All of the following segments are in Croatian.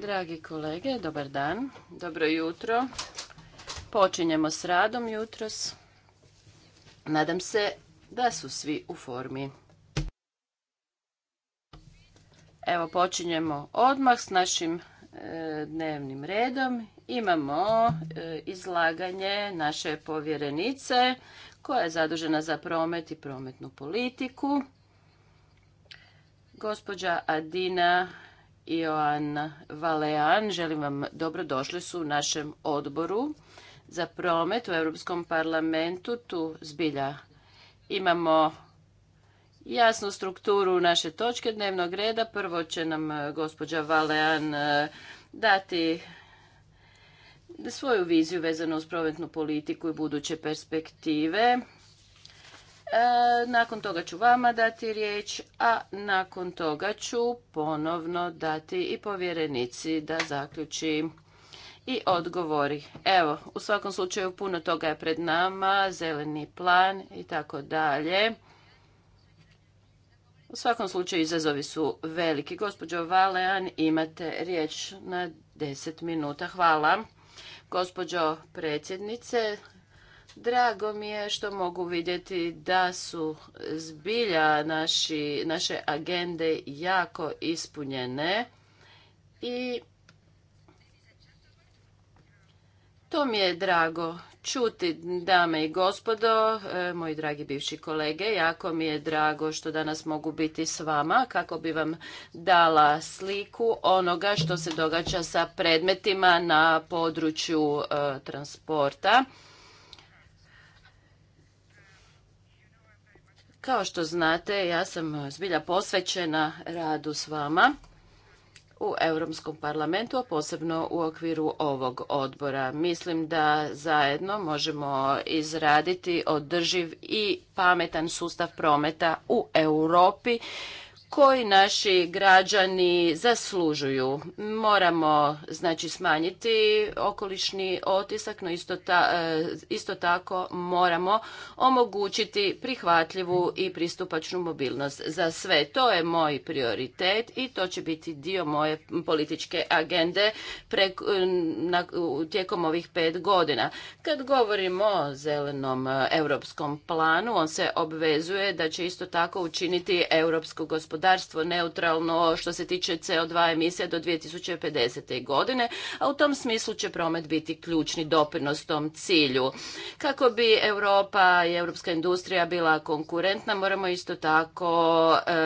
Dragi kolege, dobar dan, dobro jutro. Počinjemo s radom jutros. Nadam se da su svi u formi. Evo počinjemo odmah s našim e, dnevnim redom. Imamo e, izlaganje naše povjerenice koja je zadužena za promet i prometnu politiku. Gospođa Adina Joan Valean. Želim vam su u našem odboru za promet u Europskom parlamentu. Tu zbilja imamo jasnu strukturu naše točke dnevnog reda. Prvo će nam eh, gospođa Valean eh, dati svoju viziju vezanu uz prometnu politiku i buduće perspektive. E, nakon toga ću vama dati riječ, a nakon toga ću ponovno dati i povjerenici da zaključi i odgovori. Evo, u svakom slučaju puno toga je pred nama, zeleni plan i tako dalje. U svakom slučaju izazovi su veliki. Gospođo Valean, imate riječ na 10 minuta. Hvala. Gospođo predsjednice, Drago mi je što mogu vidjeti da su zbilja naši, naše agende jako ispunjene i to mi je drago čuti, dame i gospodo, e, moji dragi bivši kolege, jako mi je drago što danas mogu biti s vama kako bi vam dala sliku onoga što se događa sa predmetima na području e, transporta. Kao što znate, ja sam zbilja posvećena radu s vama u Europskom parlamentu, a posebno u okviru ovog odbora. Mislim da zajedno možemo izraditi održiv i pametan sustav prometa u Europi koji naši građani zaslužuju. Moramo znači smanjiti okolišni otisak, no isto, e, isto tako moramo omogućiti prihvatljivu i pristupačnu mobilnost za sve. To je moj prioritet i to će biti dio moje političke agende e, tijekom ovih pet godina. Kad govorimo o zelenom e, europskom planu, on se obvezuje da će isto tako učiniti europsko gospodarstvo gospodarstvo neutralno što se tiče CO2 emisija do 2050. godine, a u tom smislu će promet biti ključni doprinos tom cilju. Kako bi Europa i europska industrija bila konkurentna, moramo isto tako e,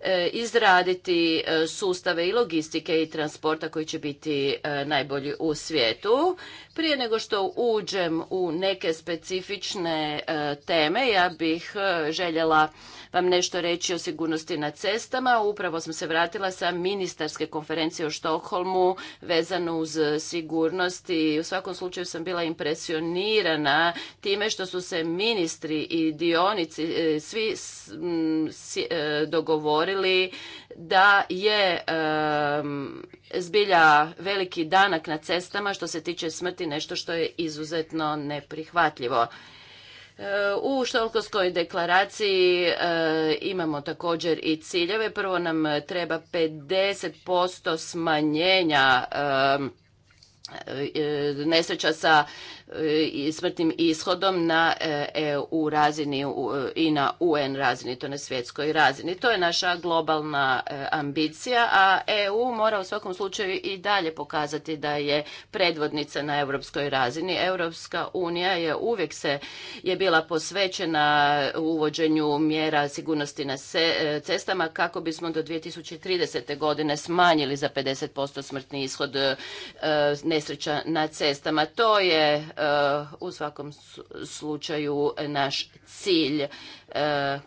e, izraditi e, sustave i logistike i transporta koji će biti najbolji u svijetu. Prije nego što uđem u neke specifične e, teme, ja bih e, željela vam nešto reći o sigurnosti na cestama. Upravo sam se vratila sa ministarske konferencije u Štokholmu vezano uz sigurnost i u svakom slučaju sam bila impresionirana time što su se ministri i dionici e, svi dogovorili da je zbilja veliki danak na cestama što se tiče smrti nešto što je izuzetno neprihvatljivo. U Štolkovskoj deklaraciji imamo također i ciljeve. Prvo nam treba 50% smanjenja e, nesreća sa smrtnim ishodom na e, EU razini i na UN razini, to na svjetskoj razini. To je naša globalna e, ambicija, a EU mora u svakom slučaju i dalje pokazati da je predvodnica na europskoj razini. Europska unija je uvijek se je bila posvećena uvođenju mjera sigurnosti na e, cestama kako bismo do 2030. godine smanjili za 50% smrtni ishod nesreća na cestama. To je Eh, u svakom slučaju naš cilj eh,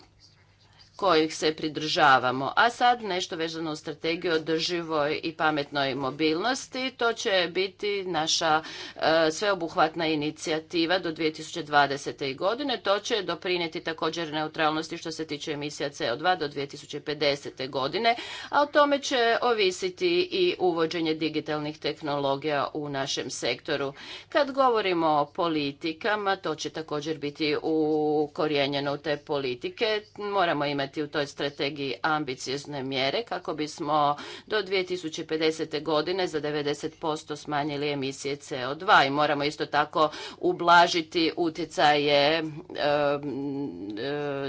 kojih se pridržavamo. A sad nešto vezano u strategiju održivoj i pametnoj mobilnosti. To će biti naša e, sveobuhvatna inicijativa do 2020. godine. To će doprinijeti također neutralnosti što se tiče emisija CO2 do 2050. godine, a o tome će ovisiti i uvođenje digitalnih tehnologija u našem sektoru. Kad govorimo o politikama, to će također biti ukorijenjeno u te politike. Moramo imati u toj strategiji ambiciozne mjere kako bismo do 2050. godine za 90% smanjili emisije CO2 i moramo isto tako ublažiti utjecaje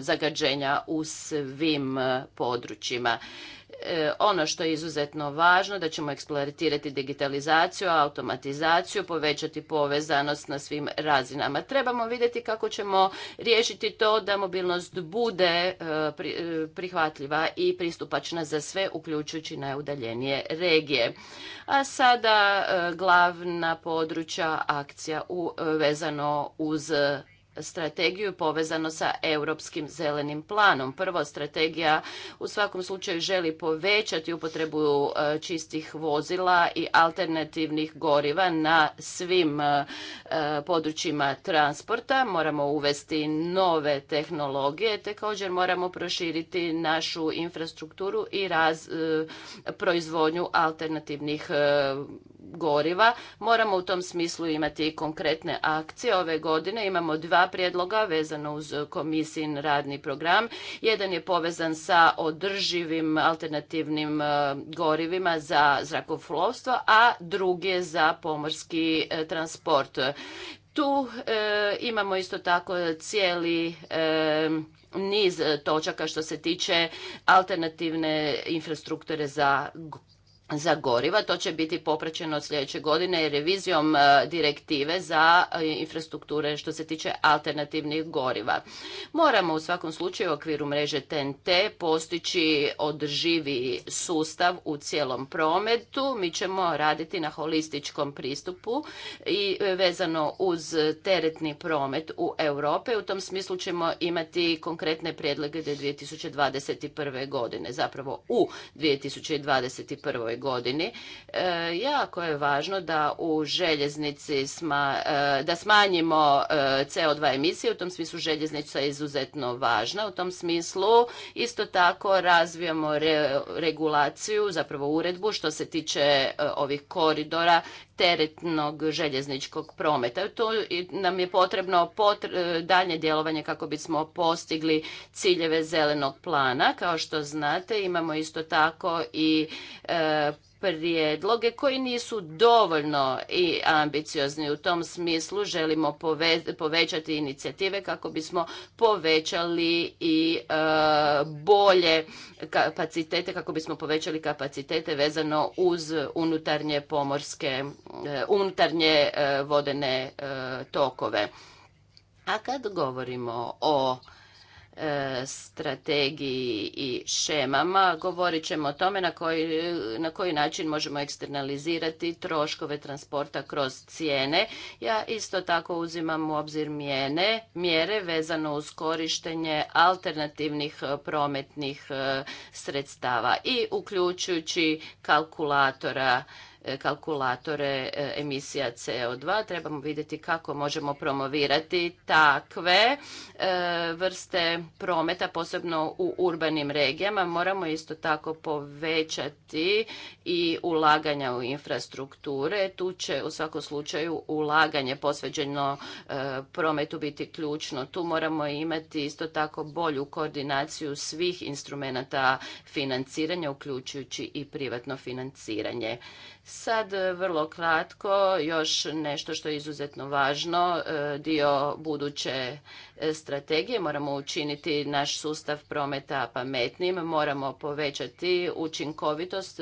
zagađenja u svim područjima ono što je izuzetno važno, da ćemo eksploatirati digitalizaciju, automatizaciju, povećati povezanost na svim razinama. Trebamo vidjeti kako ćemo riješiti to da mobilnost bude e, e, prihvatljiva i pristupačna za sve, uključujući najudaljenije regije. A sada e, glavna područja akcija u, vezano uz strategiju povezano sa europskim zelenim planom. Prvo, strategija u svakom slučaju želi povećati upotrebu e, čistih vozila i alternativnih goriva na svim e, e, područjima transporta. Moramo uvesti nove tehnologije, također moramo proširiti našu infrastrukturu i proizvodnju alternativnih goriva. Moramo u tom smislu imati konkretne akcije. Ove godine imamo dva prijedloga vezano uz komisijin radni program. Jedan je povezan sa održivim alternativnim e, gorivima za zrakoplovstvo, a drugi je za pomorski e, transport. Tu e, imamo isto tako cijeli niz točaka što se tiče alternativne infrastrukture za za goriva. To će biti popraćeno od sljedeće godine revizijom e, direktive za e, infrastrukture što se tiče alternativnih goriva. Moramo u svakom slučaju u okviru mreže TNT postići održivi sustav u cijelom prometu. Mi ćemo raditi na holističkom pristupu i e, vezano uz teretni promet u Europe. U tom smislu ćemo imati konkretne prijedloge do 2021. godine, zapravo u 2021. godine godini. E, jako je važno da u željeznici sma, e, da smanjimo e, CO2 emisije, u tom smislu željeznica je izuzetno važna. U tom smislu isto tako razvijamo regulaciju, zapravo uredbu što se tiče e, ovih koridora teretnog željezničkog prometa. Tu nam je potrebno daljnje dalje djelovanje kako bismo postigli ciljeve zelenog plana. Kao što znate imamo isto tako i e, prijedloge koji nisu dovoljno i ambiciozni. U tom smislu želimo povećati inicijative kako bismo povećali i e, bolje kapacitete, kako bismo povećali kapacitete vezano uz unutarnje pomorske, e, unutarnje e, vodene tokove. A kad govorimo o E, strategiji i šemama. Govorit ćemo o tome na koji, na koji način možemo eksternalizirati troškove transporta kroz cijene. Ja isto tako uzimam u obzir mjene, mjere vezano uz korištenje alternativnih prometnih e, sredstava i uključujući kalkulatora E, kalkulatore e, emisija CO2. Trebamo vidjeti kako možemo promovirati takve e, vrste prometa, posebno u urbanim regijama. Moramo isto tako povećati i ulaganja u infrastrukture. Tu će u svakom slučaju ulaganje posveđeno prometu biti ključno. Tu moramo imati isto tako bolju koordinaciju svih instrumenata financiranja, uključujući i privatno financiranje. Sad e, vrlo kratko, još nešto što je izuzetno važno, e, dio buduće e, strategije. Moramo učiniti naš sustav prometa pametnim, moramo povećati učinkovitost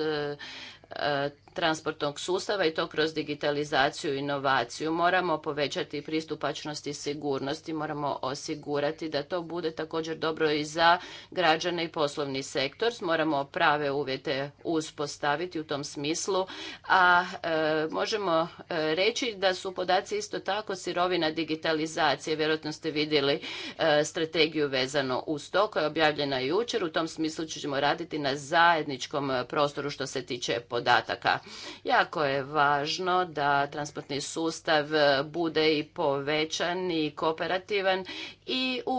transportnog sustava i to kroz digitalizaciju i inovaciju. Moramo povećati pristupačnost i sigurnost i moramo osigurati da to bude također dobro i za građane i poslovni sektor. Moramo prave uvjete uspostaviti u tom smislu, a e, možemo e, reći da su podaci isto tako sirovina digitalizacije. Vjerojatno ste vidjeli e, strategiju vezano uz to koja je objavljena jučer. U tom smislu ćemo raditi na zajedničkom prostoru što se tiče podataka. Jako je važno da transportni sustav bude i povećan i kooperativan i u,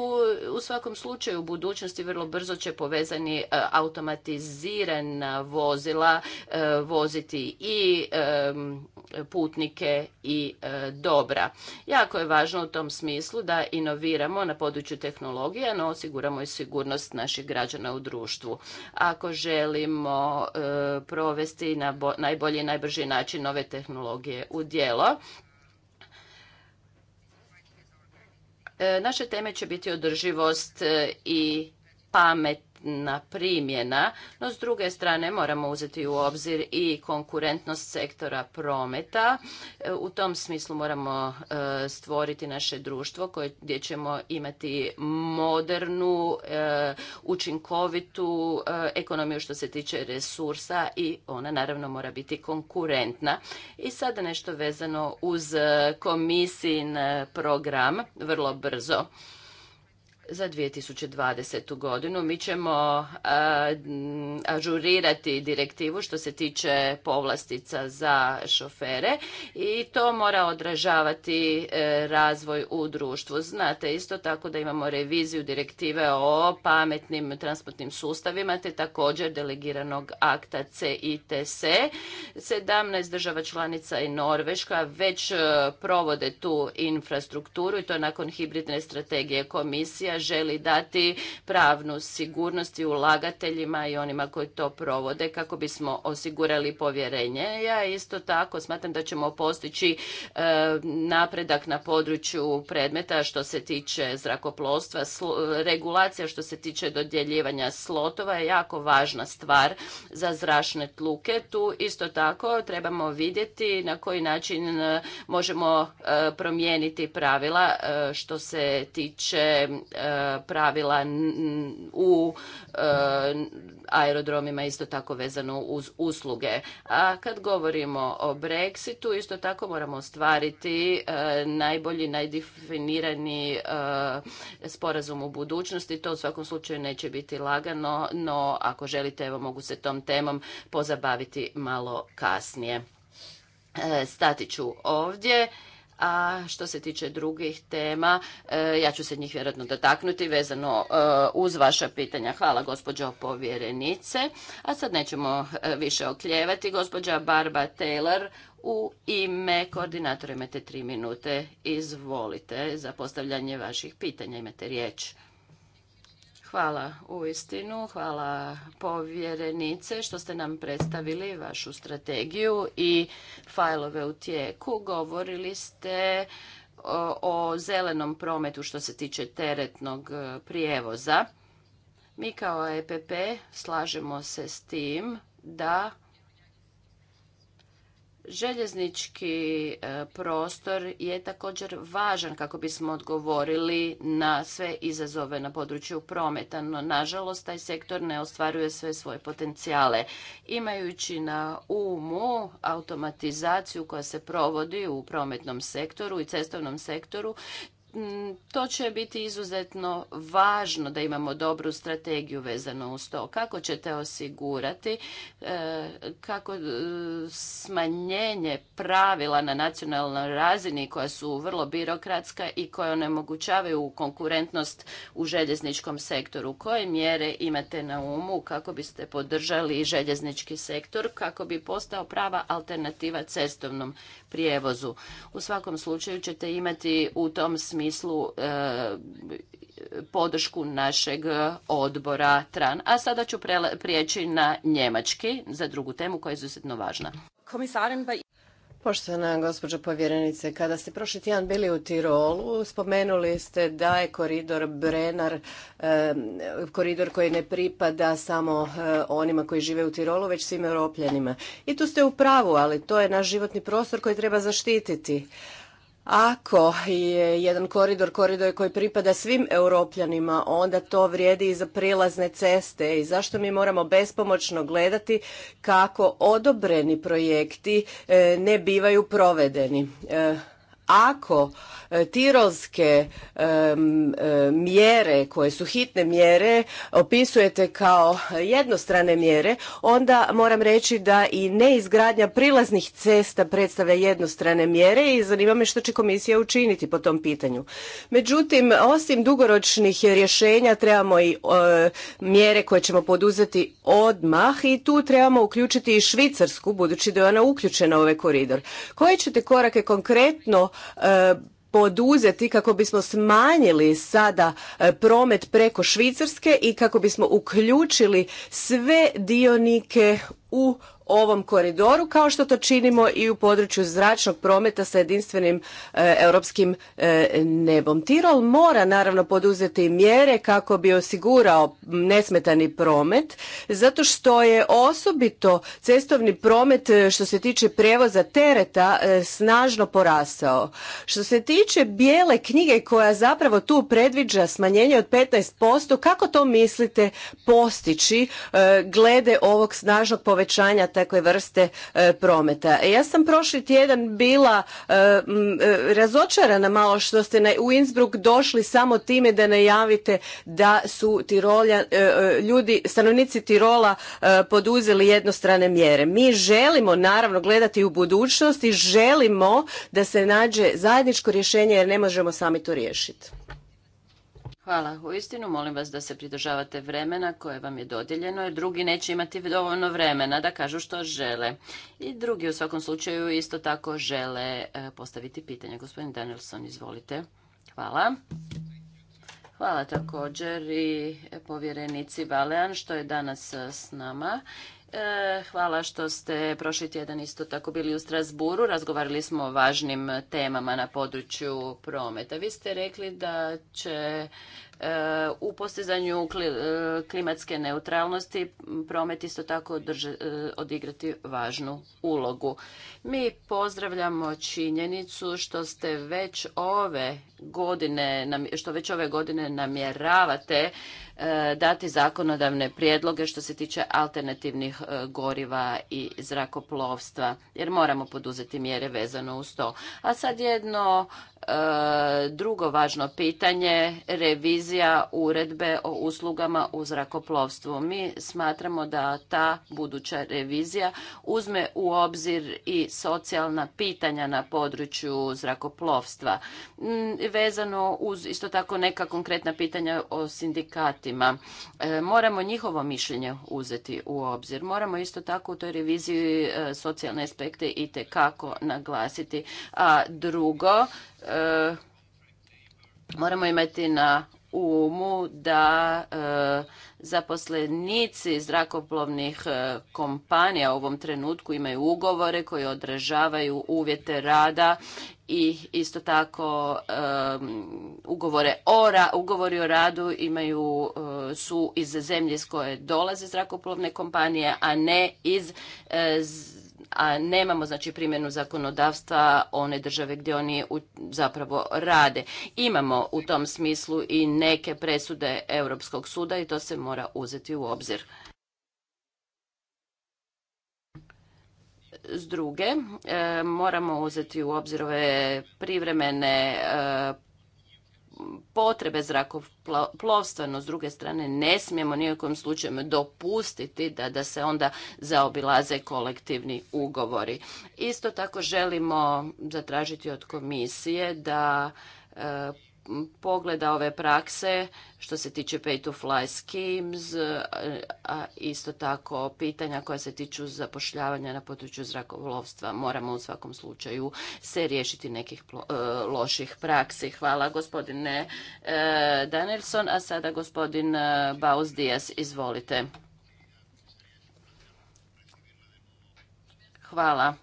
u svakom slučaju u budućnosti vrlo brzo će povezani e, automatizirana vozila e, voziti i e, putnike i e, dobra. Jako je važno u tom smislu da inoviramo na području tehnologije, no osiguramo i sigurnost naših građana u društvu. Ako želimo e, provesti na najbolji i najbrži način nove tehnologije u djelo, e, naše teme će biti održivost i pamet na primjena, no s druge strane moramo uzeti u obzir i konkurentnost sektora prometa. E, u tom smislu moramo e, stvoriti naše društvo koje, gdje ćemo imati modernu, e, učinkovitu ekonomiju što se tiče resursa i ona naravno mora biti konkurentna. I sada nešto vezano uz komisijin program vrlo brzo za 2020. godinu. Mi ćemo e, ažurirati direktivu što se tiče povlastica za šofere i to mora odražavati e, razvoj u društvu. Znate isto tako da imamo reviziju direktive o pametnim transportnim sustavima te također delegiranog akta CITC. 17 država članica i Norveška već e, provode tu infrastrukturu i to nakon hibridne strategije komisija želi dati pravnu sigurnost i ulagateljima i onima koji to provode kako bismo osigurali povjerenje. Ja isto tako smatram da ćemo postići e, napredak na području predmeta što se tiče zrakoplovstva, regulacija što se tiče dodjeljivanja slotova je jako važna stvar za zračne tluke. Tu isto tako trebamo vidjeti na koji način e, možemo e, promijeniti pravila što se tiče E, pravila u e, aerodromima isto tako vezano uz usluge. A kad govorimo o Brexitu, isto tako moramo ostvariti e, najbolji, najdefinirani sporazum u budućnosti. To u svakom slučaju neće biti lagano, no ako želite, evo mogu se tom temom pozabaviti malo kasnije. Stati ću ovdje. A što se tiče drugih tema, e, ja ću se njih vjerojatno dotaknuti vezano e, uz vaša pitanja. Hvala gospođo povjerenice. A sad nećemo e, više okljevati. Gospođa Barba Taylor u ime koordinatora imate tri minute. Izvolite za postavljanje vaših pitanja. Imate riječ. Hvala u istinu, hvala povjerenice što ste nam predstavili vašu strategiju i fajlove u tijeku. Govorili ste o zelenom prometu što se tiče teretnog e, prijevoza. Mi kao EPP slažemo se s tim da Željeznički e, prostor je također važan kako bismo odgovorili na sve izazove na području prometa, no nažalost taj sektor ne ostvaruje sve svoje potencijale. Imajući na umu automatizaciju koja se provodi u prometnom sektoru i cestovnom sektoru, Mm, to će biti izuzetno važno da imamo dobru strategiju vezano uz to. Kako ćete osigurati e, kako e, smanjenje pravila na nacionalnoj razini koja su vrlo birokratska i koja onemogućavaju konkurentnost u željezničkom sektoru. Koje mjere imate na umu kako biste podržali željeznički sektor kako bi postao prava alternativa cestovnom prijevozu. U svakom slučaju ćete imati u tom smislu e, podršku našeg odbora TRAN. A sada ću prijeći na njemački za drugu temu koja je izuzetno važna. Poštovana gospođo povjerenice, kada ste prošli tjedan bili u Tirolu, spomenuli ste da je koridor Brenar koridor koji ne pripada samo eh, onima koji žive u Tirolu, već svim europljanima. I tu ste u pravu, ali to je naš životni prostor koji treba zaštititi ako je jedan koridor koridor koji pripada svim europljanima, onda to vrijedi i za prilazne ceste i zašto mi moramo bespomoćno gledati kako odobreni projekti eh, ne bivaju provedeni. Eh, ako e, tirolske e, mjere koje su hitne mjere opisujete kao jednostrane mjere onda moram reći da i neizgradnja prilaznih cesta predstavlja jednostrane mjere i zanima me što će komisija učiniti po tom pitanju međutim osim dugoročnih rješenja trebamo i e, mjere koje ćemo poduzeti odmah i tu trebamo uključiti i švicarsku budući da je ona uključena u ovaj koridor koje ćete korake konkretno E, poduzeti kako bismo smanjili sada e, promet preko Švicarske i kako bismo uključili sve dionike u ovom koridoru kao što to činimo i u području zračnog prometa sa jedinstvenim e, europskim e, nebom. Tirol mora naravno poduzeti mjere kako bi osigurao nesmetani promet zato što je osobito cestovni promet e, što se tiče prijevoza tereta snažno porastao. Što se tiče bijele knjige koja zapravo tu predviđa smanjenje od 15%, kako to mislite postići glede ovog snažnog povećanja takve vrste e, prometa. E, ja sam prošli tjedan bila e, razočarana malo što ste u Innsbruck došli samo time da najavite da su Tirolja, ljudi, stanovnici Tirola poduzeli jednostrane mjere. Mi želimo naravno gledati u budućnost i želimo da se nađe zajedničko rješenje jer ne možemo sami to riješiti. Hvala. U istinu molim vas da se pridržavate vremena koje vam je dodijeljeno jer drugi neće imati dovoljno vremena da kažu što žele. I drugi u svakom slučaju isto tako žele e, postaviti pitanje. Gospodin Danielson, izvolite. Hvala. Hvala također i povjerenici Balean što je danas e, s nama E, hvala što ste prošli tjedan isto tako bili u Strasburu. Razgovarali smo o važnim temama na području prometa. Vi ste rekli da će e, u postizanju e, klimatske neutralnosti promet isto tako odigrati važnu ulogu. Mi pozdravljamo činjenicu što ste već ove godine, što već ove godine namjeravate E, dati zakonodavne prijedloge što se tiče alternativnih e, goriva i zrakoplovstva, jer moramo poduzeti mjere vezano uz to. A sad jedno e, drugo važno pitanje, revizija uredbe o uslugama u zrakoplovstvu. Mi smatramo da ta buduća revizija uzme u obzir i socijalna pitanja na području zrakoplovstva. Mm, vezano uz isto tako neka konkretna pitanja o sindikatu E, moramo njihovo mišljenje uzeti u obzir. Moramo isto tako u toj reviziji e, socijalne aspekte i kako naglasiti. A drugo, e, moramo imati na umu da zaposlenici zrakoplovnih kompanija u ovom trenutku imaju ugovore koji odražavaju uvjete rada i isto tako ugovore o ugovori o radu imaju eh, su iz zemlje iz koje dolaze zrakoplovne kompanije, a ne iz eh, a nemamo znači primjenu zakonodavstva one države gdje oni zapravo rade. Imamo u tom smislu i neke presude Europskog suda i to se mora uzeti u obzir. s druge e, moramo uzeti u obzir ove privremene e, potrebe zrakoplovstva, no s druge strane ne smijemo nijekom slučaju dopustiti da, da se onda zaobilaze kolektivni ugovori. Isto tako želimo zatražiti od komisije da e, pogleda ove prakse što se tiče pay to fly schemes, a isto tako pitanja koja se tiču zapošljavanja na području zrakolovstva. Moramo u svakom slučaju se riješiti nekih e, loših praksi. Hvala gospodine e, Danielson, a sada gospodin e, Baus Dijas, izvolite. Hvala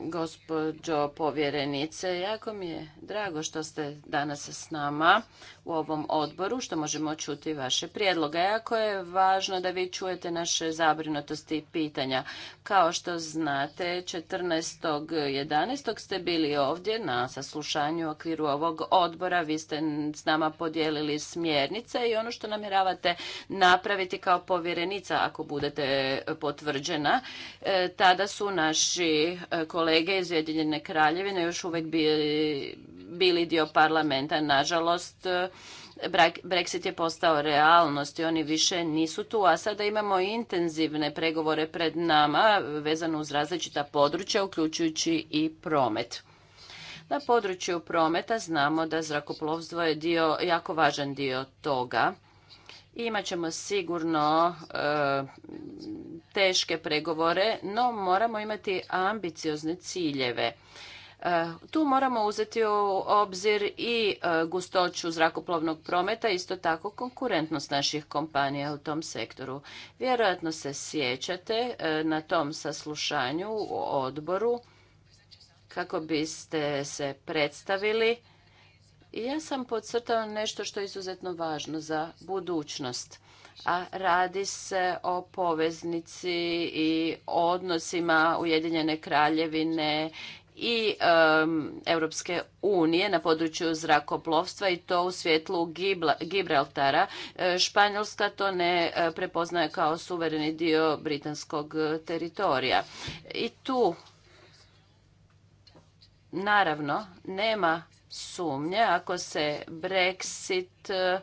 gospođo povjerenice. Jako mi je drago što ste danas s nama u ovom odboru, što možemo čuti vaše prijedloga. Jako je važno da vi čujete naše zabrinutosti i pitanja. Kao što znate, 14.11. ste bili ovdje na saslušanju u okviru ovog odbora. Vi ste s nama podijelili smjernice i ono što namjeravate napraviti kao povjerenica ako budete potvrđena. E, tada su naši kolegi kolege iz Ujedinjene kraljevine još uvijek bili, bili dio parlamenta. Nažalost, Brexit je postao realnost i oni više nisu tu, a sada imamo intenzivne pregovore pred nama vezano uz različita područja, uključujući i promet. Na području prometa znamo da zrakoplovstvo je dio, jako važan dio toga. I sigurno e, teške pregovore, no moramo imati ambiciozne ciljeve. E, tu moramo uzeti u obzir i e, gustoću zrakoplovnog prometa, isto tako konkurentnost naših kompanija u tom sektoru. Vjerojatno se sjećate e, na tom saslušanju u odboru kako biste se predstavili. Ja sam podcrtao nešto što je izuzetno važno za budućnost a radi se o poveznici i odnosima Ujedinjene kraljevine i Europske unije na području zrakoplovstva i to u svjetlu Gibla, Gibraltara. E, Španjolska to ne e, prepoznaje kao suvereni dio britanskog teritorija. I tu naravno nema sumnje ako se Brexit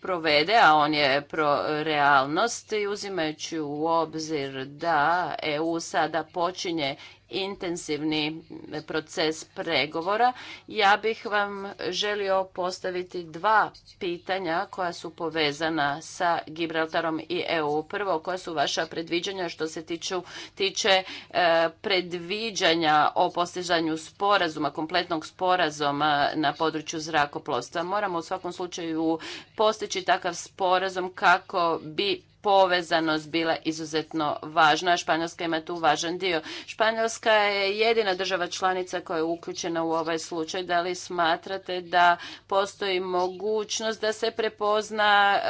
provede, a on je pro realnost i uzimajući u obzir da EU sada počinje intenzivni proces pregovora. Ja bih vam želio postaviti dva pitanja koja su povezana sa Gibraltarom i EU. Prvo, koja su vaša predviđanja što se tiču, tiče e, predviđanja o postizanju sporazuma, kompletnog sporazuma na području zrakoplovstva. Moramo u svakom slučaju postići takav sporazum kako bi povezanost bila izuzetno važna, Španjolska ima tu važan dio. Španjolska je jedina država članica koja je uključena u ovaj slučaj. Da li smatrate da postoji mogućnost da se prepozna e,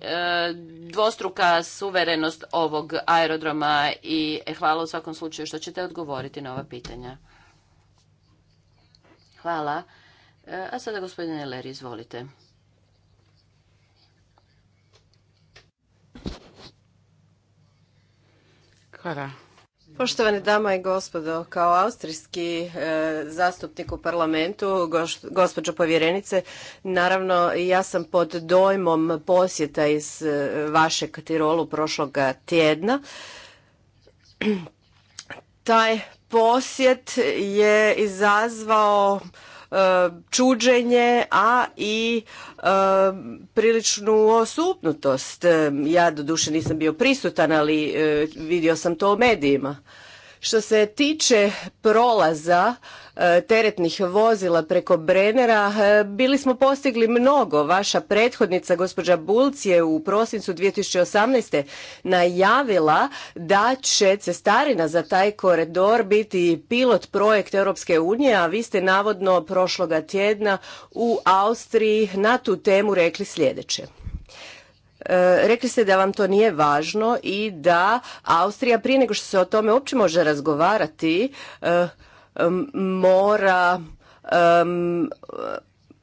e, dvostruka suverenost ovog aerodroma i e, hvala u svakom slučaju što ćete odgovoriti na ova pitanja. Hvala. A sada gospodine Leri, izvolite. Poštovane dame i gospodo, kao austrijski e, zastupnik u parlamentu, gospođo povjerenice, naravno ja sam pod dojmom posjeta iz e, vašeg Tirolu prošloga tjedna. Taj posjet je izazvao E, čuđenje, a i e, priličnu osupnutost. E, ja doduše nisam bio prisutan, ali vidio sam to u medijima. Što se tiče prolaza teretnih vozila preko Brenera, e, bili smo postigli mnogo. Vaša prethodnica, gospođa Bulc, je u prosincu 2018. najavila da će cestarina za taj koridor biti pilot projekt Europske unije, a vi ste navodno prošloga tjedna u Austriji na tu temu rekli sljedeće. E, rekli ste da vam to nije važno i da Austrija prije nego što se o tome uopće može razgovarati e, mora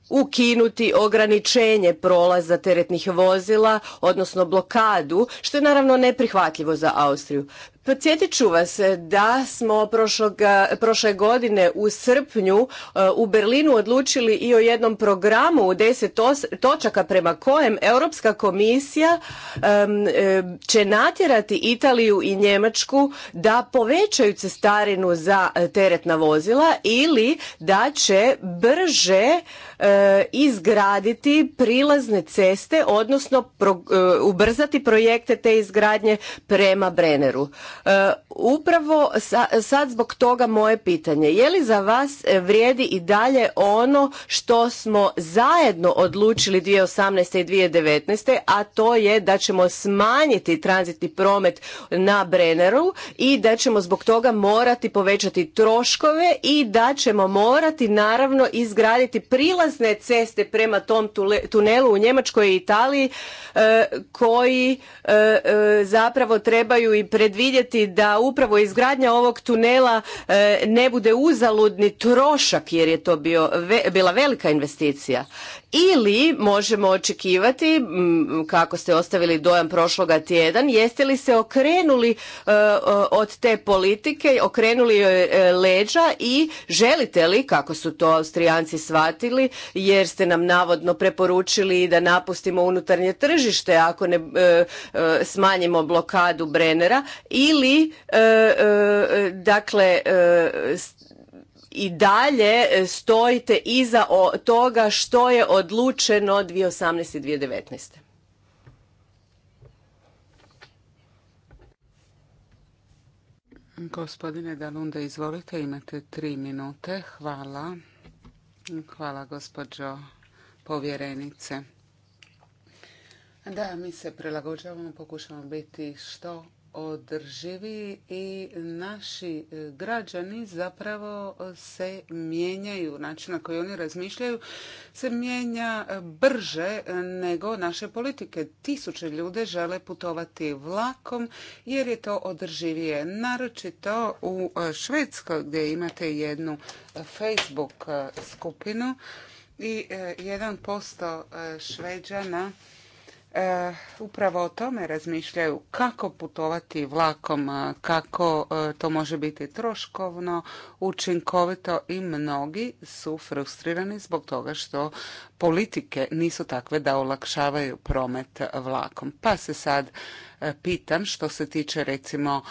ukinuti ograničenje prolaza teretnih vozila, odnosno blokadu, što je naravno neprihvatljivo za Austriju. Podsjetit ću vas da smo eh, prošle godine u srpnju eh, u Berlinu odlučili i o jednom programu u deset točaka prema kojem Europska komisija eh, će natjerati Italiju i Njemačku da povećaju cestarinu za teretna vozila ili da će brže izgraditi prilazne ceste, odnosno ubrzati projekte te izgradnje prema Breneru e, Upravo sad zbog toga moje pitanje, je li za vas vrijedi i dalje ono što smo zajedno odlučili 2018. i 2019. a to je da ćemo smanjiti tranzitni promet na Brenneru i da ćemo zbog toga morati povećati troškove i da ćemo morati naravno izgraditi prilazne ceste prema tom tunelu u Njemačkoj i Italiji e, koji e, e, zapravo trebaju i predvidjeti da upravo izgradnja ovog tunela e, ne bude uzaludni trošak jer je to bio, bila velika investicija ili možemo očekivati, kako ste ostavili dojam prošloga tjedan, jeste li se okrenuli e, e, od te politike, okrenuli joj e, leđa i želite li, kako su to Austrijanci shvatili, jer ste nam navodno preporučili da napustimo unutarnje tržište ako ne smanjimo blokadu Brennera, ili dakle i dalje e, stojite iza toga što je odlučeno 2018. i 2019. Gospodine Dalunda, izvolite, imate tri minute. Hvala. Hvala, gospođo povjerenice. Da, mi se prilagođavamo, pokušamo biti što održivi i naši e, građani zapravo se mijenjaju. Način na koji oni razmišljaju se mijenja e, brže nego naše politike. Tisuće ljude žele putovati vlakom jer je to održivije. Naročito u e, Švedskoj gdje imate jednu Facebook skupinu i 1% Šveđana E, upravo o tome razmišljaju kako putovati vlakom, kako e, to može biti troškovno, učinkovito i mnogi su frustrirani zbog toga što politike nisu takve da olakšavaju promet vlakom. Pa se sad e, pitam što se tiče recimo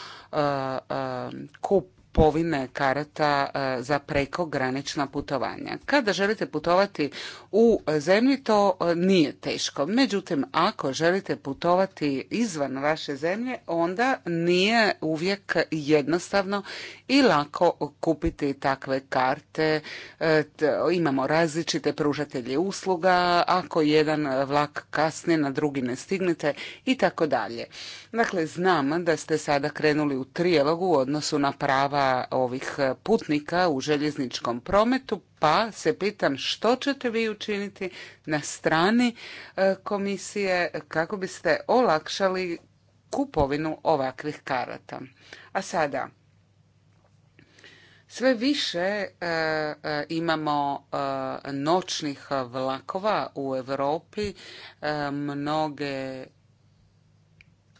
kup kupovine karata e, za prekogranična putovanja. Kada želite putovati u zemlji to e, nije teško. Međutim, ako želite putovati izvan vaše zemlje, onda nije uvijek jednostavno i lako kupiti takve karte. E, imamo različite pružatelje usluga, ako jedan vlak kasne, na drugi ne stignete i tako dalje. Dakle, znam da ste sada krenuli u trijelogu u odnosu na prava ovih e, putnika u željezničkom prometu, pa se pitam što ćete vi učiniti na strani e, komisije kako biste olakšali kupovinu ovakvih karata. A sada, sve više e, imamo noćnih vlakova u Europi, mnoge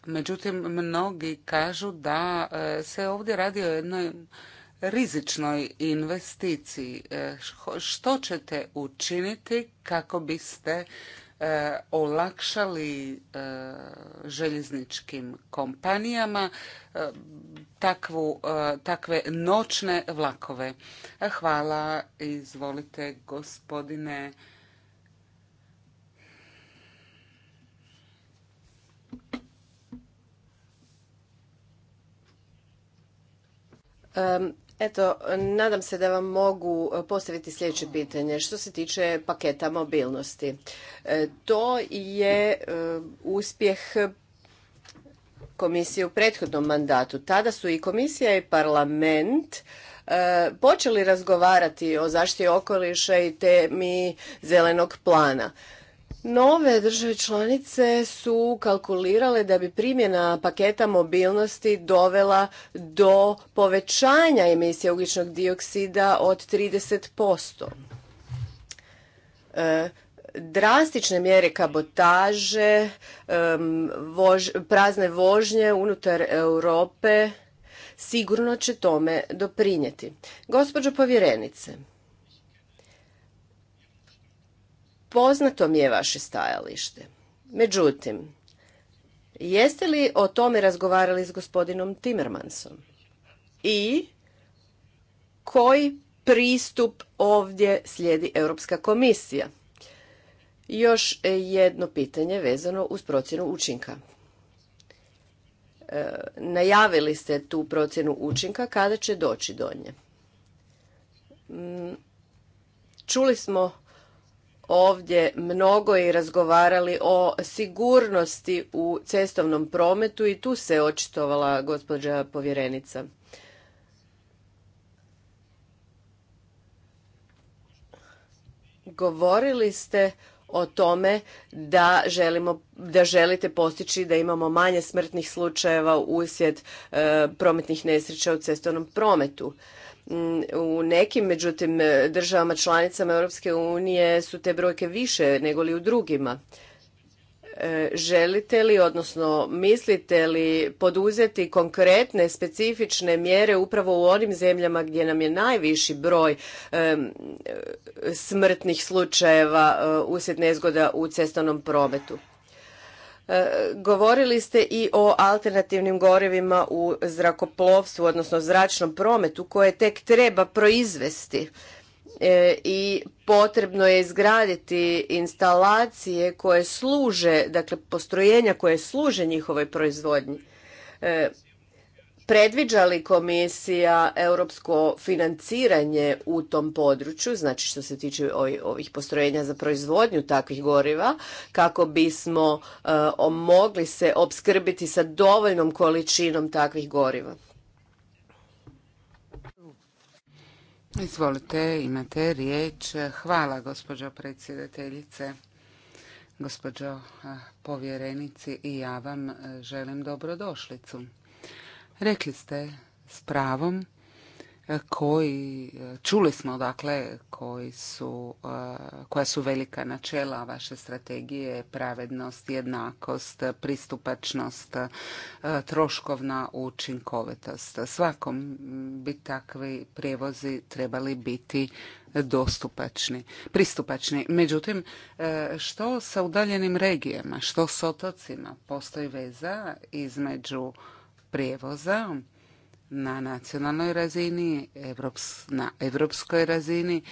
Međutim, mnogi kažu da e, se ovdje radi o jednoj rizičnoj investiciji. E, što ćete učiniti kako biste e, olakšali željezničkim kompanijama takvu, takve noćne vlakove. Hvala, izvolite gospodine Eto, nadam se da vam mogu postaviti sljedeće pitanje što se tiče paketa mobilnosti. E, to je e, uspjeh komisije u prethodnom mandatu. Tada su i komisija i parlament e, počeli razgovarati o zaštiti okoliša i temi zelenog plana. Nove države članice su kalkulirale da bi primjena paketa mobilnosti dovela do povećanja emisije ugljičnog dioksida od 30%. E, drastične mjere kabotaže, prazne vožnje unutar Europe sigurno će tome doprinijeti. Gospođo povjerenice, Poznato mi je vaše stajalište. Međutim, jeste li o tome razgovarali s gospodinom Timmermansom? I koji pristup ovdje slijedi Europska komisija? Još jedno pitanje vezano uz procjenu učinka. E, najavili ste tu procjenu učinka, kada će doći do nje? Mm, čuli smo ovdje mnogo i razgovarali o sigurnosti u cestovnom prometu i tu se očitovala gospođa povjerenica. Govorili ste o tome da želimo da želite postići da imamo manje smrtnih slučajeva uslijed e, prometnih nesreća u cestovnom prometu. Mm, u nekim, međutim, državama članicama Europske unije su te brojke više nego li u drugima. E, želite li, odnosno mislite li poduzeti konkretne, specifične mjere upravo u onim zemljama gdje nam je najviši broj smrtnih slučajeva e, usjet nezgoda u cestovnom prometu? E, govorili ste i o alternativnim gorivima u zrakoplovstvu, odnosno zračnom prometu koje tek treba proizvesti e, i potrebno je izgraditi instalacije koje služe, dakle postrojenja koje služe njihovoj proizvodnji. E, predviđa li komisija europsko financiranje u tom području, znači što se tiče ovih postrojenja za proizvodnju takvih goriva, kako bismo eh, mogli se opskrbiti sa dovoljnom količinom takvih goriva? Izvolite, imate riječ. Hvala, gospođo predsjedateljice, gospođo eh, povjerenici i ja vam eh, želim dobrodošlicu. Rekli ste s pravom e, koji, e, čuli smo dakle koji su, e, koja su velika načela vaše strategije, pravednost, jednakost, pristupačnost, troškovna učinkovitost. Svakom bi takvi prijevozi trebali biti dostupačni, pristupačni. Međutim, što sa udaljenim regijama, što s otocima? Postoji veza između prijevoza na nacionalnoj razini, na europskoj razini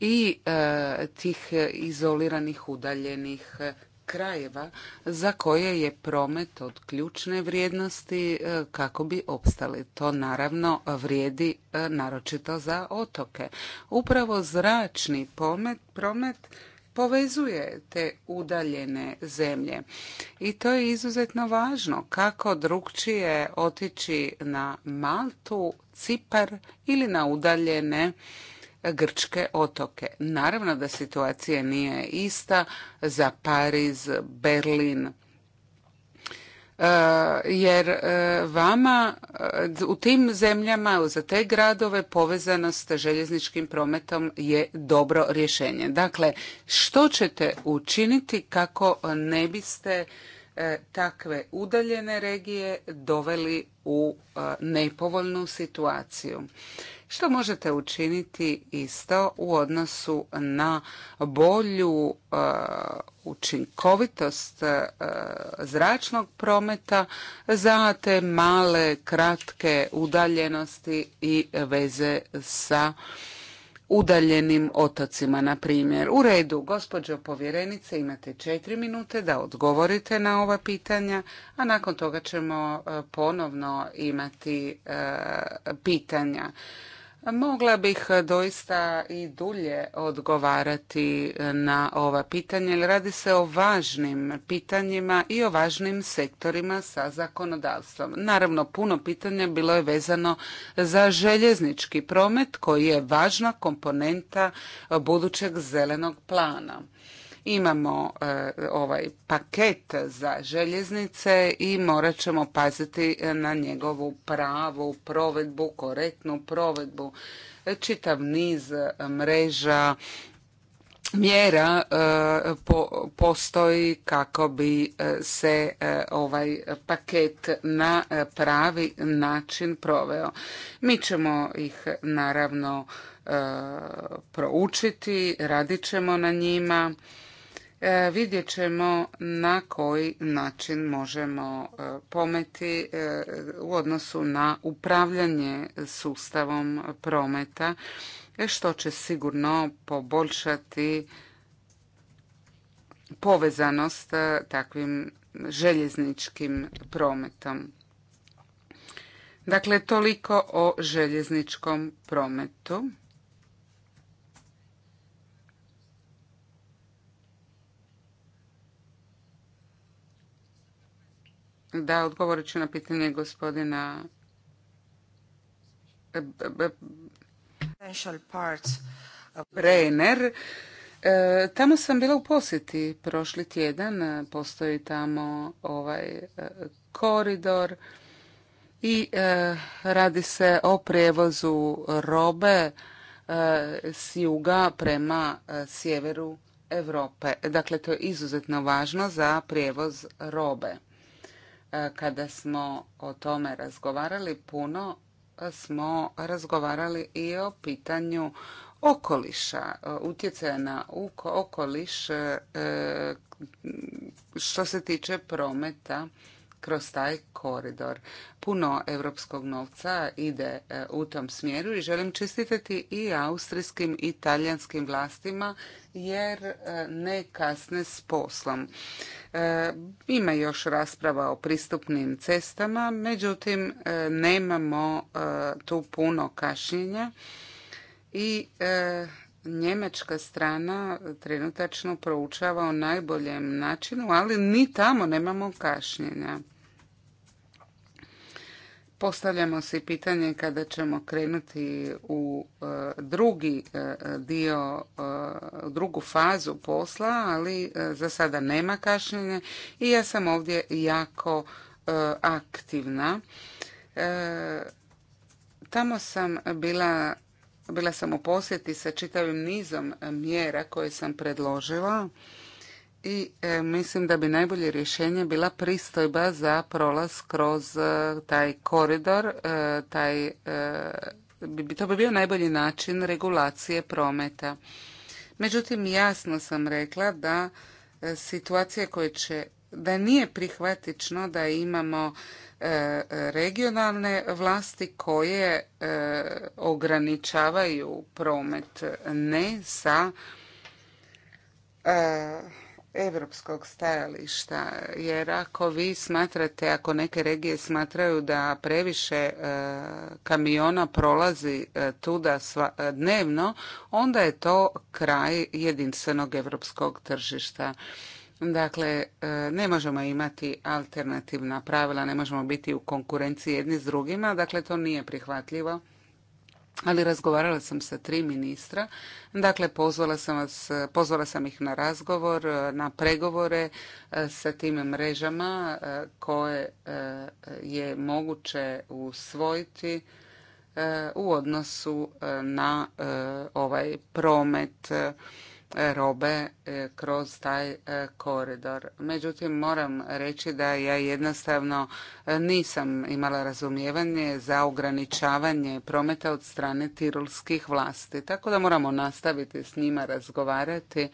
i e, tih izoliranih, udaljenih e, krajeva za koje je promet od ključne vrijednosti e, kako bi opstali. To naravno vrijedi naročito za otoke. Upravo zračni promet povezuje te udaljene zemlje. I to je izuzetno važno kako drugčije otići na Maltu, Cipar ili na udaljene grčke otoke. Naravno da situacija nije ista za Pariz, Berlin, Eh, jer eh, vama eh, u tim zemljama, za te gradove povezanost željezničkim prometom je dobro rješenje. Dakle, što ćete učiniti kako ne biste takve udaljene regije doveli u nepovoljnu situaciju? Što možete učiniti isto u odnosu na bolju e, učinkovitost e, zračnog prometa za te male, kratke udaljenosti i veze sa udaljenim otocima, na primjer. U redu, gospođo povjerenice, imate četiri minute da odgovorite na ova pitanja, a nakon toga ćemo e, ponovno imati pitanja. Mogla bih e, doista i dulje odgovarati e, na ova pitanja, jer radi se o važnim pitanjima i o važnim sektorima sa zakonodavstvom. Naravno, puno pitanja bilo je vezano za željeznički promet, koji je važna komponenta e, budućeg zelenog plana. Imamo e, ovaj paket za željeznice i morat ćemo paziti na njegovu pravu provedbu, korektnu provedbu, e, čitav niz mreža, mjera e, postoji kako bi se ovaj paket na pravi način proveo. Mi ćemo ih naravno proučiti, radit ćemo na njima E, vidjet ćemo na koji način možemo e, pometi e, u odnosu na upravljanje sustavom prometa, što će sigurno poboljšati povezanost takvim željezničkim prometom. Dakle, toliko o željezničkom prometu. Da, odgovorit ću na pitanje gospodina e, Reiner. E, tamo sam bila u posjeti prošli tjedan, e, postoji tamo ovaj koridor i radi se o prijevozu robe s juga prema sjeveru Europe. Dakle, to je izuzetno važno za prijevoz robe. E, kada smo o tome razgovarali puno, smo razgovarali i o pitanju okoliša, e, utjecaja na okoliš e, što se tiče prometa kroz taj koridor. Puno europskog novca ide e, u tom smjeru i želim čestitati i austrijskim i talijanskim vlastima jer e, ne kasne s poslom. E, ima još rasprava o pristupnim cestama, međutim nemamo tu puno kašnjenja i njemačka strana trenutačno proučava o najboljem načinu, ali ni tamo nemamo kašnjenja. Postavljamo si pitanje kada ćemo krenuti u e, drugi e, dio, e, drugu fazu posla, ali za sada nema kašnjenja i ja sam ovdje jako aktivna. Tamo sam bila bila sam u posjeti sa čitavim nizom e, mjera koje sam predložila i e, mislim da bi najbolje rješenje bila pristojba za prolaz kroz e, taj koridor, taj, to bi bio najbolji način regulacije prometa. Međutim, jasno sam rekla da situacije koje će da nije prihvatično da imamo e, regionalne vlasti koje e, ograničavaju promet ne sa europskog stajališta jer ako vi smatrate ako neke regije smatraju da previše e, kamiona prolazi tuda dnevno onda je to kraj jedinstvenog europskog tržišta Dakle, e, ne možemo imati alternativna pravila, ne možemo biti u konkurenciji jedni s drugima, dakle to nije prihvatljivo. Ali razgovarala sam sa tri ministra, dakle pozvala sam, pozvala sam ih na razgovor, e, na pregovore e, sa tim mrežama koje je moguće usvojiti u odnosu na ovaj promet robe e, kroz taj e, koridor. Međutim, moram reći da ja jednostavno e, nisam imala razumijevanje za ograničavanje prometa od strane tirolskih vlasti. Tako da moramo nastaviti s njima razgovarati.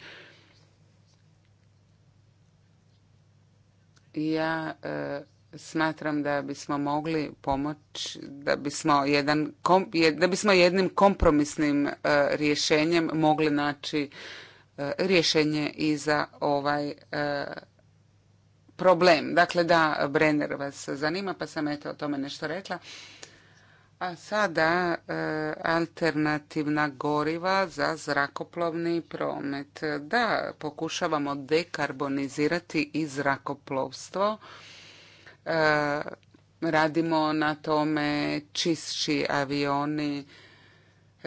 Ja smatram da bismo mogli pomoći, da bismo, jedan, da bismo jednim kompromisnim rješenjem mogli naći E, rješenje i za ovaj e, problem. Dakle, da, Brenner vas zanima, pa sam eto o tome nešto rekla. A sada e, alternativna goriva za zrakoplovni promet. Da, pokušavamo dekarbonizirati i zrakoplovstvo. Radimo na tome čišći avioni,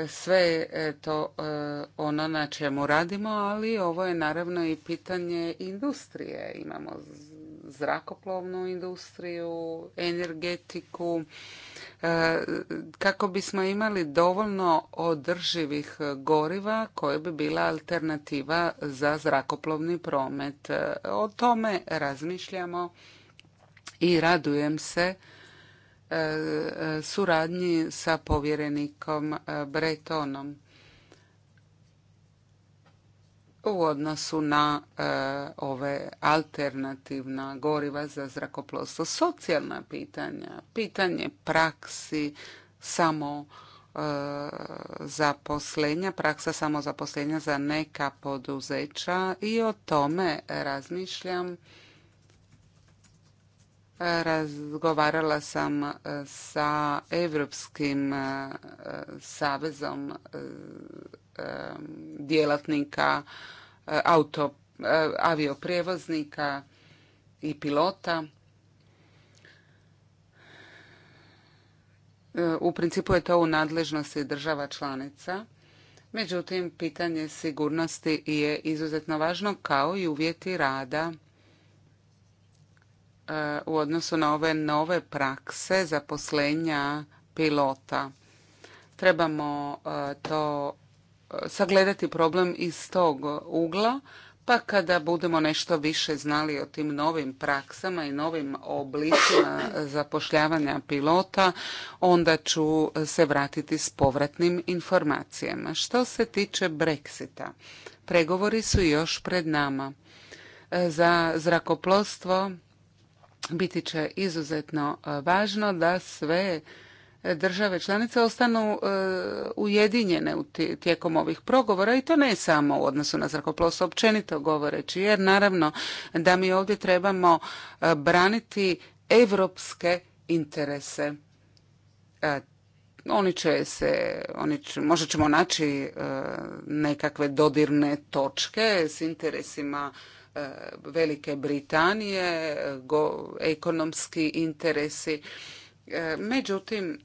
sve to e, ono na čemu radimo, ali ovo je naravno i pitanje industrije. Imamo zrakoplovnu industriju, energetiku, e, kako bismo imali dovoljno održivih goriva koje bi bila alternativa za zrakoplovni promet. E, o tome razmišljamo i radujem se E, e, suradnji sa povjerenikom e, Bretonom u odnosu na ove alternativna goriva za zrakoplovstvo, socijalna pitanja, pitanje praksi, samo zaposlenja, praksa samozaposlenja za neka poduzeća i o tome razmišljam Razgovarala sam e, sa Europskim e, savezom e, djelatnika auto avioprijevoznika i pilota. U principu je to u nadležnosti država članica. Međutim, pitanje sigurnosti je izuzetno važno kao i uvjeti rada u odnosu na ove nove prakse zaposlenja pilota. Trebamo e, to e, sagledati problem iz tog ugla, pa kada budemo nešto više znali o tim novim praksama i novim oblicima zapošljavanja pilota, onda ću se vratiti s povratnim informacijama. Što se tiče Brexita, pregovori su još pred nama. E, za zrakoplovstvo biti će izuzetno e, važno da sve države članice ostanu e, ujedinjene tijekom ovih progovora i to ne samo u odnosu na zrakoplovstvo općenito govoreći jer naravno da mi ovdje trebamo e, braniti europske interese oni će se, oni će, možda ćemo naći nekakve dodirne točke s interesima E, Velike Britanije, go, ekonomski interesi. E, međutim,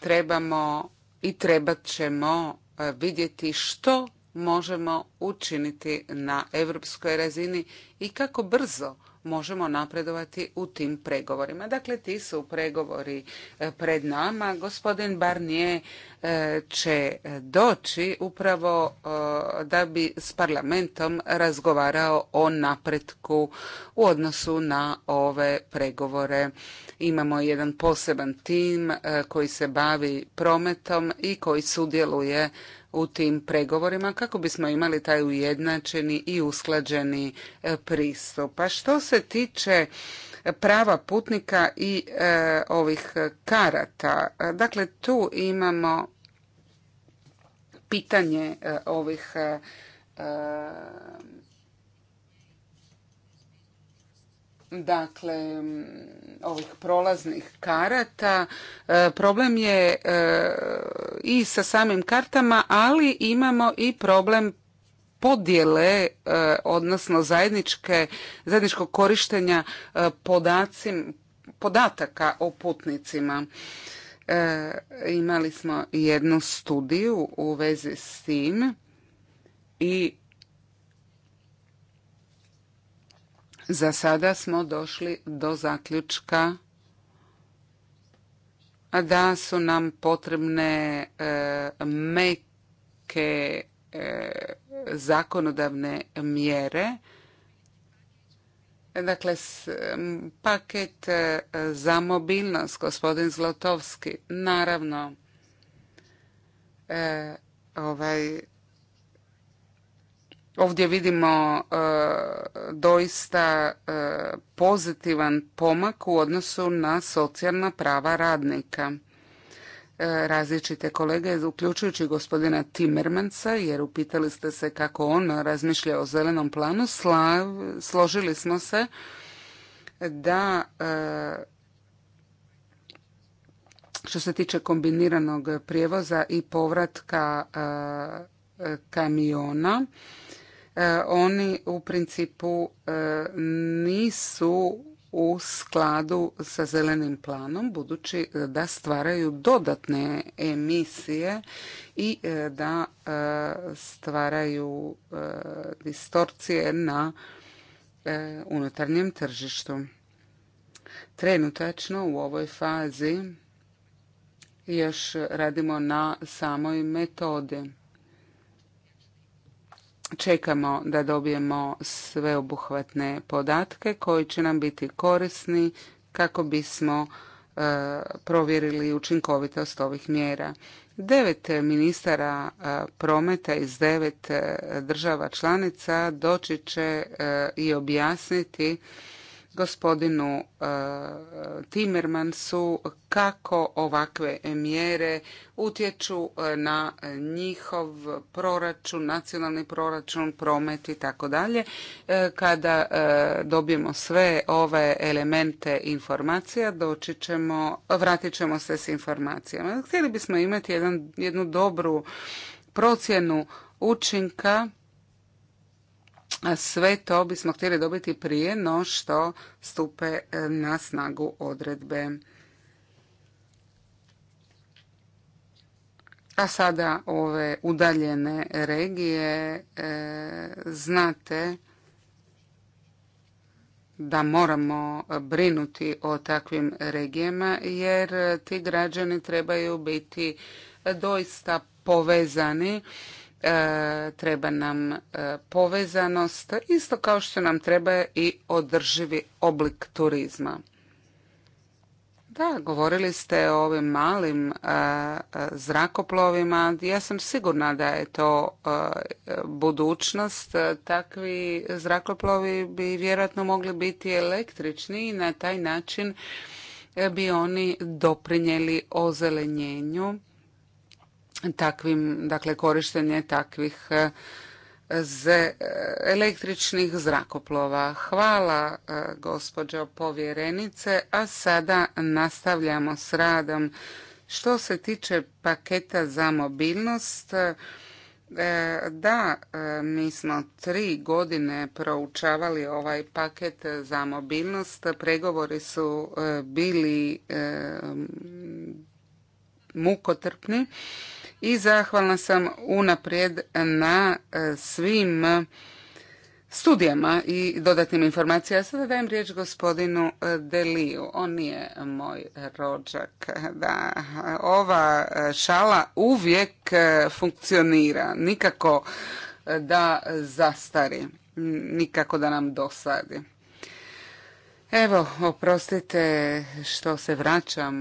trebamo i trebat ćemo e, vidjeti što možemo učiniti na europskoj razini i kako brzo možemo napredovati u tim pregovorima. Dakle, ti su pregovori e, pred nama. Gospodin Barnier e, će doći upravo e, da bi s parlamentom razgovarao o napretku u odnosu na ove pregovore. Imamo jedan poseban tim koji se bavi prometom i koji sudjeluje u tim pregovorima kako bismo imali taj ujednačeni i usklađeni e, pristup. A što se tiče prava putnika i e, ovih karata, e, dakle tu imamo pitanje ovih dakle ovih prolaznih karata. E, problem je e, i sa samim kartama, ali imamo i problem podjele, e, odnosno zajedničke, zajedničkog korištenja podacim, podataka o putnicima. Imali smo jednu studiju u vezi s tim i Za sada smo došli do zaključka da su nam potrebne e, meke e, zakonodavne mjere. Dakle, paket e, za mobilnost, gospodin Zlotovski, naravno, ovaj Ovdje vidimo e, doista e, pozitivan pomak u odnosu na socijalna prava radnika. E, različite kolege, uključujući gospodina Timmermansa, jer upitali ste se kako on razmišlja o zelenom planu, slav, složili smo se da što se tiče kombiniranog prijevoza i povratka kamiona, E, oni u principu e, nisu u skladu sa zelenim planom budući da stvaraju dodatne emisije i e, da stvaraju distorcije na unutarnjem tržištu. Trenutačno u ovoj fazi još radimo na samoj metodi čekamo da dobijemo sveobuhvatne podatke koji će nam biti korisni kako bismo e, provjerili učinkovitost ovih mjera. Devet ministara e, prometa iz devet e, država članica doći će i objasniti gospodinu e, Timmermansu kako ovakve mjere utječu e, na njihov proračun, nacionalni proračun, promet i tako dalje. E, kada dobijemo sve ove elemente informacija, doći ćemo, vratit ćemo se s informacijama. Htjeli bismo imati jedan, jednu dobru procjenu učinka sve to bismo htjeli dobiti prije no što stupe e, na snagu odredbe. A sada ove udaljene regije e, znate da moramo brinuti o takvim regijama jer ti građani trebaju biti doista povezani E, treba nam e, povezanost, isto kao što nam treba i održivi oblik turizma. Da, govorili ste o ovim malim e, zrakoplovima. Ja sam sigurna da je to budućnost. Takvi zrakoplovi bi vjerojatno mogli biti električni i na taj način bi oni doprinijeli ozelenjenju takvim, dakle korištenje takvih e, e, električnih zrakoplova. Hvala e, gospođo povjerenice, a sada nastavljamo s radom. Što se tiče paketa za mobilnost, da, mi smo tri godine proučavali ovaj paket za mobilnost. Pregovori su bili mukotrpni i zahvalna sam unaprijed na e, svim studijama i dodatnim informacijama. Sada dajem riječ gospodinu e, Deliju. On nije moj rođak. Da, ova e, šala uvijek funkcionira. Nikako da zastari. Nikako da nam dosadi. Evo, oprostite što se vraćam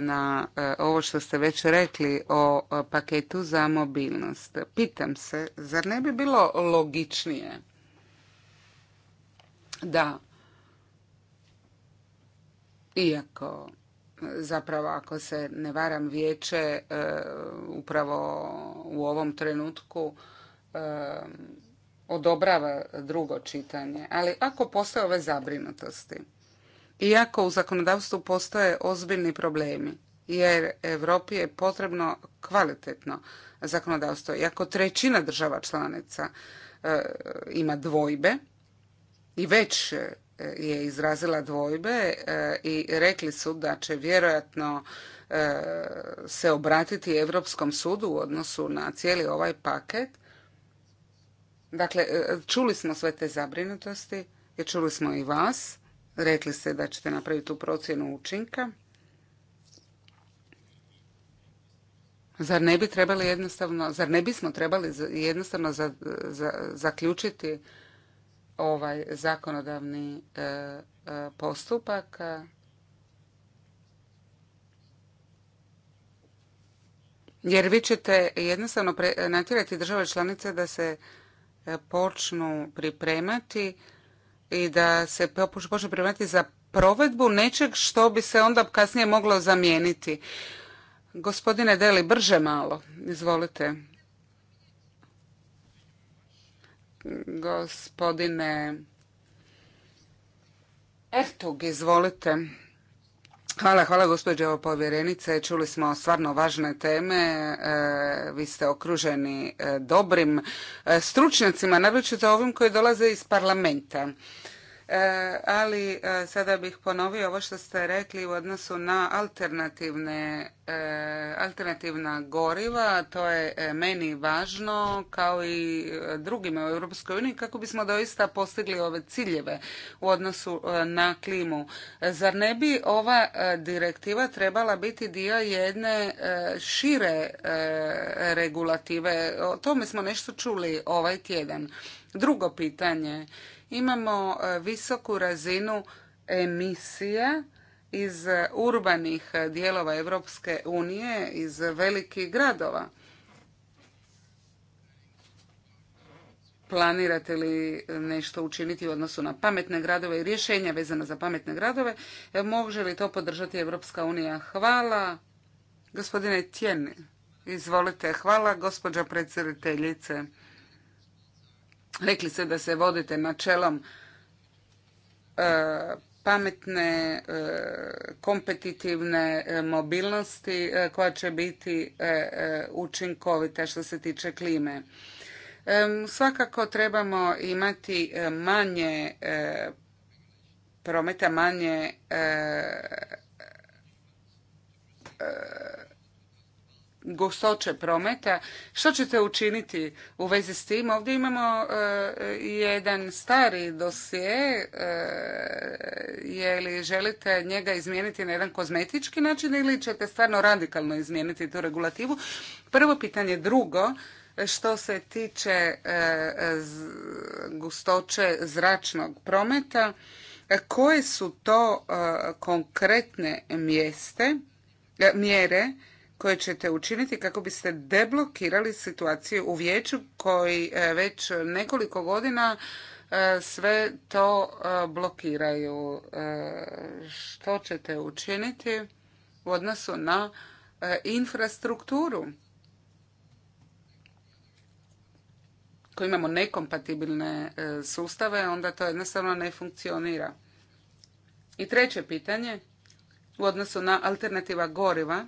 na e, ovo što ste već rekli o e, paketu za mobilnost. Pitam se, zar ne bi bilo logičnije da, iako zapravo ako se ne varam vijeće, e, upravo u ovom trenutku odobrava drugo čitanje, ali ako postoje ove zabrinutosti iako u zakonodavstvu postoje ozbiljni problemi, jer Europi je potrebno kvalitetno zakonodavstvo. I ako trećina država članica e, ima dvojbe i već e, je izrazila dvojbe e, i rekli su da će vjerojatno se obratiti Europskom sudu u odnosu na cijeli ovaj paket, Dakle, e, čuli smo sve te zabrinutosti, jer čuli smo i vas. Rekli ste da ćete napraviti tu procjenu učinka. Zar ne bi trebali jednostavno, zar ne bismo trebali jednostavno za, za, zaključiti ovaj zakonodavni e, e, postupak? Jer vi ćete jednostavno natjerati države članice da se počnu pripremati i da se počnu pripremati za provedbu nečeg što bi se onda kasnije moglo zamijeniti. Gospodine Deli, brže malo, izvolite. Gospodine Ertug, izvolite. Hvala, hvala gospođo povjerenice. Čuli smo stvarno važne teme. E, vi ste okruženi e, dobrim e, stručnjacima, naročito ovim koji dolaze iz parlamenta. E, ali e, sada bih ponovio ovo što ste rekli u odnosu na alternativne, e, alternativna goriva. To je meni važno kao i drugima u Europskoj uniji kako bismo doista postigli ove ciljeve u odnosu na klimu. Zar ne bi ova direktiva trebala biti dio jedne šire regulative? O tome smo nešto čuli ovaj tjedan. Drugo pitanje Imamo e, visoku razinu emisije iz urbanih e, dijelova Europske unije, iz velikih gradova. planirate li nešto učiniti u odnosu na pametne gradove i rješenja vezana za pametne gradove. E, može li to podržati Europska unija? Hvala. Gospodine Tjeni, izvolite. Hvala, gospođa predsjediteljice. Rekli ste da se vodite načelom e, pametne, e, kompetitivne e, mobilnosti koja će biti učinkovita što se tiče klime. Svakako trebamo imati manje prometa, manje gustoće prometa. Što ćete učiniti u vezi s tim? Ovdje imamo e, jedan stari dosje. E, je li želite njega izmijeniti na jedan kozmetički način ili ćete stvarno radikalno izmijeniti tu regulativu? Prvo pitanje. Drugo, što se tiče e, gustoće zračnog prometa, koje su to konkretne mjeste, mjere koje ćete učiniti kako biste deblokirali situaciju u vijeću koji e, već nekoliko godina e, sve to e, blokiraju. Što ćete učiniti u odnosu na infrastrukturu koju imamo nekompatibilne sustave, onda to jednostavno ne funkcionira. I treće pitanje, u odnosu na alternativa goriva,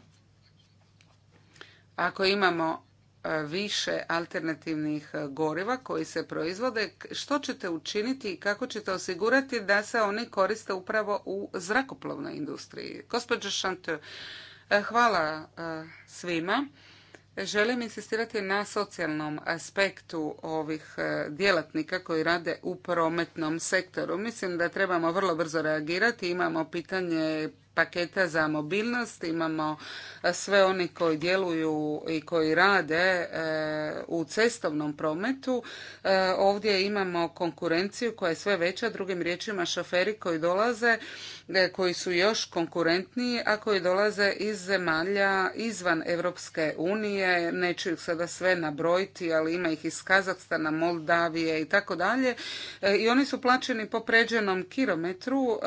ako imamo e, više alternativnih e, goriva koji se proizvode, što ćete učiniti i kako ćete osigurati da se oni koriste upravo u zrakoplovnoj industriji? Gospođo Šantur, e, hvala svima. Želim insistirati na socijalnom aspektu ovih djelatnika koji rade u prometnom sektoru. Mislim da trebamo vrlo brzo reagirati. Imamo pitanje paketa za mobilnost, imamo e, sve oni koji djeluju i koji rade e, u cestovnom prometu. E, ovdje imamo konkurenciju koja je sve veća, drugim riječima šoferi koji dolaze, koji su još konkurentniji, a koji dolaze iz zemalja izvan Europske unije, neću ih sada sve nabrojiti, ali ima ih iz Kazahstana, Moldavije i tako dalje. I oni su plaćeni po pređenom kilometru,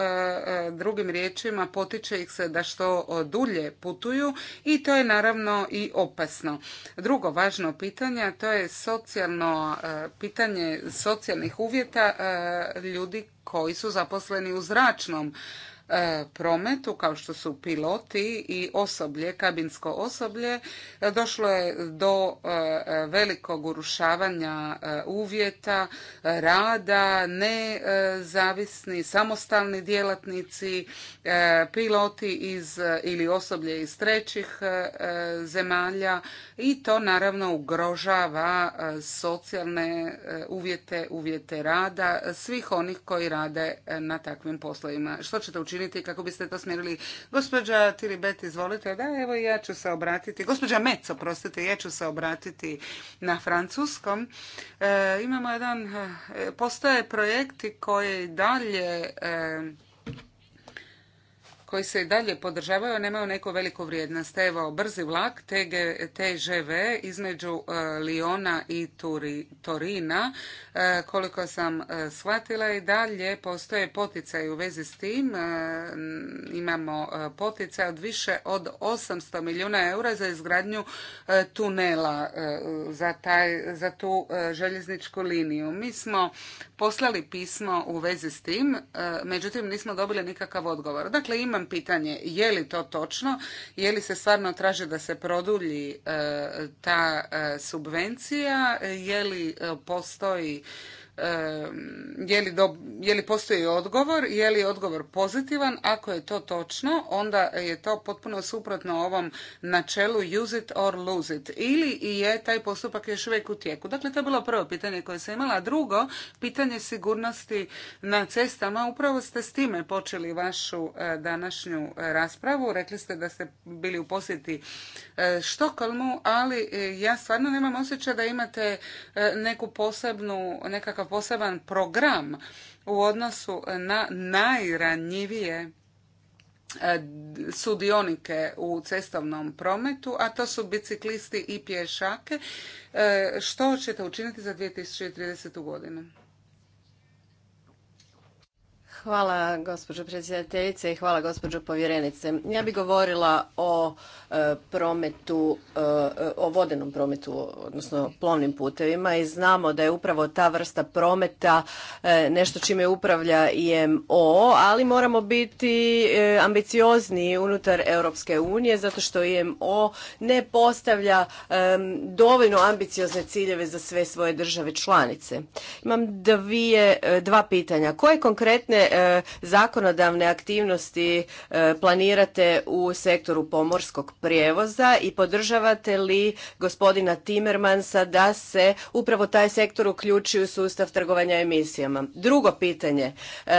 drugim riječima po potiče ih se da što dulje putuju i to je naravno i opasno. Drugo važno pitanje, to je socijalno e, pitanje socijalnih uvjeta e, ljudi koji su zaposleni u zračnom E, prometu, kao što su piloti i osoblje, kabinsko osoblje, došlo je do e, velikog urušavanja e, uvjeta, rada, nezavisni, samostalni djelatnici, piloti iz, ili osoblje iz trećih zemalja i to naravno ugrožava socijalne uvjete, uvjete rada svih onih koji rade na takvim poslovima. Što ćete učiniti? učiniti kako biste to smjerili. Gospođa Tiribet, izvolite. Da, evo ja ću se obratiti. Gospođa Meco, oprostite, ja ću se obratiti na francuskom. E, imamo jedan, e, postoje projekti koji dalje e, koji se i dalje podržavaju, a nemaju neku veliku vrijednost. Evo, brzi vlak TGV između e, Liona i Torina, e, koliko sam e, shvatila i dalje postoje poticaj u vezi s tim. Imamo poticaj od više od 800 milijuna eura za izgradnju tunela za, za tu željezničku liniju. Mi smo poslali pismo u vezi s tim, međutim nismo dobili nikakav odgovor. Dakle, imam pitanje je li to točno, je li se stvarno traži da se produlji e, ta e, subvencija, je li e, postoji je li, do, je li postoji odgovor, je li odgovor pozitivan. Ako je to točno, onda je to potpuno suprotno ovom načelu use it or lose it. Ili je taj postupak još uvijek u tijeku. Dakle, to je bilo prvo pitanje koje sam imala. A drugo, pitanje sigurnosti na cestama. Upravo ste s time počeli vašu e, današnju raspravu. Rekli ste da ste bili u posjeti e, Štokolmu, ali e, ja stvarno nemam osjećaj da imate neku posebnu, nekakav poseban program u odnosu na najranjivije e, sudionike u cestovnom prometu, a to su biciklisti i pješake. E, što ćete učiniti za 2030. godinu? Hvala gospođo predsjedateljice i hvala gospođo povjerenice. Ja bih govorila o e, prometu, e, o vodenom prometu, odnosno plovnim putevima i znamo da je upravo ta vrsta prometa e, nešto čime upravlja IMO, ali moramo biti ambiciozni unutar Europske unije zato što IMO ne postavlja dovoljno ambiciozne ciljeve za sve svoje države članice. Imam dvije, dva pitanja. Koje konkretne E, zakonodavne aktivnosti e, planirate u sektoru pomorskog prijevoza i podržavate li gospodina Timmermansa da se upravo taj sektor uključi u sustav trgovanja emisijama? Drugo pitanje, e,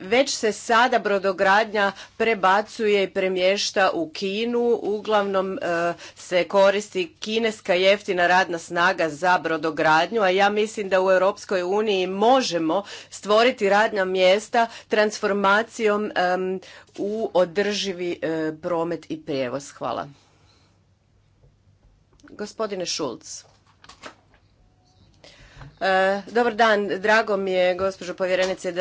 već se sada brodogradnja prebacuje i premješta u Kinu, uglavnom se koristi kineska jeftina radna snaga za brodogradnju, a ja mislim da u Europskoj uniji možemo stvoriti radna mjesta transformacijom u održivi e, promet i prijevoz. Hvala. Gospodine Schulz. E, dobar dan, drago mi je gospođo povjerenice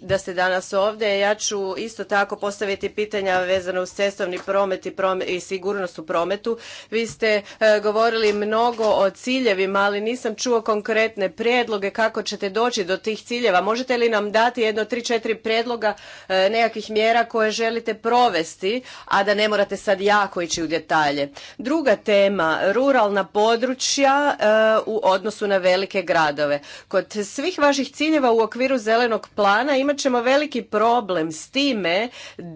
da, ste danas ovdje. Ja ću isto tako postaviti pitanja vezano uz cestovni promet i, sigurnost u prometu. Vi ste e, govorili mnogo o ciljevima, ali nisam čuo konkretne prijedloge kako ćete doći do tih ciljeva. Možete li nam dati jedno, tri, četiri prijedloga e, nekakvih mjera koje želite provesti, a da ne morate sad jako ići u detalje? Druga tema, ruralna područja u odnosu na velike grade Kod svih vaših ciljeva u okviru zelenog plana imat ćemo veliki problem s time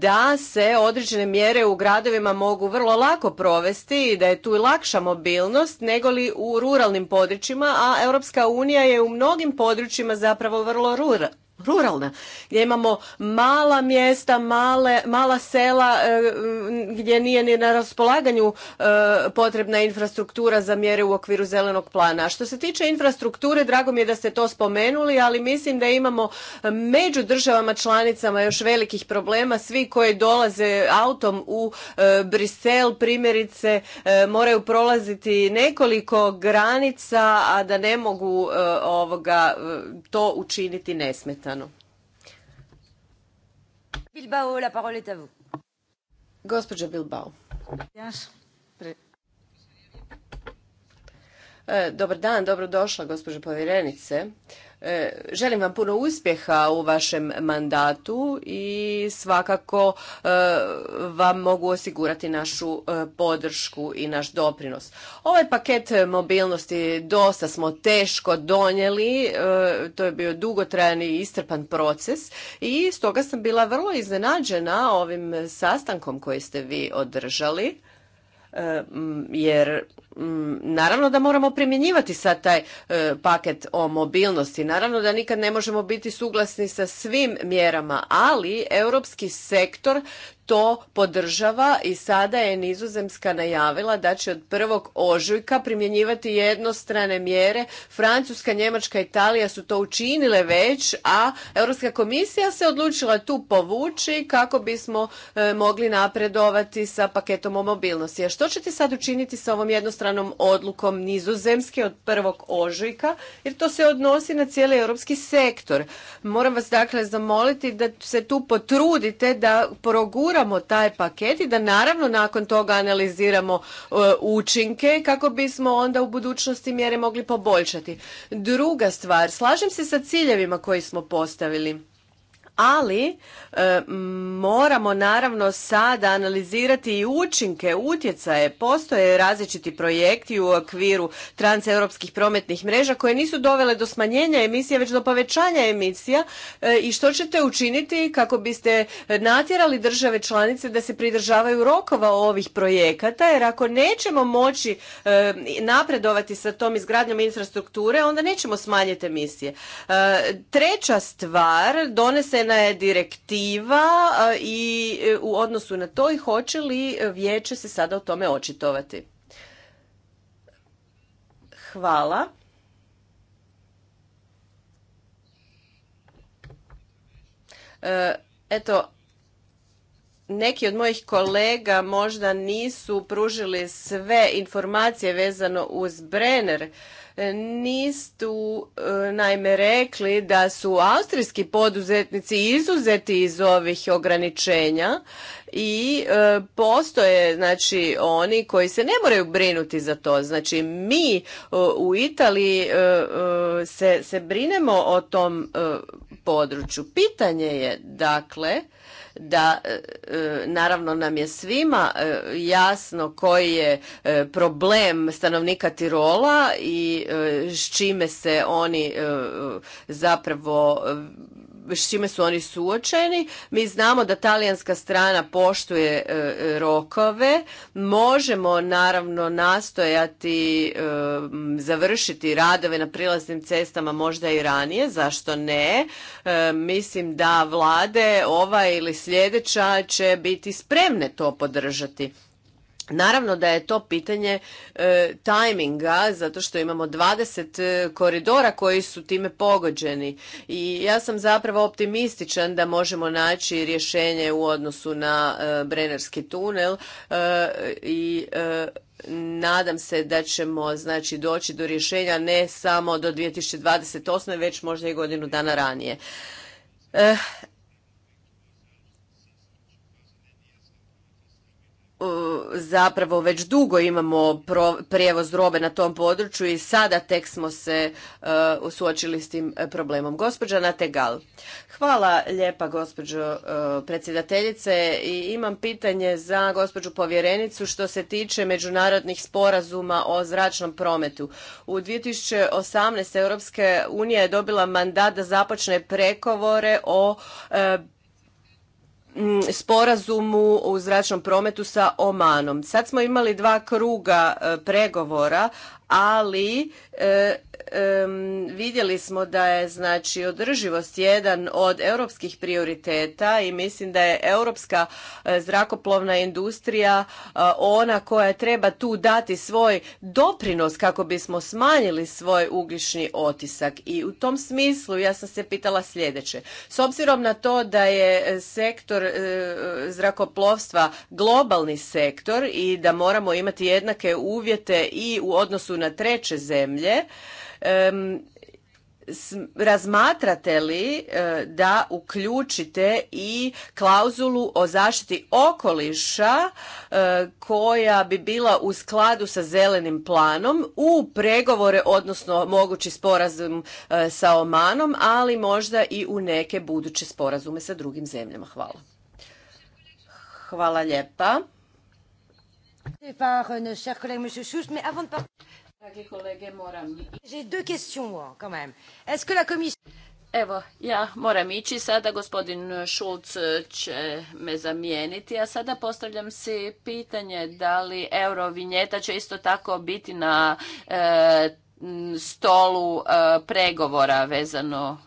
da se određene mjere u gradovima mogu vrlo lako provesti i da je tu lakša mobilnost nego li u ruralnim područjima, a Europska unija je u mnogim područjima zapravo vrlo ruralna, gdje imamo mala mjesta, male, mala sela e, gdje nije ni na raspolaganju e, potrebna infrastruktura za mjere u okviru zelenog plana. Što se tiče infrastrukture, drago mi je da ste to spomenuli, ali mislim da imamo među državama članicama još velikih problema. Svi koji dolaze autom u e, Brisel, primjerice, moraju prolaziti nekoliko granica, a da ne mogu ovoga to učiniti nesmetano. Afganistanu. Bilbao, la parole est à vous. Gospođa Bilbao. E, dobar dan, dobrodošla gospođo povjerenice. E, želim vam puno uspjeha u vašem mandatu i svakako e, vam mogu osigurati našu e, podršku i naš doprinos. Ovaj paket mobilnosti dosta smo teško donijeli, to je bio dugotrajan i istrpan proces i stoga sam bila vrlo iznenađena ovim sastankom koji ste vi održali jer Mm, naravno da moramo primjenjivati sad taj e, paket o mobilnosti. Naravno da nikad ne možemo biti suglasni sa svim mjerama, ali europski sektor to podržava i sada je Nizozemska najavila da će od 1. ožujka primjenjivati jednostrane mjere. Francuska, Njemačka, Italija su to učinile već, a Europska komisija se odlučila tu povući kako bismo e, mogli napredovati sa paketom o mobilnosti. A što ćete sad učiniti sa ovom jednostranom jednostranom odlukom nizozemske od 1. ožujka jer to se odnosi na cijeli europski sektor. Moram vas dakle zamoliti da se tu potrudite da proguramo taj paket i da naravno nakon toga analiziramo e, učinke kako bismo onda u budućnosti mjere mogli poboljšati. Druga stvar, slažem se sa ciljevima koji smo postavili ali e, moramo naravno sada analizirati i učinke, utjecaje. Postoje različiti projekti u okviru transeuropskih prometnih mreža koje nisu dovele do smanjenja emisija, već do povećanja emisija e, i što ćete učiniti kako biste natjerali države članice da se pridržavaju rokova ovih projekata, jer ako nećemo moći e, napredovati sa tom izgradnjom infrastrukture, onda nećemo smanjiti emisije. Treća stvar, donese je direktiva i e, u odnosu na to i hoće li vijeće se sada o tome očitovati. Hvala. E, eto, neki od mojih kolega možda nisu pružili sve informacije vezano uz Brenner nisu e, naime rekli da su austrijski poduzetnici izuzeti iz ovih ograničenja i e, postoje znači oni koji se ne moraju brinuti za to. Znači mi e, u Italiji se, se brinemo o tom području. Pitanje je dakle da e, e, naravno nam je svima e, jasno koji je problem stanovnika Tirola i s čime se oni zapravo s čime su oni suočeni. Mi znamo da talijanska strana poštuje e, rokove. Možemo naravno nastojati e, završiti radove na prilaznim cestama možda i ranije, zašto ne? E, mislim da vlade ova ili sljedeća će biti spremne to podržati. Naravno da je to pitanje e, tajminga, zato što imamo 20 e, koridora koji su time pogođeni. I ja sam zapravo optimističan da možemo naći rješenje u odnosu na e, Brenerski tunel e, i nadam se da ćemo znači doći do rješenja ne samo do 2028. već možda i godinu dana ranije. E, zapravo već dugo imamo prijevoz robe na tom području i sada tek smo se e, suočili s tim e, problemom. Gospođa Nategal. Hvala lijepa gospođo predsjedateljice i imam pitanje za gospođu povjerenicu što se tiče međunarodnih sporazuma o zračnom prometu. U 2018. Europske unije je dobila mandat da započne prekovore o Mm, sporazumu u zračnom prometu sa Omanom. Sad smo imali dva kruga e, pregovora, ali e, vidjeli smo da je znači održivost jedan od europskih prioriteta i mislim da je europska e, zrakoplovna industrija e, ona koja treba tu dati svoj doprinos kako bismo smanjili svoj ugljični otisak i u tom smislu ja sam se pitala sljedeće s obzirom na to da je e, sektor zrakoplovstva globalni sektor i da moramo imati jednake uvjete i u odnosu na treće zemlje razmatrate li e, da uključite i klauzulu o zaštiti okoliša e, koja bi bila u skladu sa zelenim planom u pregovore, odnosno mogući sporazum e, sa Omanom, ali možda i u neke buduće sporazume sa drugim zemljama. Hvala. Hvala lijepa. Euh, kolege, moram... Evo, ja moram ići sada, gospodin Šulc će me zamijeniti, a sada postavljam si pitanje da li eurovinjeta će isto tako biti na e, stolu e, pregovora vezano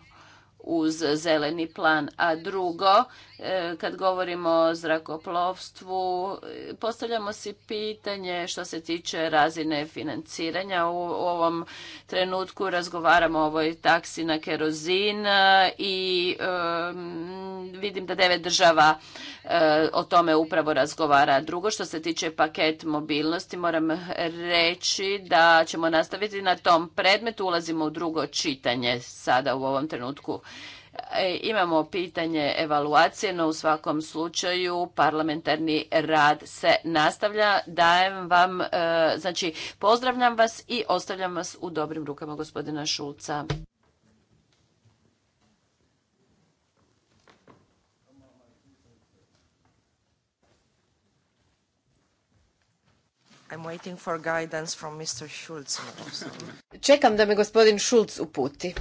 uz zeleni plan. A drugo, E, kad govorimo o zrakoplovstvu, postavljamo si pitanje što se tiče razine financiranja. U ovom trenutku razgovaramo o ovoj taksi na kerozin e, i e, vidim da devet država o tome upravo razgovara. Drugo, što se tiče paket mobilnosti, moram reći da ćemo nastaviti na tom predmetu. Ulazimo u drugo čitanje sada u ovom trenutku. E, imamo pitanje evaluacije, no u svakom slučaju parlamentarni rad se nastavlja. Dajem vam, e, znači pozdravljam vas i ostavljam vas u dobrim rukama gospodina Šulca. I'm waiting Čekam da me gospodin Šulc uputi.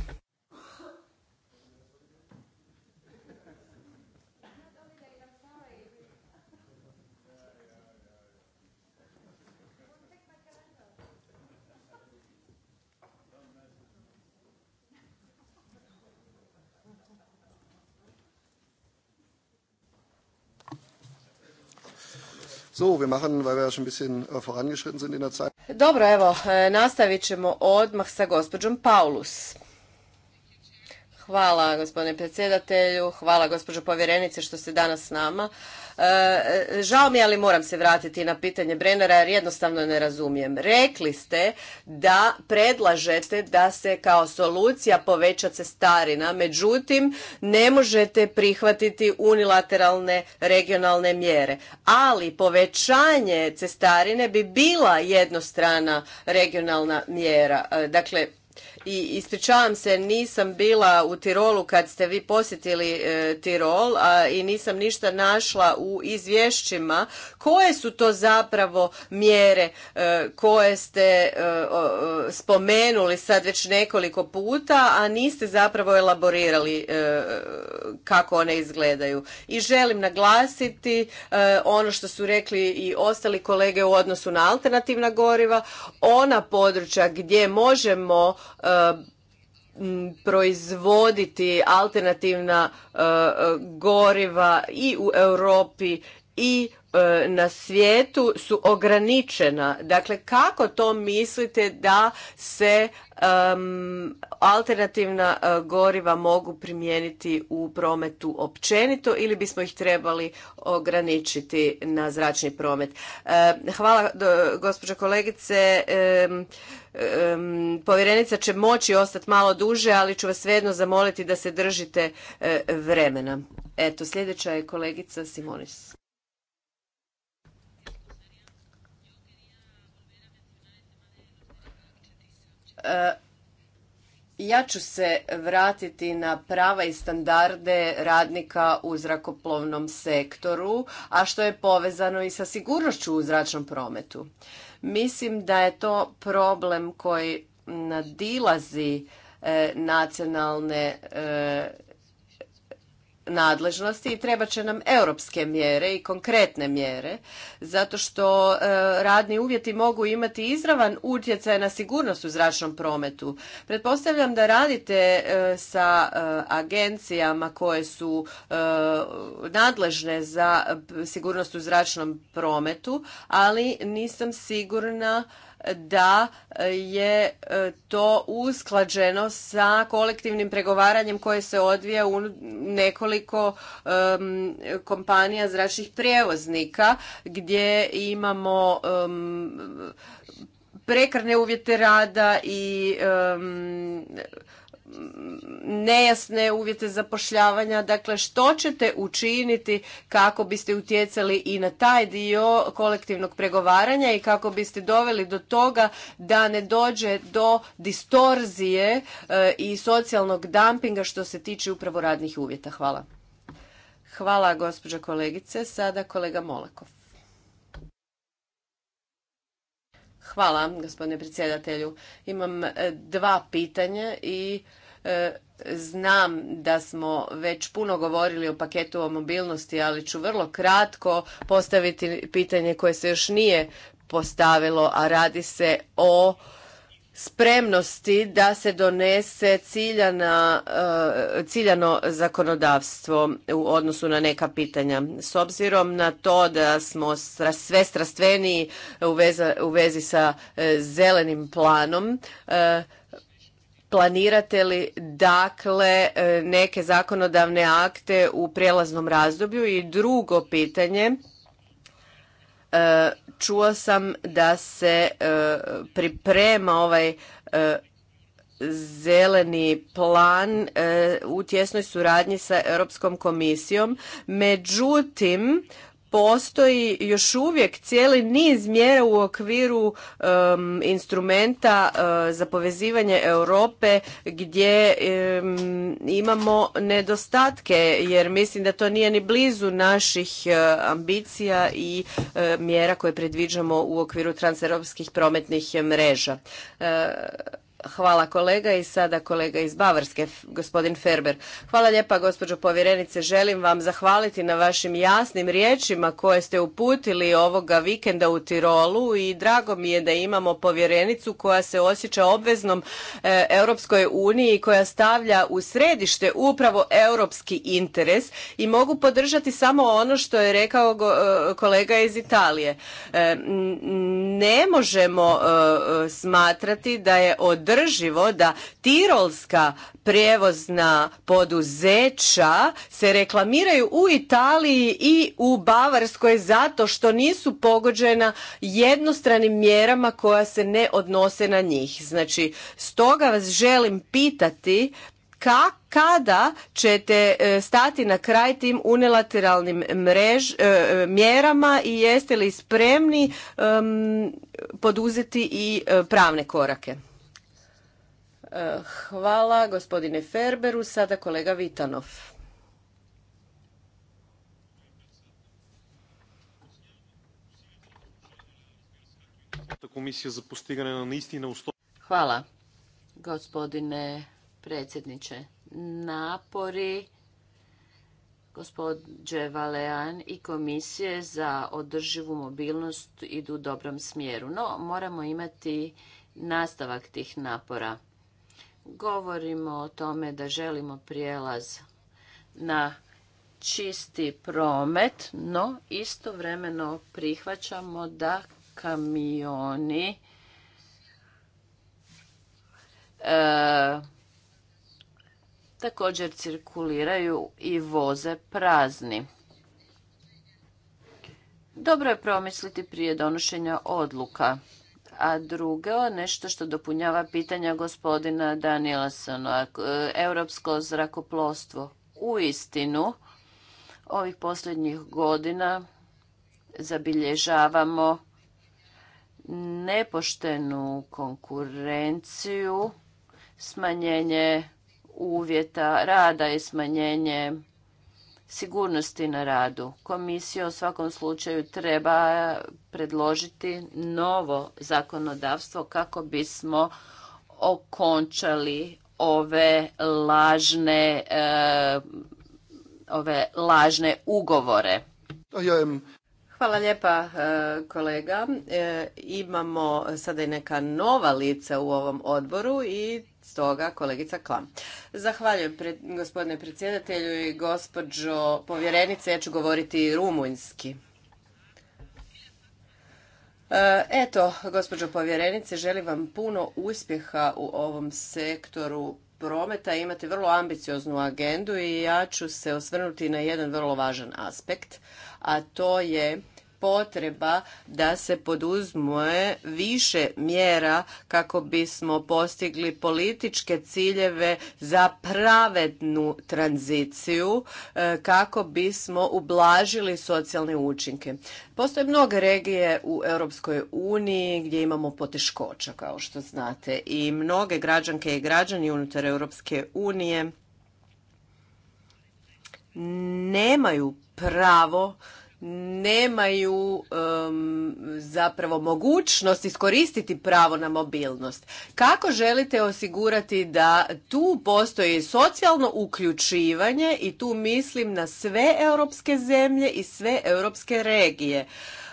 So, wir machen, weil wir ja schon ein bisschen äh, vorangeschritten sind in der Zeit. Dobro, evo, e, nastavit ćemo odmah sa gospođom Paulus. Hvala gospodine predsjedatelju, hvala gospođo povjerenice što ste danas s nama. E, žao mi je, ali moram se vratiti na pitanje Brennera jer jednostavno ne razumijem. Rekli ste da predlažete da se kao solucija poveća cestarina, međutim ne možete prihvatiti unilateralne regionalne mjere. Ali povećanje cestarine bi bila jednostrana regionalna mjera. E, dakle, i ispričavam se, nisam bila u Tirolu kad ste vi posjetili e, Tirol a, i nisam ništa našla u izvješćima. Koje su to zapravo mjere e, koje ste e, spomenuli sad već nekoliko puta, a niste zapravo elaborirali kako one izgledaju. I želim naglasiti ono što su rekli i ostali kolege u odnosu na alternativna goriva, ona područja gdje možemo E, proizvoditi alternativna e, e, goriva i u Europi i e, na svijetu su ograničena. Dakle, kako to mislite da se alternativna e, goriva mogu primijeniti u prometu općenito ili bismo ih trebali ograničiti na zračni promet? E, hvala, gospođa kolegice. povjerenica će moći ostati malo duže, ali ću vas svejedno zamoliti da se držite vremena. Eto, sljedeća je kolegica Simonis. E, ja ću se vratiti na prava i standarde radnika u zrakoplovnom sektoru, a što je povezano i sa sigurnošću u zračnom prometu. Mislim da je to problem koji nadilazi e, nacionalne e, nadležnosti i trebat će nam europske mjere i konkretne mjere zato što e, radni uvjeti mogu imati izravan utjecaj na sigurnost u zračnom prometu. Pretpostavljam da radite e, sa e, agencijama koje su nadležne za sigurnost u zračnom prometu, ali nisam sigurna da e, je e, to usklađeno sa kolektivnim pregovaranjem koje se odvija u nekoliko kompanija zračnih prijevoznika gdje imamo um, uvjete rada i nejasne uvjete zapošljavanja. Dakle, što ćete učiniti kako biste utjecali i na taj dio kolektivnog pregovaranja i kako biste doveli do toga da ne dođe do distorzije e, i socijalnog dumpinga što se tiče upravo radnih uvjeta. Hvala. Hvala, gospođa kolegice. Sada kolega Molakov. Hvala, gospodine predsjedatelju. Imam e, dva pitanja i E, znam da smo već puno govorili o paketu o mobilnosti, ali ću vrlo kratko postaviti pitanje koje se još nije postavilo, a radi se o spremnosti da se donese ciljana, e, ciljano zakonodavstvo u odnosu na neka pitanja. S obzirom na to da smo sve strastveniji u vezi sa e, zelenim planom, planirate li dakle e, neke zakonodavne akte u prijelaznom razdoblju? I drugo pitanje, e, čuo sam da se e, priprema ovaj zeleni plan u tjesnoj suradnji sa Europskom komisijom. Međutim, postoji još uvijek cijeli niz mjera u okviru instrumenta eh, za povezivanje Europe gdje imamo nedostatke jer mislim da to nije ni blizu naših eh, ambicija i eh, mjera koje predviđamo u okviru transeuropskih prometnih mreža. Hvala kolega i sada kolega iz Bavarske, gospodin Ferber. Hvala lijepa gospođo povjerenice, želim vam zahvaliti na vašim jasnim riječima koje ste uputili ovoga vikenda u Tirolu i drago mi je da imamo povjerenicu koja se osjeća obveznom e, Europskoj uniji i koja stavlja u središte upravo europski interes i mogu podržati samo ono što je rekao e, kolega iz Italije. E, ne možemo smatrati da je od drživo da tirolska prijevozna poduzeća se reklamiraju u Italiji i u Bavarskoj zato što nisu pogođena jednostranim mjerama koja se ne odnose na njih. Znači, stoga vas želim pitati kako kada ćete e, stati na kraj tim unilateralnim mrež, e, mjerama i jeste li spremni poduzeti i e, pravne korake? Hvala gospodine Ferberu, sada kolega Vitanov. komisija na Hvala, gospodine predsjedniče. Napori gospođe Valean i komisije za održivu mobilnost idu u dobrom smjeru, no moramo imati nastavak tih napora govorimo o tome da želimo prijelaz na čisti promet, no istovremeno prihvaćamo da kamioni e, također cirkuliraju i voze prazni. Dobro je promisliti prije donošenja odluka. A drugo, nešto što dopunjava pitanja gospodina Danielsona, e, europsko zrakoplostvo. U istinu, ovih posljednjih godina zabilježavamo nepoštenu konkurenciju, smanjenje uvjeta rada i smanjenje sigurnosti na radu. Komisija u svakom slučaju treba predložiti novo zakonodavstvo kako bismo okončali ove lažne e, ove lažne ugovore. Hvala lijepa e, kolega. E, imamo sada i neka nova lica u ovom odboru i Stoga, kolegica Klam. Zahvaljujem gospodine predsjedatelju i gospođo povjerenice. Ja ću govoriti rumunjski. E, eto, gospođo povjerenice, želim vam puno uspjeha u ovom sektoru prometa. Imate vrlo ambicioznu agendu i ja ću se osvrnuti na jedan vrlo važan aspekt, a to je potreba da se poduzmuje više mjera kako bismo postigli političke ciljeve za pravednu tranziciju e, kako bismo ublažili socijalne učinke. Postoje mnoge regije u Europskoj uniji gdje imamo poteškoća kao što znate i mnoge građanke i građani unutar Europske unije nemaju pravo nemaju zapravo mogućnost iskoristiti pravo na mobilnost. Kako želite osigurati da tu postoji socijalno uključivanje i tu mislim na sve europske zemlje i sve europske regije?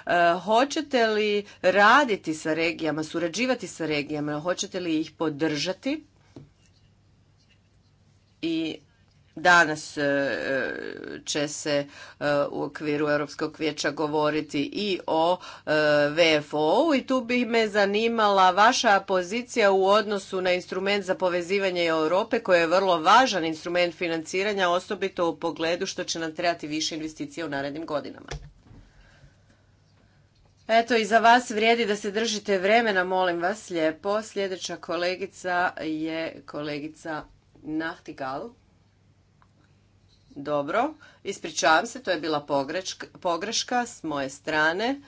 E, hoćete li raditi sa regijama, surađivati sa regijama, hoćete li ih podržati? I Danas e, e, će se e, u okviru Europskog vijeća govoriti i o VFO-u i tu bi me zanimala vaša pozicija u odnosu na instrument za povezivanje Europe koji je vrlo važan instrument financiranja, osobito u pogledu što će nam trebati više investicija u narednim godinama. Eto, i za vas vrijedi da se držite vremena, molim vas lijepo. Sljedeća kolegica je kolegica Nahtigal. Dobro, ispričavam se, to je bila pogreška s moje strane.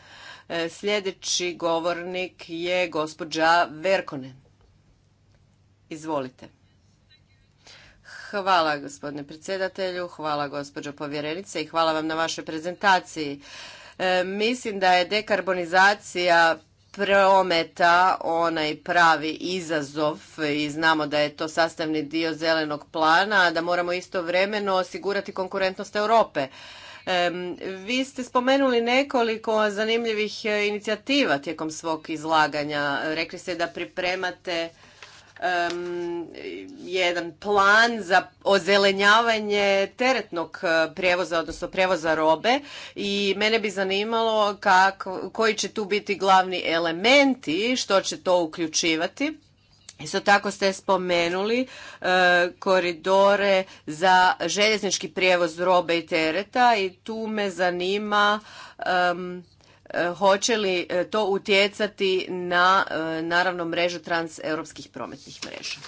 E, sljedeći govornik je gospođa Verkonen. Izvolite. Hvala gospodine predsjedatelju, hvala gospođo povjerenice i hvala vam na vašoj prezentaciji. E, mislim da je dekarbonizacija prometa onaj pravi izazov i znamo da je to sastavni dio zelenog plana, da moramo istovremeno osigurati konkurentnost Europe. Vi ste spomenuli nekoliko zanimljivih e, inicijativa tijekom svog izlaganja. Rekli ste da pripremate um, jedan plan za ozelenjavanje teretnog e, prijevoza, odnosno prijevoza robe i mene bi zanimalo kako, koji će tu biti glavni elementi, što će to uključivati. Isto tako ste spomenuli e, koridore za željeznički prijevoz robe i tereta i tu me zanima E, hoće li e, to utjecati na e, naravno mrežu transeuropskih prometnih mreža.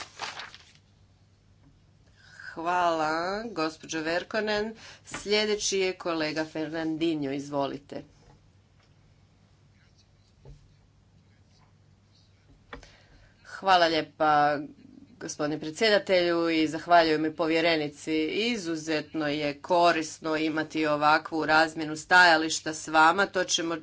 Hvala, gospođo Verkonen. Sljedeći je kolega Fernandinho, izvolite. Hvala lijepa gospodine predsjedatelju i zahvaljujem i povjerenici. Izuzetno je korisno imati ovakvu razmjenu stajališta s vama. To ćemo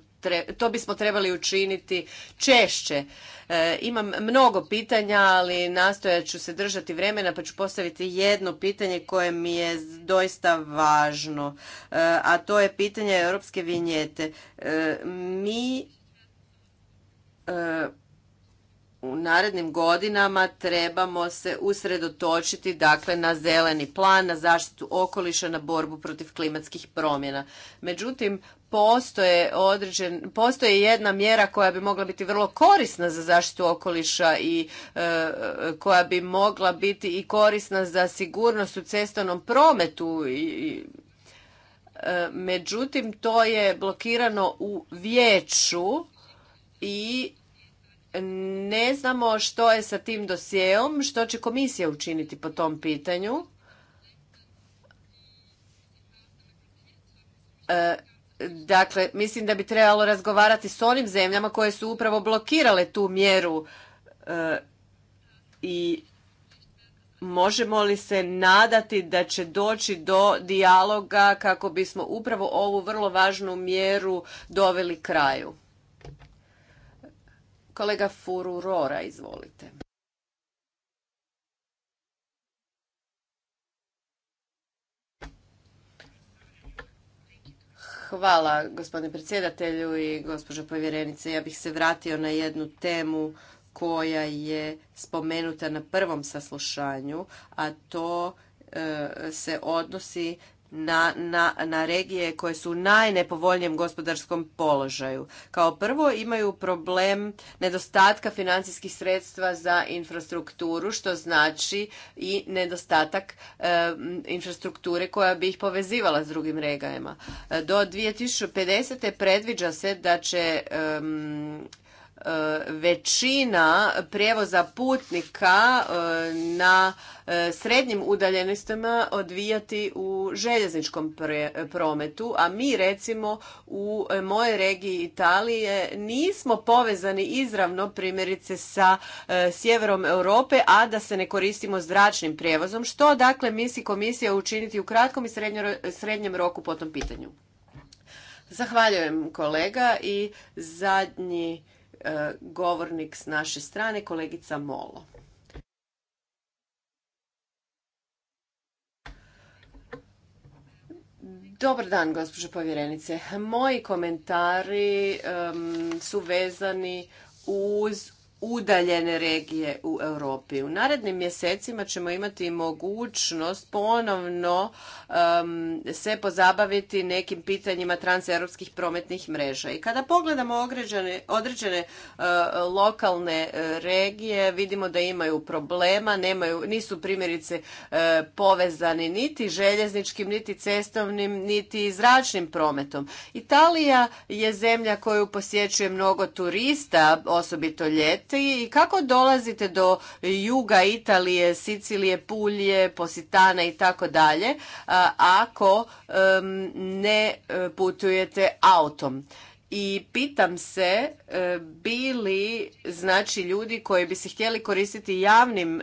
to bismo trebali učiniti češće. E, imam mnogo pitanja, ali nastojat ću se držati vremena pa ću postaviti jedno pitanje koje mi je doista važno, e, a to je pitanje europske vinjete. E, mi u narednim godinama trebamo se usredotočiti dakle na zeleni plan, na zaštitu okoliša, na borbu protiv klimatskih promjena. Međutim, postoje određen, postoji jedna mjera koja bi mogla biti vrlo korisna za zaštitu okoliša i e, e, koja bi mogla biti i korisna za sigurnost u cestovnom prometu i, e, međutim to je blokirano u vijeću i ne znamo što je sa tim dosjeom, što će komisija učiniti po tom pitanju. Dakle, mislim da bi trebalo razgovarati s onim zemljama koje su upravo blokirale tu mjeru e, i možemo li se nadati da će doći do dijaloga kako bismo upravo ovu vrlo važnu mjeru doveli kraju. Kolega Fururora, izvolite. Hvala gospodine predsjedatelju i gospođo povjerenice. Ja bih se vratio na jednu temu koja je spomenuta na prvom saslušanju, a to e, se odnosi na, na, na regije koje su u najnepovoljnijem gospodarskom položaju. Kao prvo imaju problem nedostatka financijskih sredstva za infrastrukturu, što znači i nedostatak eh, infrastrukture koja bi ih povezivala s drugim regajama. Do 2050. predviđa se da će većina prijevoza putnika e, na e, srednjim udaljenostima odvijati u željezničkom prometu, a mi recimo u e, mojoj regiji Italije nismo povezani izravno primjerice sa sjeverom Europe, a da se ne koristimo zračnim prijevozom. Što dakle misli komisija učiniti u kratkom i srednjem roku po tom pitanju? Zahvaljujem kolega i zadnji E, govornik s naše strane, kolegica Molo. Dobar dan, gospođo povjerenice. Moji komentari su vezani uz udaljene regije u Europi. U narednim mjesecima ćemo imati mogućnost ponovno se pozabaviti nekim pitanjima transeuropskih prometnih mreža. I kada pogledamo određene, određene e, lokalne e, regije, vidimo da imaju problema, nemaju, nisu primjerice e, povezani niti željezničkim, niti cestovnim, niti zračnim prometom. Italija je zemlja koju posjećuje mnogo turista, osobito ljet i kako dolazite do juga Italije, Sicilije, Pulje, Positana i tako dalje ako ne e, putujete autom i pitam se e, bi li znači ljudi koji bi se htjeli koristiti javnim e,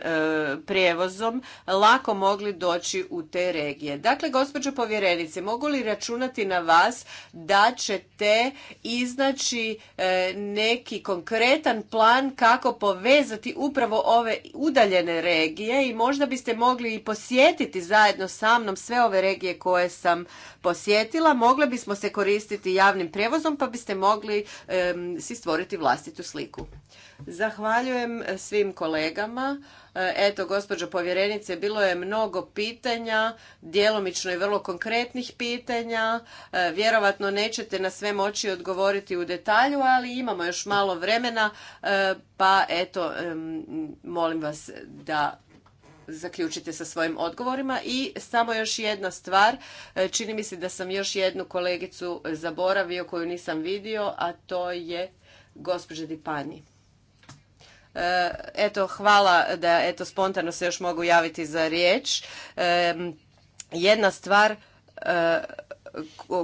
prijevozom lako mogli doći u te regije. Dakle, gospođo povjerenice, mogu li računati na vas da ćete iznaći e, neki konkretan plan kako povezati upravo ove udaljene regije i možda biste mogli i posjetiti zajedno sa mnom sve ove regije koje sam posjetila, mogli bismo se koristiti javnim prijevozom pa biste mogli si stvoriti vlastitu sliku. Zahvaljujem svim kolegama. E, eto, gospođo povjerenice, bilo je mnogo pitanja, djelomično i vrlo konkretnih pitanja. E, vjerovatno nećete na sve moći odgovoriti u detalju, ali imamo još malo vremena, e, pa eto, molim vas da zaključite sa svojim odgovorima. I samo još jedna stvar, e, čini mi se da sam još jednu kolegicu zaboravio koju nisam vidio, a to je gospođa Dipani. E, eto, hvala da eto, spontano se još mogu javiti za riječ. E, jedna stvar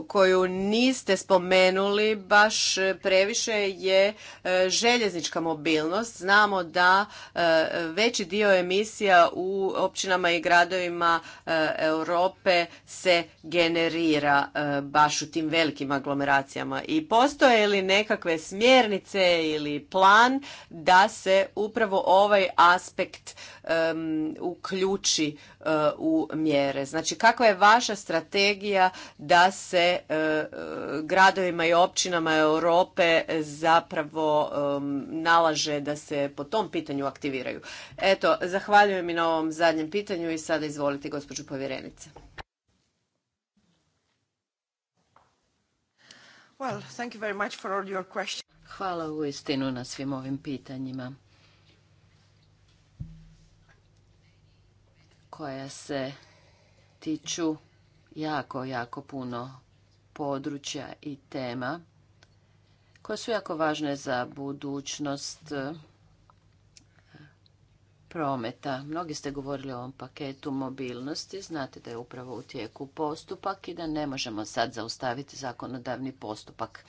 koju niste spomenuli baš previše je e, željeznička mobilnost. Znamo da e, veći dio emisija u općinama i gradovima e, Europe se generira baš u tim velikim aglomeracijama. I postoje li nekakve smjernice ili plan da se upravo ovaj aspekt uključi u mjere? Znači kakva je vaša strategija da se e, e, gradovima i općinama Europe zapravo nalaže da se po tom pitanju aktiviraju. Eto, zahvaljujem i na ovom zadnjem pitanju i sada izvolite gospođu povjerenice. Hvala u istinu na svim ovim pitanjima. Koja se tiču jako, jako puno područja i tema koje su jako važne za budućnost e, prometa. Mnogi ste govorili o ovom paketu mobilnosti. Znate da je upravo u tijeku postupak i da ne možemo sad zaustaviti zakonodavni postupak.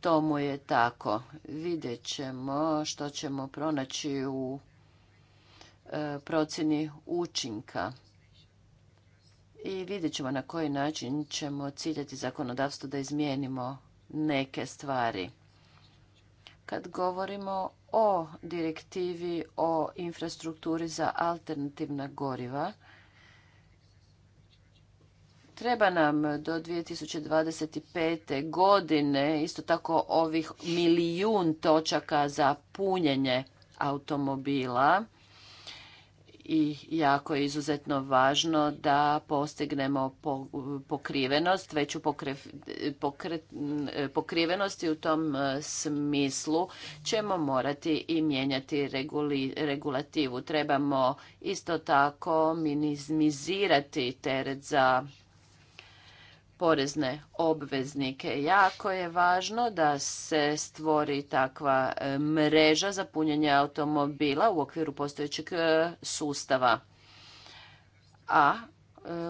Tomu je tako. Vidjet ćemo što ćemo pronaći u e, procjeni učinka i vidjet ćemo na koji način ćemo ciljati zakonodavstvo da izmijenimo neke stvari. Kad govorimo o direktivi o infrastrukturi za alternativna goriva, treba nam do 2025. godine isto tako ovih milijun točaka za punjenje automobila i jako je izuzetno važno da postignemo pokrivenost, veću pokrivenost i u tom e, smislu ćemo morati i mijenjati regulativu. Trebamo isto tako minimizirati teret za porezne obveznike. Jako je važno da se stvori takva e, mreža za punjenje automobila u okviru postojećeg e, sustava. A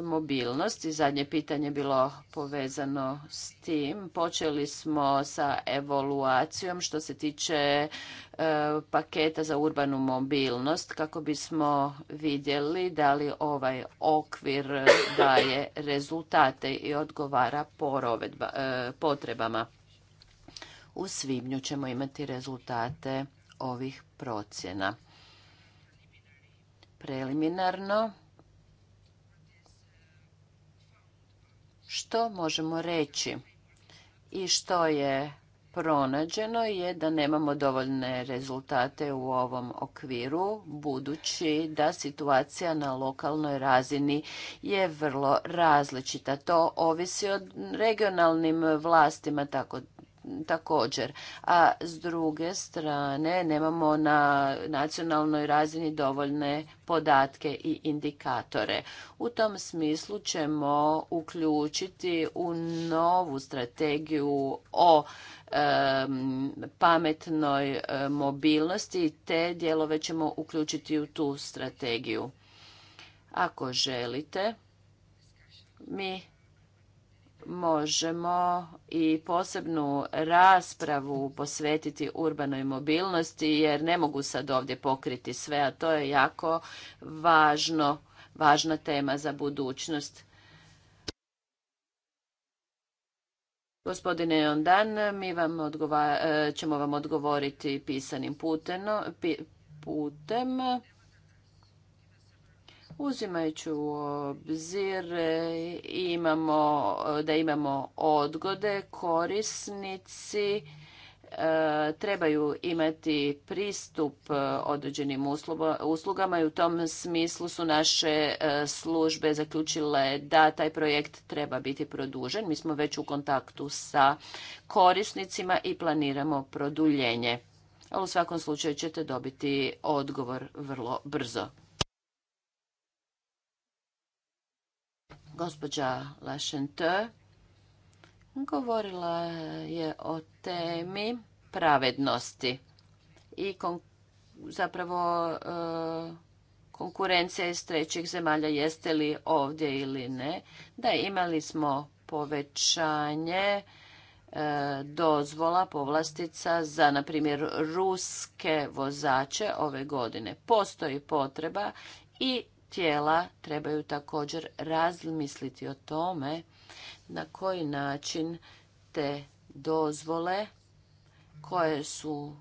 mobilnost i zadnje pitanje bilo povezano s tim. Počeli smo sa evoluacijom što se tiče e, paketa za urbanu mobilnost kako bismo vidjeli da li ovaj okvir daje rezultate i odgovara e, potrebama. U svibnju ćemo imati rezultate ovih procjena. Preliminarno Što možemo reći i što je pronađeno je da nemamo dovoljne rezultate u ovom okviru, budući da situacija na lokalnoj razini je vrlo različita. To ovisi o regionalnim vlastima, tako također. A s druge strane nemamo na nacionalnoj razini dovoljne podatke i indikatore. U tom smislu ćemo uključiti u novu strategiju o pametnoj mobilnosti i te dijelove ćemo uključiti u tu strategiju. Ako želite, mi možemo i posebnu raspravu posvetiti urbanoj mobilnosti jer ne mogu sad ovdje pokriti sve, a to je jako važno, važna tema za budućnost. Gospodine Jondan, mi vam e, ćemo vam odgovoriti pisanim putem Uzimajući u obzir e, imamo, e, da imamo odgode, korisnici e, trebaju imati pristup određenim uslugama i u tom smislu su naše službe zaključile da taj projekt treba biti produžen. Mi smo već u kontaktu sa korisnicima i planiramo produljenje. Ali u svakom slučaju ćete dobiti odgovor vrlo brzo. Gospođa Lachente govorila je o temi pravednosti i zapravo e, konkurencija iz trećih zemalja jeste li ovdje ili ne. Da, imali smo povećanje e, dozvola, povlastica za, na primjer, ruske vozače ove godine. Postoji potreba i tijela trebaju također razmisliti o tome na koji način te dozvole koje su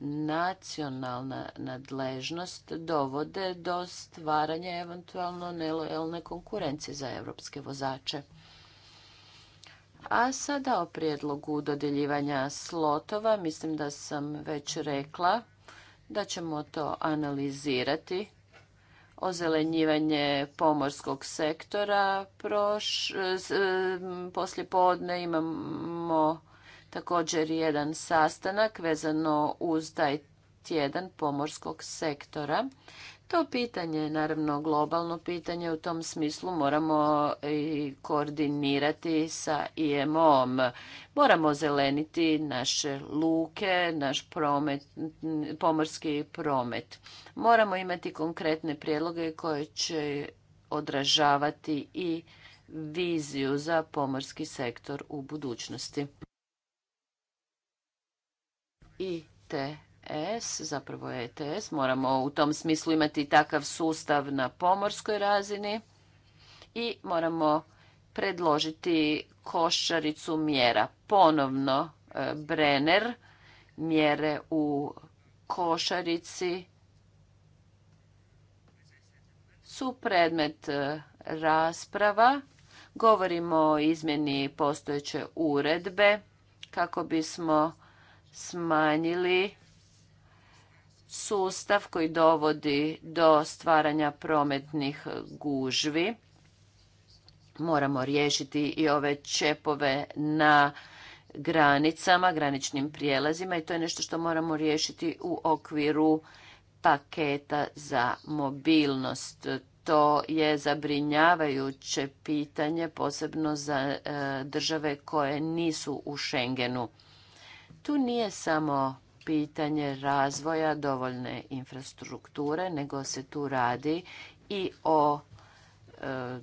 nacionalna nadležnost dovode do stvaranja eventualno nelojalne konkurencije za evropske vozače. A sada o prijedlogu dodjeljivanja slotova mislim da sam već rekla da ćemo to analizirati ozelenjivanje pomorskog sektora. Proš, e, poslijepodne imamo također jedan sastanak vezano uz taj tjedan pomorskog sektora. To pitanje je naravno globalno pitanje, u tom smislu moramo i koordinirati sa IMO-om. Moramo zeleniti naše luke, naš promet, pomorski promet. Moramo imati konkretne prijedloge koje će odražavati i viziju za pomorski sektor u budućnosti. I te ETS, zapravo ETS, moramo u tom smislu imati takav sustav na pomorskoj razini i moramo predložiti košaricu mjera. Ponovno e, Brenner mjere u košarici su predmet e, rasprava. Govorimo o izmjeni postojeće uredbe kako bismo smanjili sustav koji dovodi do stvaranja prometnih gužvi. Moramo riješiti i ove čepove na granicama, graničnim prijelazima i to je nešto što moramo riješiti u okviru paketa za mobilnost. To je zabrinjavajuće pitanje, posebno za e, države koje nisu u Schengenu. Tu nije samo pitanje razvoja dovoljne infrastrukture, nego se tu radi i o e,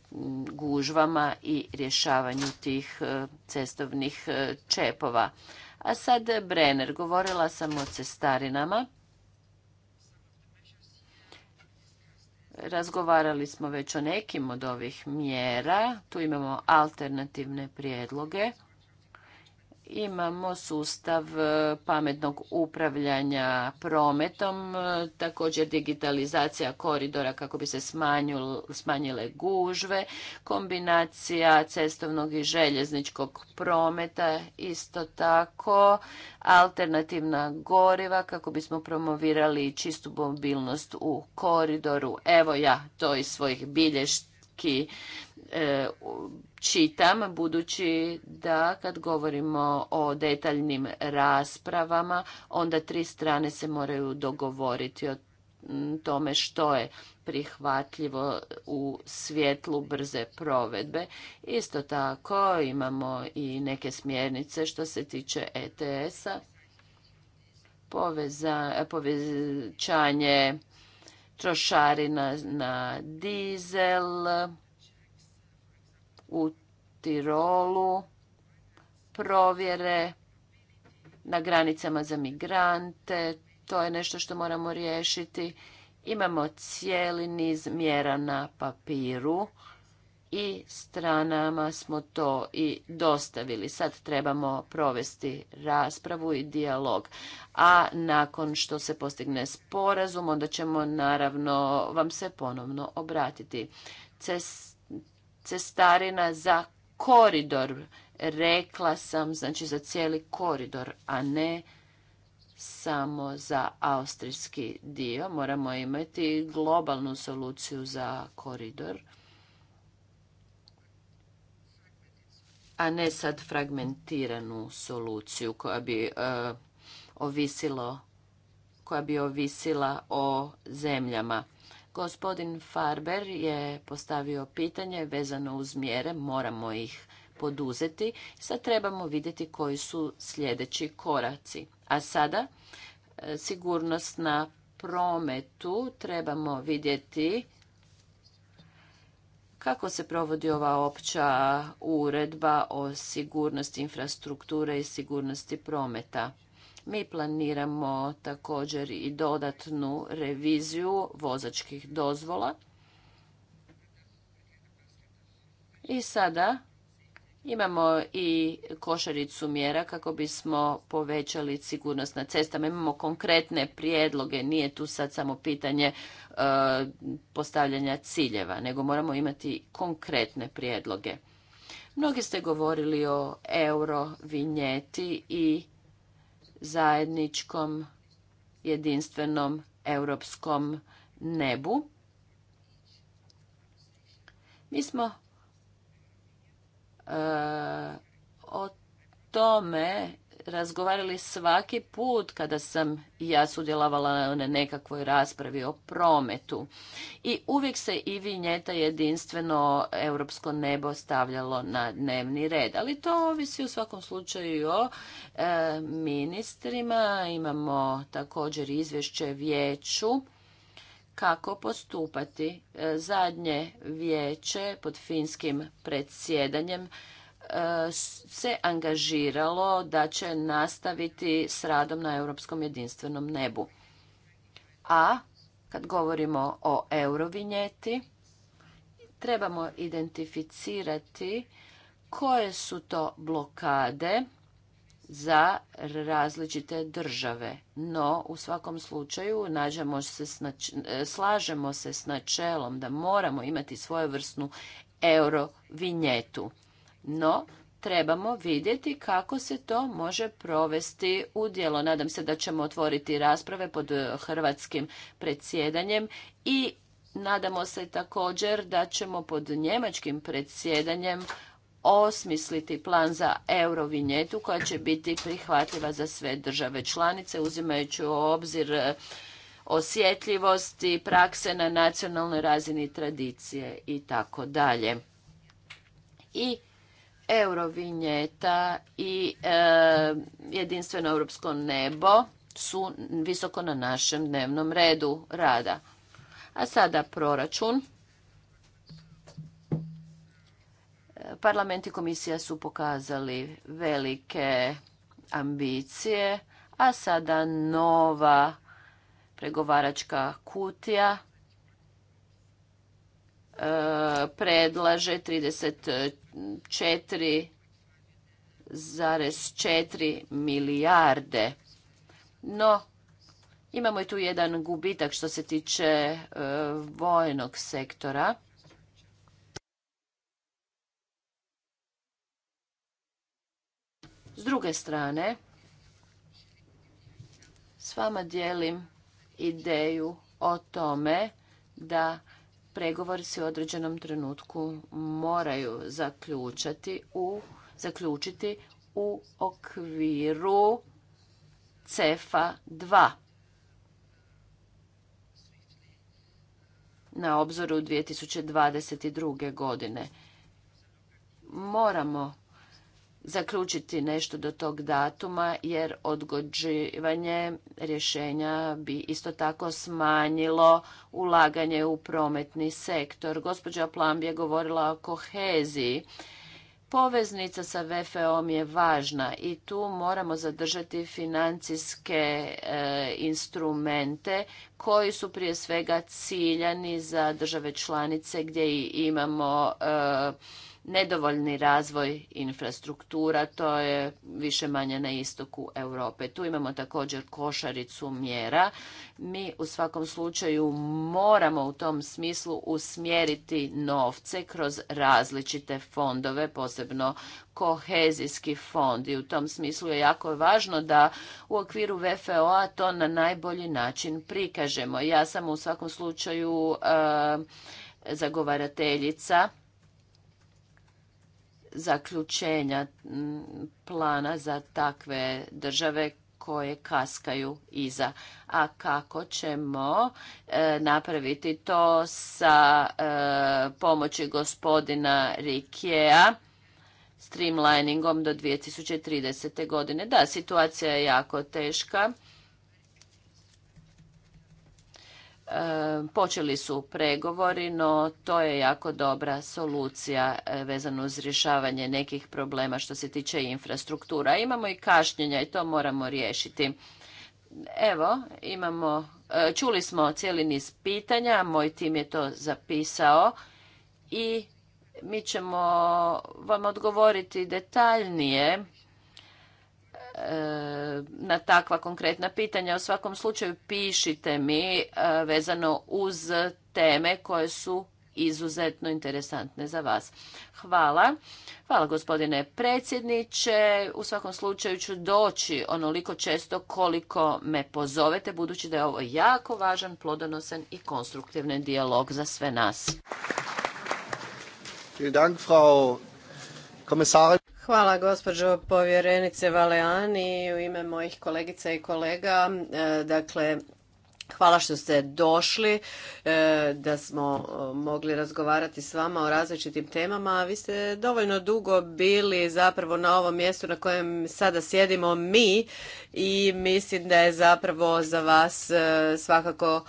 gužvama i rješavanju tih e, cestovnih e, čepova. A sad Brenner, govorila sam o cestarinama. Razgovarali smo već o nekim od ovih mjera. Tu imamo alternativne prijedloge. Imamo sustav e, pametnog upravljanja prometom, e, također digitalizacija koridora kako bi se smanjile gužve, kombinacija cestovnog i željezničkog prometa, isto tako alternativna goriva kako bismo promovirali čistu mobilnost u koridoru. Evo ja to iz svojih bilješ, i e, čitam, budući da kad govorimo o detaljnim raspravama, onda tri strane se moraju dogovoriti o tome što je prihvatljivo u svjetlu brze provedbe. Isto tako imamo i neke smjernice što se tiče ETS-a, povećanje trošarina na dizel u Tirolu, provjere na granicama za migrante, to je nešto što moramo riješiti. Imamo cijeli niz mjera na papiru i stranama smo to i dostavili. Sad trebamo provesti raspravu i dijalog. A nakon što se postigne sporazum, onda ćemo naravno vam se ponovno obratiti. Cestarina za koridor, rekla sam, znači za cijeli koridor, a ne samo za austrijski dio. Moramo imati globalnu soluciju za koridor. a ne sad fragmentiranu soluciju koja bi e, ovisilo koja bi ovisila o zemljama. Gospodin Farber je postavio pitanje vezano uz mjere, moramo ih poduzeti. Sad trebamo vidjeti koji su sljedeći koraci. A sada e, sigurnost na prometu trebamo vidjeti kako se provodi ova opća uredba o sigurnosti infrastrukture i sigurnosti prometa. Mi planiramo također i dodatnu reviziju vozačkih dozvola. I sada Imamo i košaricu mjera kako bismo povećali sigurnost na cestama. Imamo konkretne prijedloge, nije tu sad samo pitanje e, postavljanja ciljeva, nego moramo imati konkretne prijedloge. Mnogi ste govorili o euro vinjeti i zajedničkom jedinstvenom europskom nebu. Mi smo E, o tome razgovarali svaki put kada sam ja sudjelovala na nekakvoj raspravi o prometu. I uvijek se i vinjeta jedinstveno europsko nebo stavljalo na dnevni red. Ali to ovisi u svakom slučaju o e, ministrima. Imamo također izvješće vijeću kako postupati. E, zadnje vijeće pod finskim predsjedanjem e, se angažiralo da će nastaviti s radom na europskom jedinstvenom nebu. A kad govorimo o eurovinjeti, trebamo identificirati koje su to blokade za različite države. No, u svakom slučaju nađemo se e, slažemo se s načelom da moramo imati svojevrsnu euro vinjetu. No, trebamo vidjeti kako se to može provesti u djelo. Nadam se da ćemo otvoriti rasprave pod e, hrvatskim predsjedanjem i nadamo se također da ćemo pod njemačkim predsjedanjem osmisliti plan za eurovinjetu koja će biti prihvatljiva za sve države članice uzimajući u obzir e, osjetljivosti, prakse na nacionalnoj razini tradicije i tako dalje. I eurovinjeta i e, jedinstveno europsko nebo su visoko na našem dnevnom redu rada. A sada proračun. Parlament i komisija su pokazali velike ambicije, a sada nova pregovaračka kutija e, predlaže 34,4 milijarde. No, imamo i tu jedan gubitak što se tiče e, vojnog sektora. S druge strane, s vama dijelim ideju o tome da pregovori se u određenom trenutku moraju zaključati u, zaključiti u okviru CEFA 2. na obzoru 2022. godine. Moramo zaključiti nešto do tog datuma jer odgođivanje rješenja bi isto tako smanjilo ulaganje u prometni sektor. Gospođa Plamb je govorila o koheziji. Poveznica sa VFO-om je važna i tu moramo zadržati financijske e, instrumente koji su prije svega ciljani za države članice gdje imamo e, nedovoljni razvoj infrastruktura, to je više manje na istoku Europe. Tu imamo također košaricu mjera. Mi u svakom slučaju moramo u tom smislu usmjeriti novce kroz različite fondove, posebno kohezijski fond i u tom smislu je jako važno da u okviru VFO-a to na najbolji način prikažemo. Ja sam u svakom slučaju eh, zagovarateljica zaključenja plana za takve države koje kaskaju iza. A kako ćemo e, napraviti to sa e, pomoći gospodina Rikea streamliningom do 2030. godine? Da, situacija je jako teška Počeli su pregovori, no to je jako dobra solucija e, vezano uz rješavanje nekih problema što se tiče infrastruktura. Imamo i kašnjenja i to moramo riješiti. Evo, imamo, e, čuli smo cijeli niz pitanja, moj tim je to zapisao i mi ćemo vam odgovoriti detaljnije E, na takva konkretna pitanja. U svakom slučaju pišite mi e, vezano uz teme koje su izuzetno interesantne za vas. Hvala. Hvala gospodine predsjedniče. U svakom slučaju ću doći onoliko često koliko me pozovete, budući da je ovo jako važan, plodonosan i konstruktivni dijalog za sve nas. Hvala gospođo povjerenice Valeani u ime mojih kolegica i kolega. E, dakle, Hvala što ste došli, e, da smo e, mogli razgovarati s vama o različitim temama. Vi ste dovoljno dugo bili zapravo na ovom mjestu na kojem sada sjedimo mi i mislim da je zapravo za vas e, svakako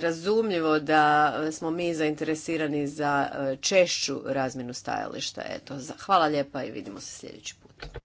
razumljivo da smo mi zainteresirani za češću razmjenu stajališta. Eto, hvala lijepa i vidimo se sljedeći put.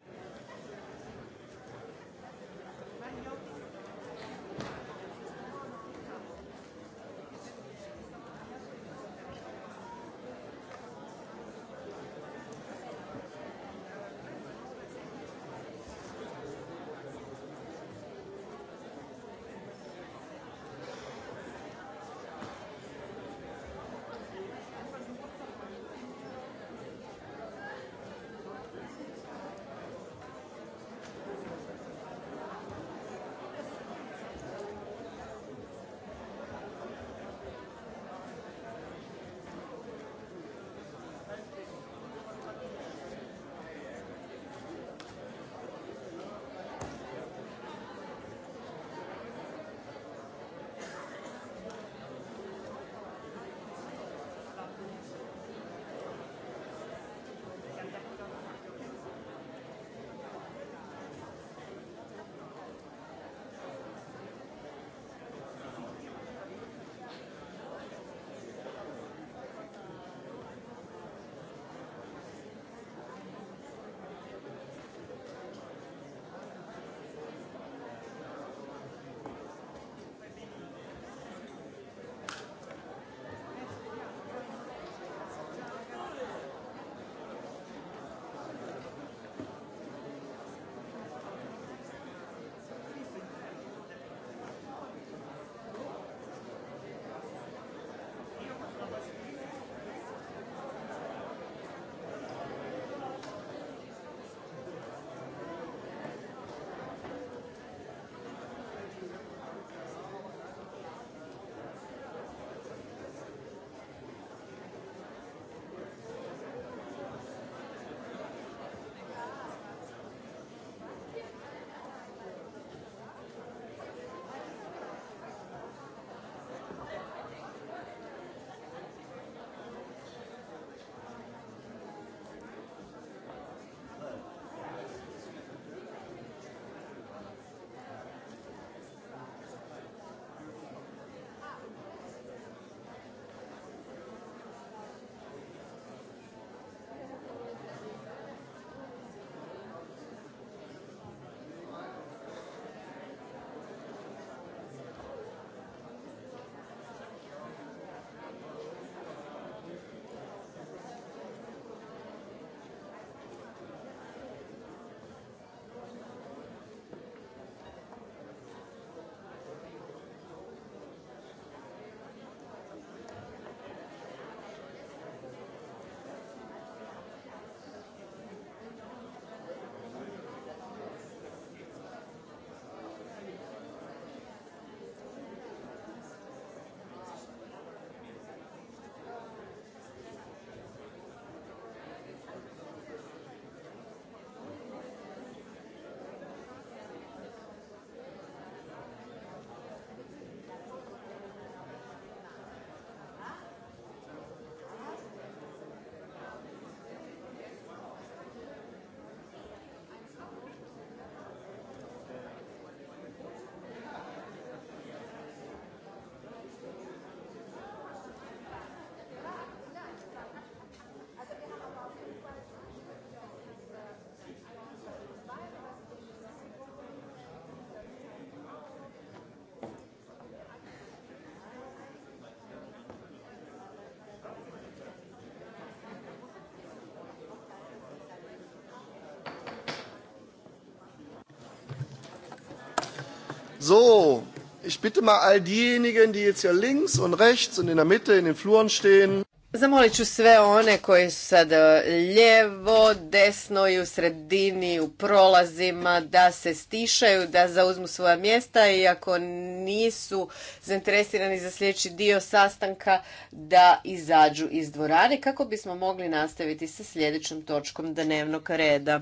So, ich bitte mal all diejenigen, die jetzt hier links und rechts und in der Mitte in den Fluren stehen. Zamolit ću sve one koji su sad e, ljevo, desno i u sredini, u prolazima, da se stišaju, da zauzmu svoja mjesta i ako nisu zainteresirani za sljedeći dio sastanka, da izađu iz dvorane kako bismo mogli nastaviti sa sljedećom točkom dnevnog reda.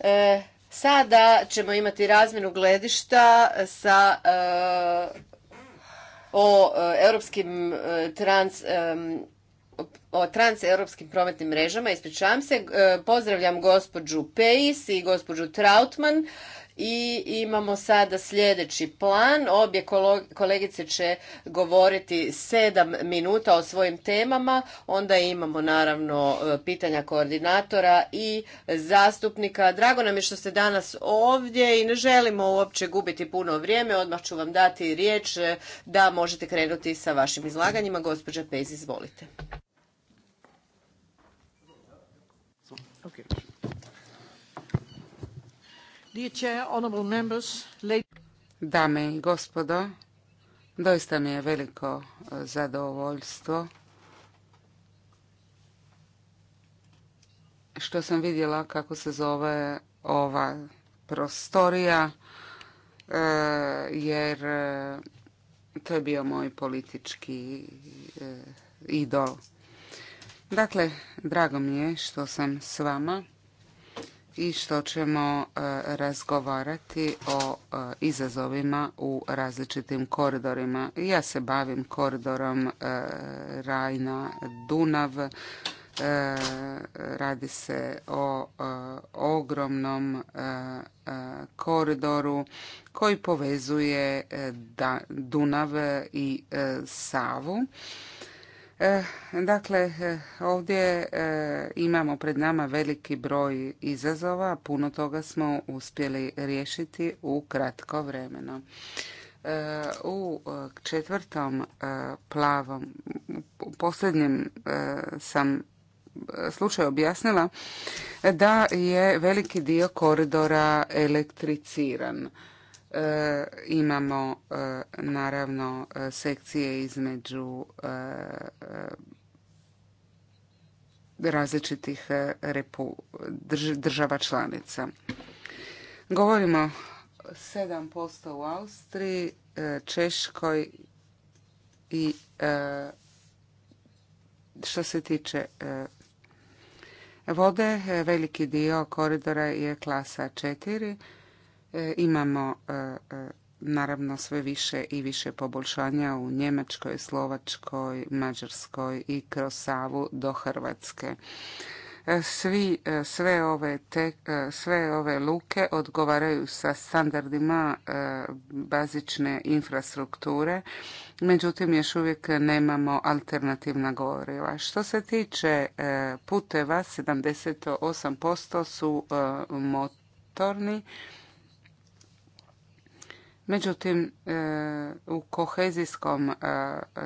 E, Sada ćemo imati razmjenu gledišta sa eh, o eh, europskim eh, trans o transeuropskim prometnim mrežama, ispričavam se, pozdravljam gospođu Pejs i gospođu Trautman i imamo sada sljedeći plan. Obje kolegice će govoriti sedam minuta o svojim temama. Onda imamo naravno e, pitanja koordinatora i zastupnika. Drago nam je što ste danas ovdje i ne želimo uopće gubiti puno vrijeme. Odmah ću vam dati riječ e, da možete krenuti sa vašim izlaganjima. Gospođa Pez, izvolite. Dame i gospodo, doista mi je veliko e, zadovoljstvo što sam vidjela kako se zove ova prostorija, e, jer e, to je bio moj politički idol. Dakle, drago mi je što sam s vama i što ćemo e, razgovarati o e, izazovima u različitim koridorima. Ja se bavim koridorom e, Rajna-Dunav. Radi se o ogromnom koridoru koji povezuje Dunav i Savu E, dakle, e, ovdje e, imamo pred nama veliki broj izazova, puno toga smo uspjeli riješiti u kratko vremeno. U četvrtom plavom, u posljednjem sam slučaj objasnila da je veliki dio koridora elektriciran E, imamo e, naravno e, sekcije između različitih država članica. Govorimo 7% u Austriji, Češkoj i što se tiče vode, veliki dio koridora je klasa 4, E, imamo e, e, naravno sve više i više poboljšanja u Njemačkoj, Slovačkoj, Mađarskoj i kroz Savu do Hrvatske. Svi, sve, ove sve ove luke odgovaraju sa standardima bazične infrastrukture, međutim još uvijek nemamo alternativna goriva. Što se tiče puteva, 78% su motorni, Međutim, e, u kohezijskom e,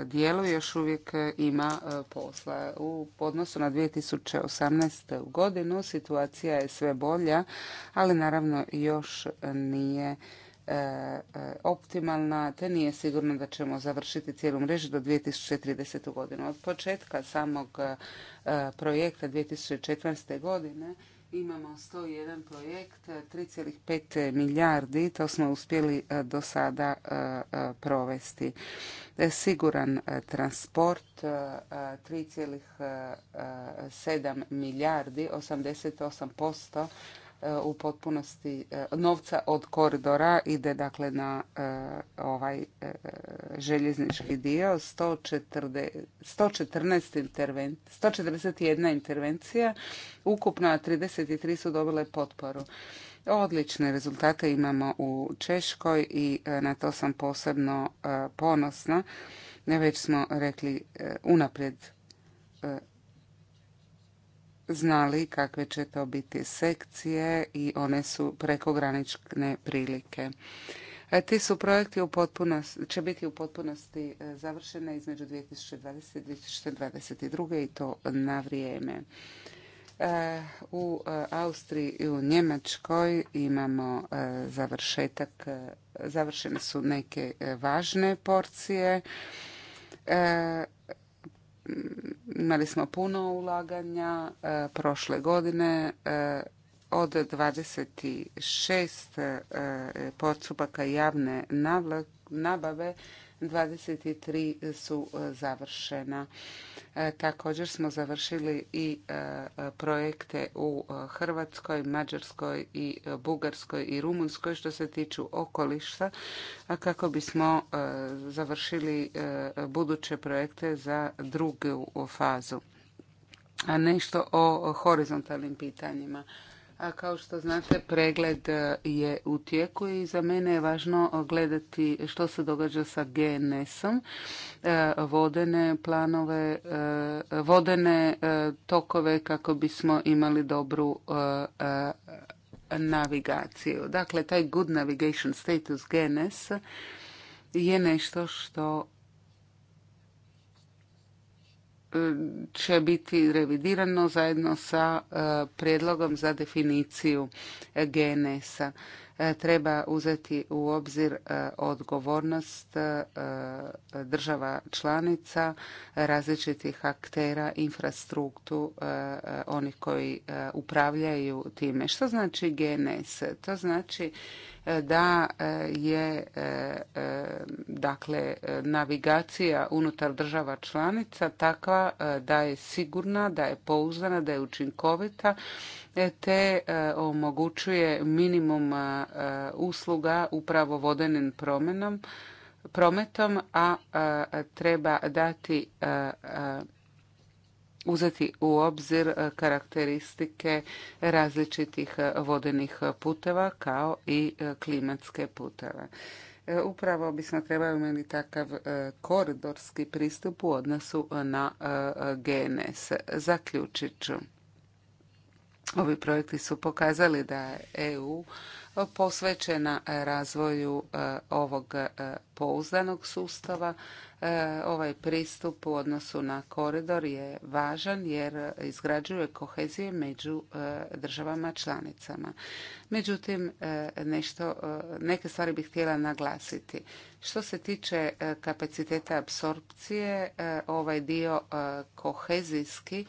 dijelu još uvijek ima e, posla. U odnosu na 2018. godinu situacija je sve bolja, ali naravno još nije optimalna, te nije sigurno da ćemo završiti cijelu mrežu do 2030. godine. Od početka samog projekta 2014. godine Imamo 101 projekt, 3,5 milijardi, to smo uspjeli e, do sada e, e, provesti. Siguran transport, 3,7 milijardi, 88% u potpunosti e, novca od koridora ide dakle na e, ovaj e, željeznički dio 141 intervencija ukupno a 33 su dobile potporu. Odlične rezultate imamo u Češkoj i na to sam posebno ponosna. Već smo rekli unaprijed znali kakve će to biti sekcije i one su prekogranične prilike. E, ti su projekti u će biti u potpunosti e, završene između 2020. i 2022. i to na vrijeme. E, u Austriji i u Njemačkoj imamo završetak, završene su neke važne porcije Imali smo puno ulaganja e, prošle godine e, od 26 e, postupaka javne nabave 23 su e, završena. E, također smo završili i e, projekte u Hrvatskoj, Mađarskoj i Bugarskoj i Rumunskoj što se tiču okoliša kako bismo završili buduće projekte za drugu fazu. A nešto o horizontalnim pitanjima. A kao što znate, pregled e, je u tijeku i za mene je važno gledati što se događa sa GNS-om, e, vodene planove, e, vodene tokove kako bismo imali dobru navigaciju. Dakle, taj good navigation status GNS je nešto što će biti revidirano zajedno sa e, prijedlogom za definiciju GNS-a. E, treba uzeti u obzir e, odgovornost država članica, različitih aktera, infrastruktu, onih koji upravljaju time. Što znači GNS? To znači da e, je e, e, dakle navigacija unutar država članica takva da je sigurna, da je pouzdana, da je učinkovita te omogućuje minimum usluga upravo vodenim prometom, a treba dati uzeti u obzir e, karakteristike različitih e, vodenih puteva kao i e, klimatske puteve. Upravo bismo trebali imati takav koridorski pristup u odnosu na GNS. Zaključit ću. Ovi projekti su pokazali da je EU posvećena razvoju ovog pouzdanog sustava E, ovaj pristup u odnosu na koridor je važan jer izgrađuje kohezije među e, državama članicama. Međutim, e, nešto, neke stvari bih htjela naglasiti. Što se tiče kapaciteta apsorpcije, ovaj dio kohezijski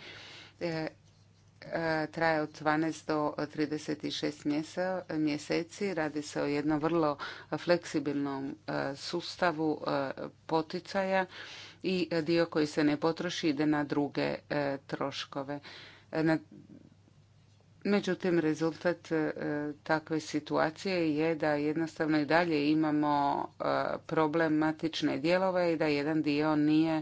traje od 12 do 36 mjeseci. Radi se o jednom vrlo fleksibilnom e, sustavu e, poticaja i dio koji se ne potroši ide na druge e, troškove. Međutim, rezultat takve situacije je da jednostavno i dalje imamo problematične dijelove i da jedan dio nije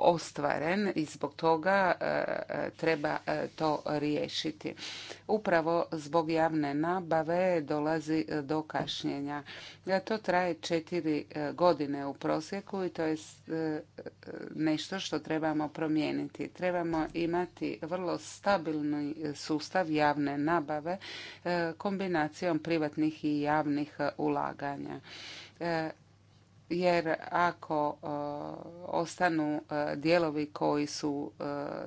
ostvaren i zbog toga e, e, treba e, to riješiti. Upravo zbog javne nabave dolazi do kašnjenja. To traje četiri godine u prosjeku i to je nešto što trebamo promijeniti. Trebamo imati vrlo stabilni sustav javne nabave kombinacijom privatnih i javnih ulaganja jer ako e, ostanu e, dijelovi koji su e,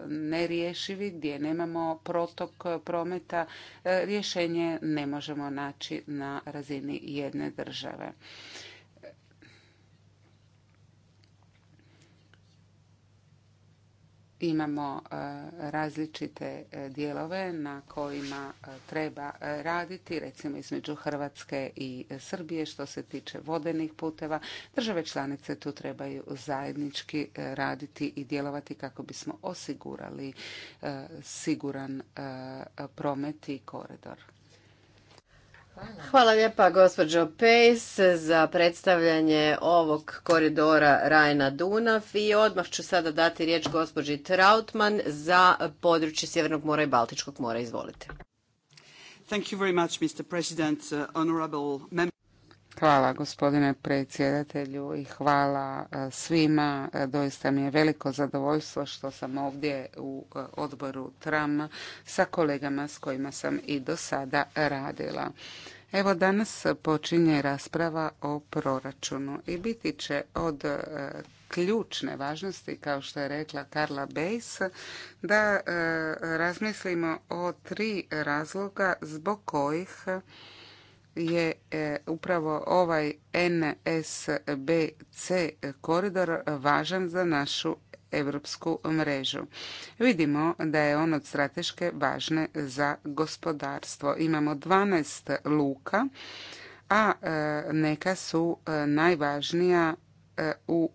nerješivi, gdje nemamo protok prometa, rješenje ne možemo naći na razini jedne države. imamo e, različite e, dijelove na kojima e, treba raditi, recimo između Hrvatske i Srbije što se tiče vodenih puteva. Države članice tu trebaju zajednički raditi i djelovati kako bismo osigurali siguran promet i koridor. Hvala lijepa gospođo Pejs za predstavljanje ovog koridora Rajna-Dunav i odmah ću sada dati riječ gospođi Trautman za područje Sjevernog mora i Baltičkog mora. Izvolite. Thank you very much, Mr. President, uh, honorable Hvala gospodine predsjedatelju i hvala e, svima. E, doista mi je veliko zadovoljstvo što sam ovdje u e, odboru TRAM sa kolegama s kojima sam i do sada radila. Evo danas počinje rasprava o proračunu i biti će od ključne važnosti, kao što je rekla Karla Bejs, da razmislimo o tri razloga zbog kojih je e, upravo ovaj NSBC koridor važan za našu europsku mrežu. Vidimo da je on od strateške važne za gospodarstvo. Imamo 12 luka, a e, neka su e, najvažnija u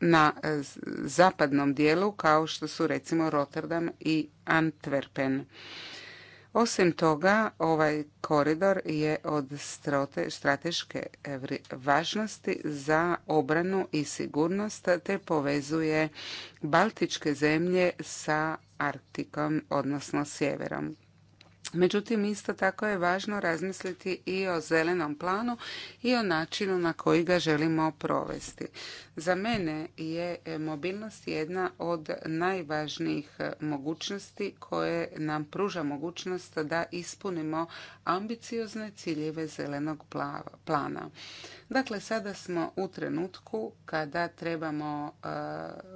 na zapadnom dijelu kao što su recimo Rotterdam i Antwerpen. Osim toga, ovaj koridor je od strateške važnosti za obranu i sigurnost te povezuje Baltičke zemlje sa Arktikom, odnosno sjeverom. Međutim, isto tako je važno razmisliti i o zelenom planu i o načinu na koji ga želimo provesti. Za mene je e, mobilnost jedna od najvažnijih e, mogućnosti koje nam pruža mogućnost da ispunimo ambiciozne ciljeve zelenog plana. Dakle, sada smo u trenutku kada trebamo e,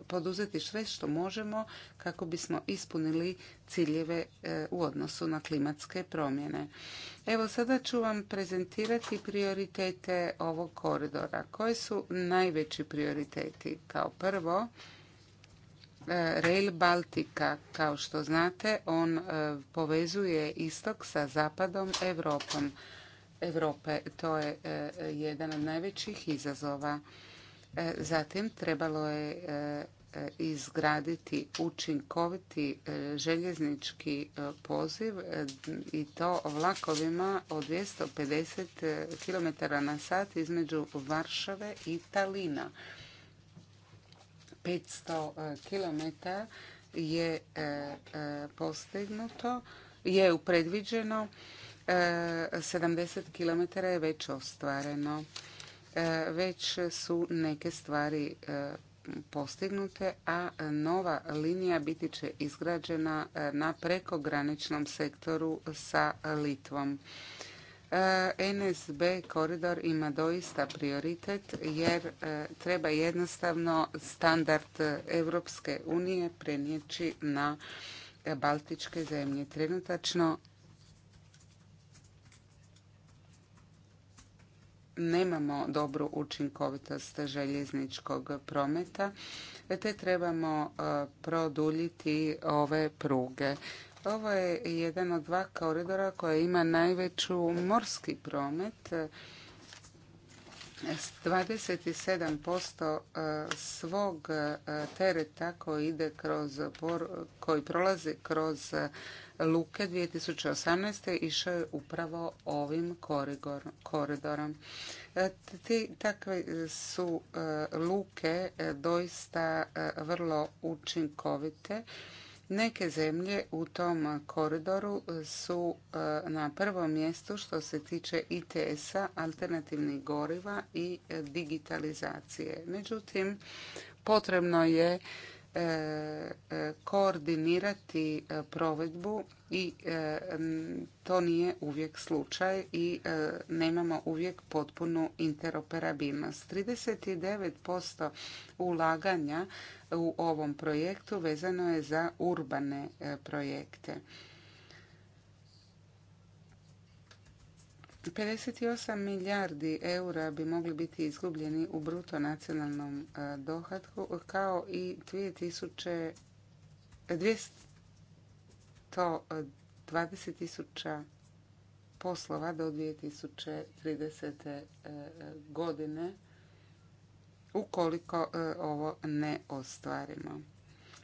poduzeti sve što možemo kako bismo ispunili ciljeve u odnosu na klimatske promjene. Evo sada ću vam prezentirati prioritete ovog koridora. Koji su najveći prioriteti? Kao prvo, e, Rail Baltica, kao što znate, on e, povezuje istok sa zapadom Evropom. Europe. To je e, jedan od najvećih izazova. Zatim trebalo je izgraditi učinkoviti e, željeznički e, poziv e, i to vlakovima od 250 km na sat između Varšave i Talina. 500 km je postignuto, je predviđeno, 70 km je već ostvareno. Već su neke stvari postignute, a nova linija biti će izgrađena e, na prekograničnom sektoru sa Litvom. E, NSB koridor ima doista prioritet jer e, treba jednostavno standard Europske unije prenijeći na baltičke zemlje. Trenutačno nemamo dobru učinkovitost željezničkog prometa, te trebamo e, produljiti ove pruge. Ovo je jedan od dva koridora koja ima najveću morski promet. 27% e, svog e, tereta koji ide kroz, koji prolazi kroz luke 2018. išao je upravo ovim koridorom. E, ti, takve su e, luke e, doista vrlo učinkovite. Neke zemlje u tom koridoru su na prvom mjestu što se tiče ITS-a, alternativnih goriva i digitalizacije. Međutim, potrebno je E, e, koordinirati e, provedbu i to nije uvijek slučaj i nemamo uvijek potpunu interoperabilnost. 39% ulaganja u ovom projektu vezano je za urbane projekte. 58 milijardi eura bi mogli biti izgubljeni u bruto nacionalnom e, dohotku kao i 220 e, tisuća poslova do 2030. E, godine ukoliko ovo ne ostvarimo.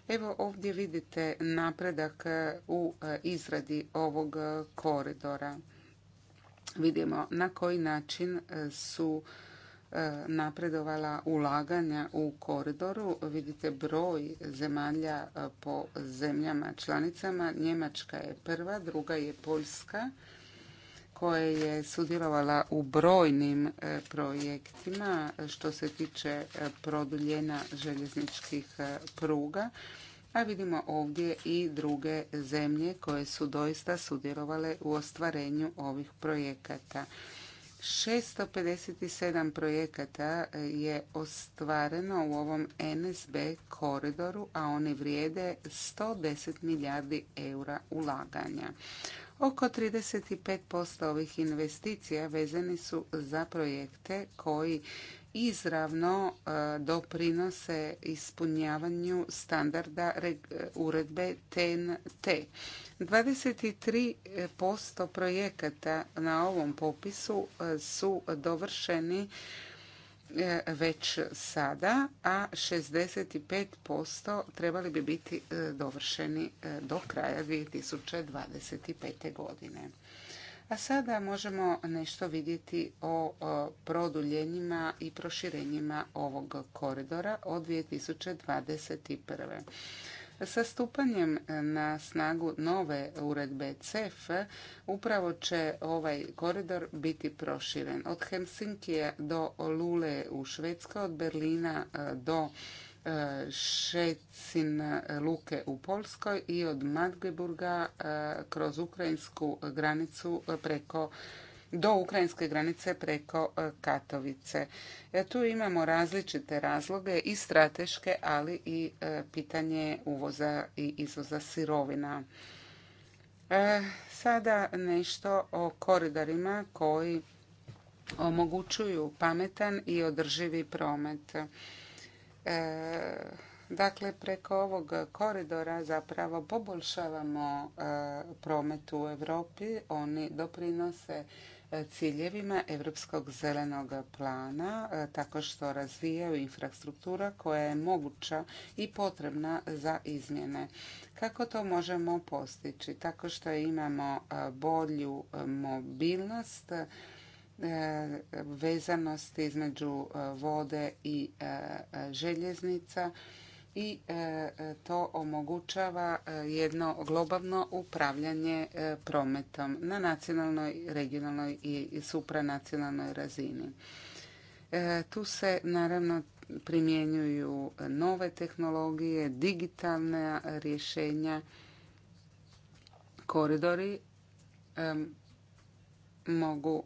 Evo ovdje vidite napredak u izradi ovog koridora vidimo na koji način e, su e, napredovala ulaganja u koridoru. Vidite broj zemalja e, po zemljama članicama. Njemačka je prva, druga je Poljska koja je sudjelovala u brojnim projektima što se tiče produljenja željezničkih pruga a vidimo ovdje i druge zemlje koje su doista sudjelovale u ostvarenju ovih projekata. 657 projekata je ostvareno u ovom NSB koridoru, a oni vrijede 110 milijardi eura ulaganja. Oko 35% ovih investicija vezani su za projekte koji izravno e, doprinose ispunjavanju standarda uredbe TNT. 23% projekata na ovom popisu e, su dovršeni e, već sada, a 65% trebali bi biti dovršeni do kraja 2025. godine. A sada možemo nešto vidjeti o produljenjima i proširenjima ovog koridora od 2021. Sa stupanjem na snagu nove uredbe CEF upravo će ovaj koridor biti proširen. Od Helsinkije do Lule u Švedskoj, od Berlina e, do Šecin luke u Polskoj i od Magdeburga e, kroz ukrajinsku granicu e, preko do ukrajinske granice preko e, Katovice. Tu imamo različite razloge i strateške, ali i pitanje uvoza i izvoza sirovina. Sada nešto o koridorima koji omogućuju pametan i održivi promet. E, dakle, preko ovog koridora zapravo poboljšavamo e, promet u Europi. Oni doprinose e, ciljevima Europskog zelenog plana tako što razvijaju infrastruktura koja je moguća i potrebna za izmjene. Kako to možemo postići? Tako što imamo bolju mobilnost, E, vezanosti između e, vode i e, željeznica i to omogućava jedno globalno upravljanje prometom na nacionalnoj, regionalnoj i supranacionalnoj razini. Tu se naravno primjenjuju nove tehnologije, digitalna rješenja, koridori mogu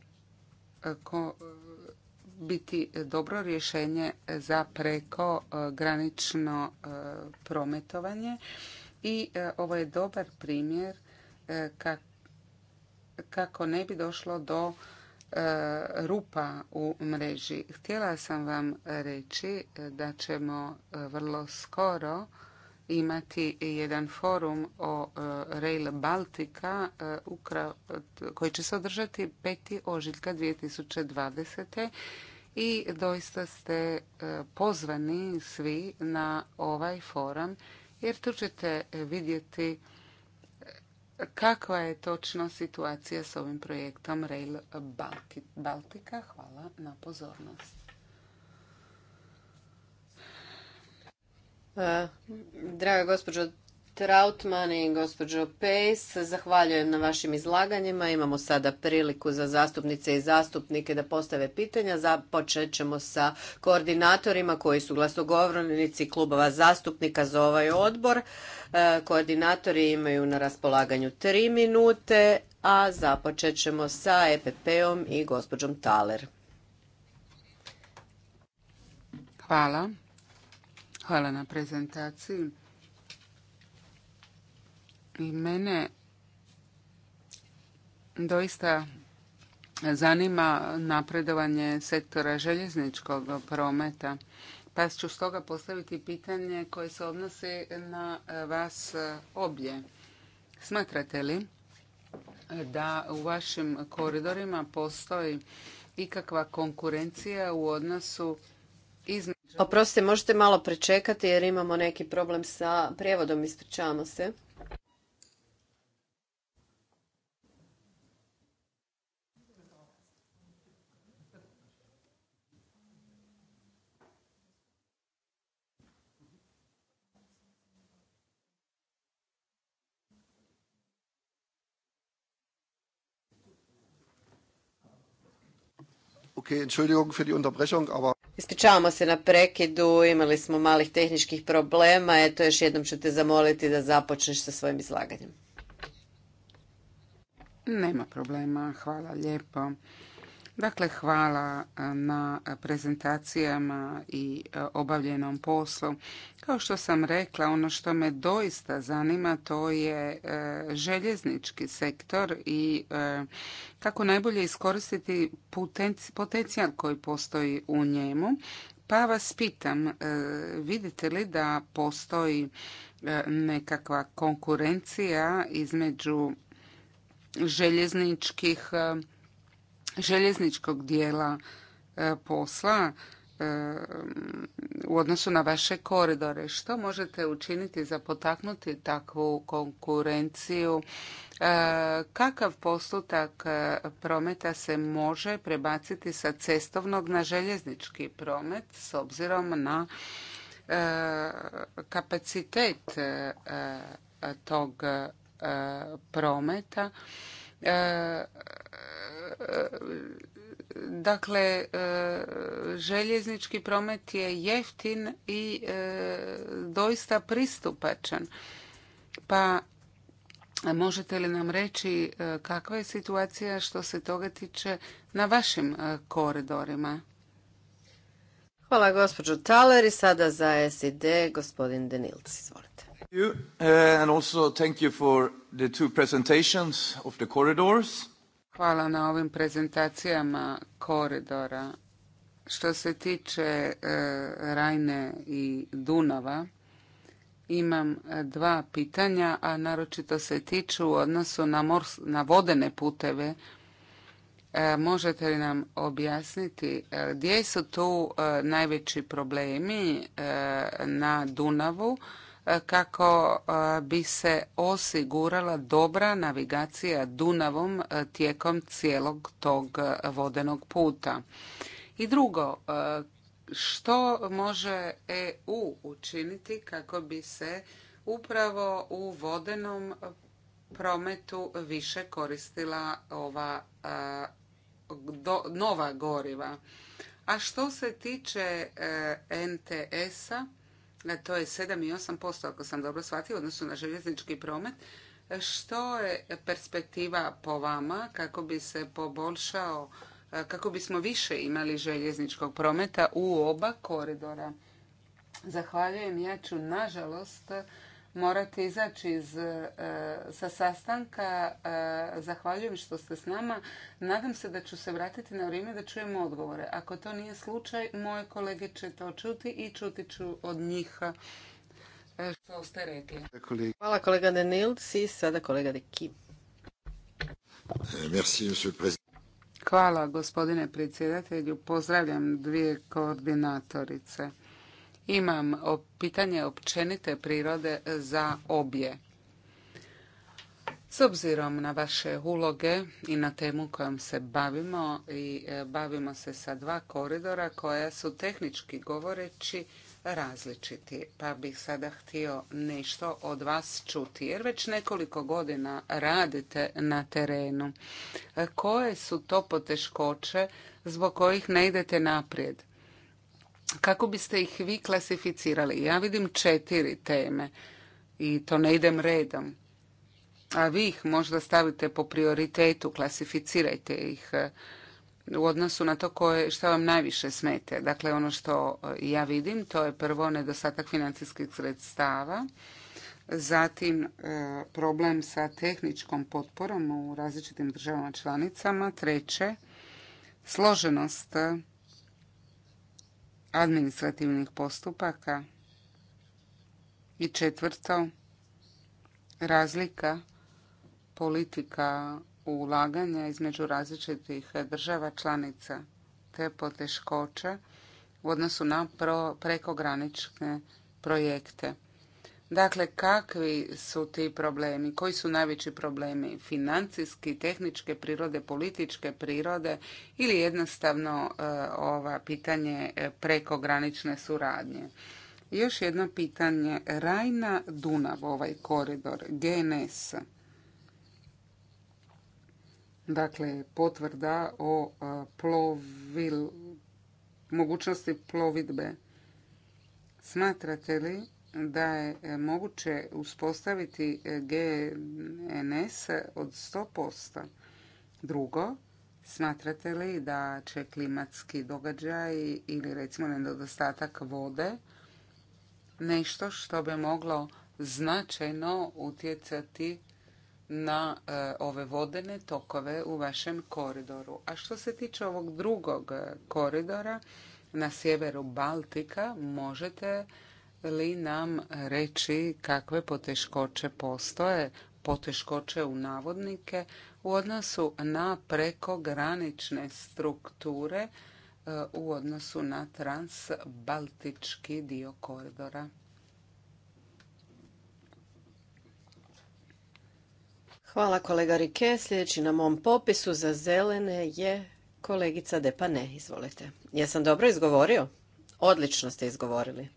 biti dobro rješenje za preko e, granično e, prometovanje i e, ovo je dobar primjer kako ne bi došlo do rupa u mreži. Htjela sam vam reći da ćemo vrlo skoro imati jedan forum o e, Rail Baltica e, koji će se održati 5. ožiljka 2020. I doista ste e, pozvani svi na ovaj forum jer tu ćete vidjeti kakva je točno situacija s ovim projektom Rail Baltica. Hvala na pozornost. E, draga gospođo Trautman i gospođo Pejs, zahvaljujem na vašim izlaganjima. Imamo sada priliku za zastupnice i zastupnike da postave pitanja. Započet ćemo sa koordinatorima koji su glasnogovornici klubova zastupnika za ovaj odbor. E, koordinatori imaju na raspolaganju tri minute, a započet ćemo sa EPP-om i gospođom Taler. Hvala. Hvala na prezentaciji. I mene doista zanima napredovanje sektora željezničkog prometa. Pa ću stoga postaviti pitanje koje se odnosi na vas obje. Smatrate li da u vašim koridorima postoji ikakva konkurencija u odnosu između... Oprostite, možete malo prečekati jer imamo neki problem sa prijevodom, ispričavamo se. Okay, Entschuldigung für die Unterbrechung, aber Ispričavamo se na prekidu, imali smo malih tehničkih problema, eto još jednom ću te zamoliti da započneš sa svojim izlaganjem. Nema problema, hvala lijepo. Dakle, hvala e, na prezentacijama i e, obavljenom poslu. Kao što sam rekla, ono što me doista zanima to je e, željeznički sektor i kako najbolje iskoristiti potencijal koji postoji u njemu. Pa vas pitam, vidite li da postoji nekakva konkurencija između željezničkih željezničkog dijela e, posla e, u odnosu na vaše koridore. Što možete učiniti za potaknuti takvu konkurenciju? E, kakav postotak prometa se može prebaciti sa cestovnog na željeznički promet s obzirom na kapacitet tog prometa? dakle e, željeznički promet je jeftin i e, doista pristupačan. Pa možete li nam reći e, kakva je situacija što se toga tiče na vašim koridorima? Hvala gospođo Taler i sada za SID gospodin Denilc, izvolite. Uh, and also thank you for the two presentations of the Hvala na ovim prezentacijama koridora. Što se tiče e, Rajne i Dunava, imam e, dva pitanja, a naročito se tiču u odnosu na, na vodene puteve. E, možete li nam objasniti gdje su tu najveći problemi na Dunavu? kako e, bi se osigurala dobra navigacija Dunavom e, tijekom cijelog tog vodenog puta. I drugo, e, što može EU učiniti kako bi se upravo u vodenom prometu više koristila ova nova goriva. A što se tiče NTS-a, Dakle, to je 7 i 8%, ako sam dobro shvatila, odnosno na željeznički promet. Što je perspektiva po vama kako bi se poboljšao, kako bismo više imali željezničkog prometa u oba koridora? Zahvaljujem. Ja ću, nažalost, Morate izaći iz, e, sa sastanka. E, zahvaljujem što ste s nama. Nadam se da ću se vratiti na vrijeme da čujemo odgovore. Ako to nije slučaj, moje kolege će to čuti i čuti ću od njih e, što ste rekli. Hvala kolega Denilc i sada kolega Kim. Hvala gospodine predsjedatelju. Pozdravljam dvije koordinatorice. Imam pitanje općenite prirode za obje. S obzirom na vaše uloge i na temu kojom se bavimo i e, bavimo se sa dva koridora koja su tehnički govoreći različiti. Pa bih sada htio nešto od vas čuti jer već nekoliko godina radite na terenu. E, koje su to poteškoće zbog kojih ne idete naprijed? Kako biste ih vi klasificirali? Ja vidim četiri teme i to ne idem redom. A vi ih možda stavite po prioritetu, klasificirajte ih e, u odnosu na to koje, što vam najviše smete. Dakle, ono što e, ja vidim, to je prvo nedostatak financijskih sredstava, zatim e, problem sa tehničkom potporom u različitim državama članicama, treće, složenost administrativnih postupaka. I četvrto, razlika politika ulaganja između različitih država članica te poteškoća u odnosu na prekogranične projekte. Dakle, kakvi su ti problemi? Koji su najveći problemi? Financijski, tehničke prirode, političke prirode ili jednostavno e, ova pitanje e, prekogranične suradnje? Još jedno pitanje. Rajna Dunav, ovaj koridor, GNS. Dakle, potvrda o e, plovil, mogućnosti plovidbe. Smatrate li da je e, moguće uspostaviti e, GNS od 100%. Drugo, smatrate li da će klimatski događaj ili recimo nedostatak vode nešto što bi moglo značajno utjecati na e, ove vodene tokove u vašem koridoru. A što se tiče ovog drugog koridora na sjeveru Baltika, možete li nam reći kakve poteškoće postoje, poteškoće u navodnike, u odnosu na prekogranične strukture, e, u odnosu na transbaltički dio koridora. Hvala kolega Rike. Sljedeći na mom popisu za zelene je kolegica Depane. Izvolite. Jesam dobro izgovorio? Odlično ste izgovorili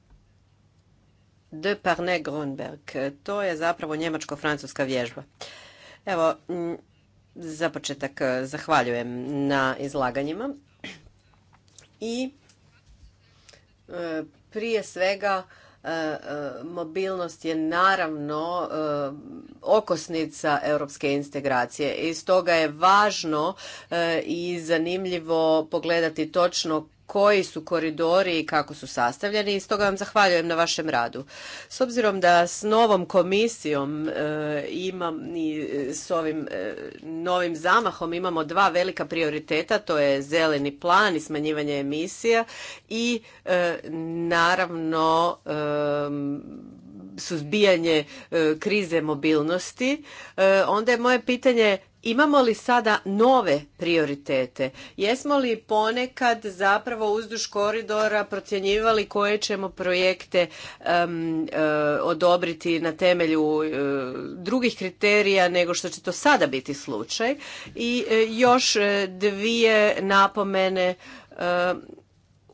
de Parne Grunberg. To je zapravo njemačko-francuska vježba. Evo, za početak e, zahvaljujem na izlaganjima. I e, prije svega e, mobilnost je naravno okosnica europske integracije Iz toga je važno i zanimljivo pogledati točno koji su koridori i kako su sastavljeni i stoga vam zahvaljujem na vašem radu. S obzirom da s novom komisijom e, imam i e, s ovim e, novim zamahom imamo dva velika prioriteta, to je zeleni plan i smanjivanje emisija i naravno suzbijanje krize mobilnosti, onda je moje pitanje Imamo li sada nove prioritete? Jesmo li ponekad zapravo uzduž koridora procjenjivali koje ćemo projekte e, odobriti na temelju e, drugih kriterija nego što će to sada biti slučaj? I e, još dvije napomene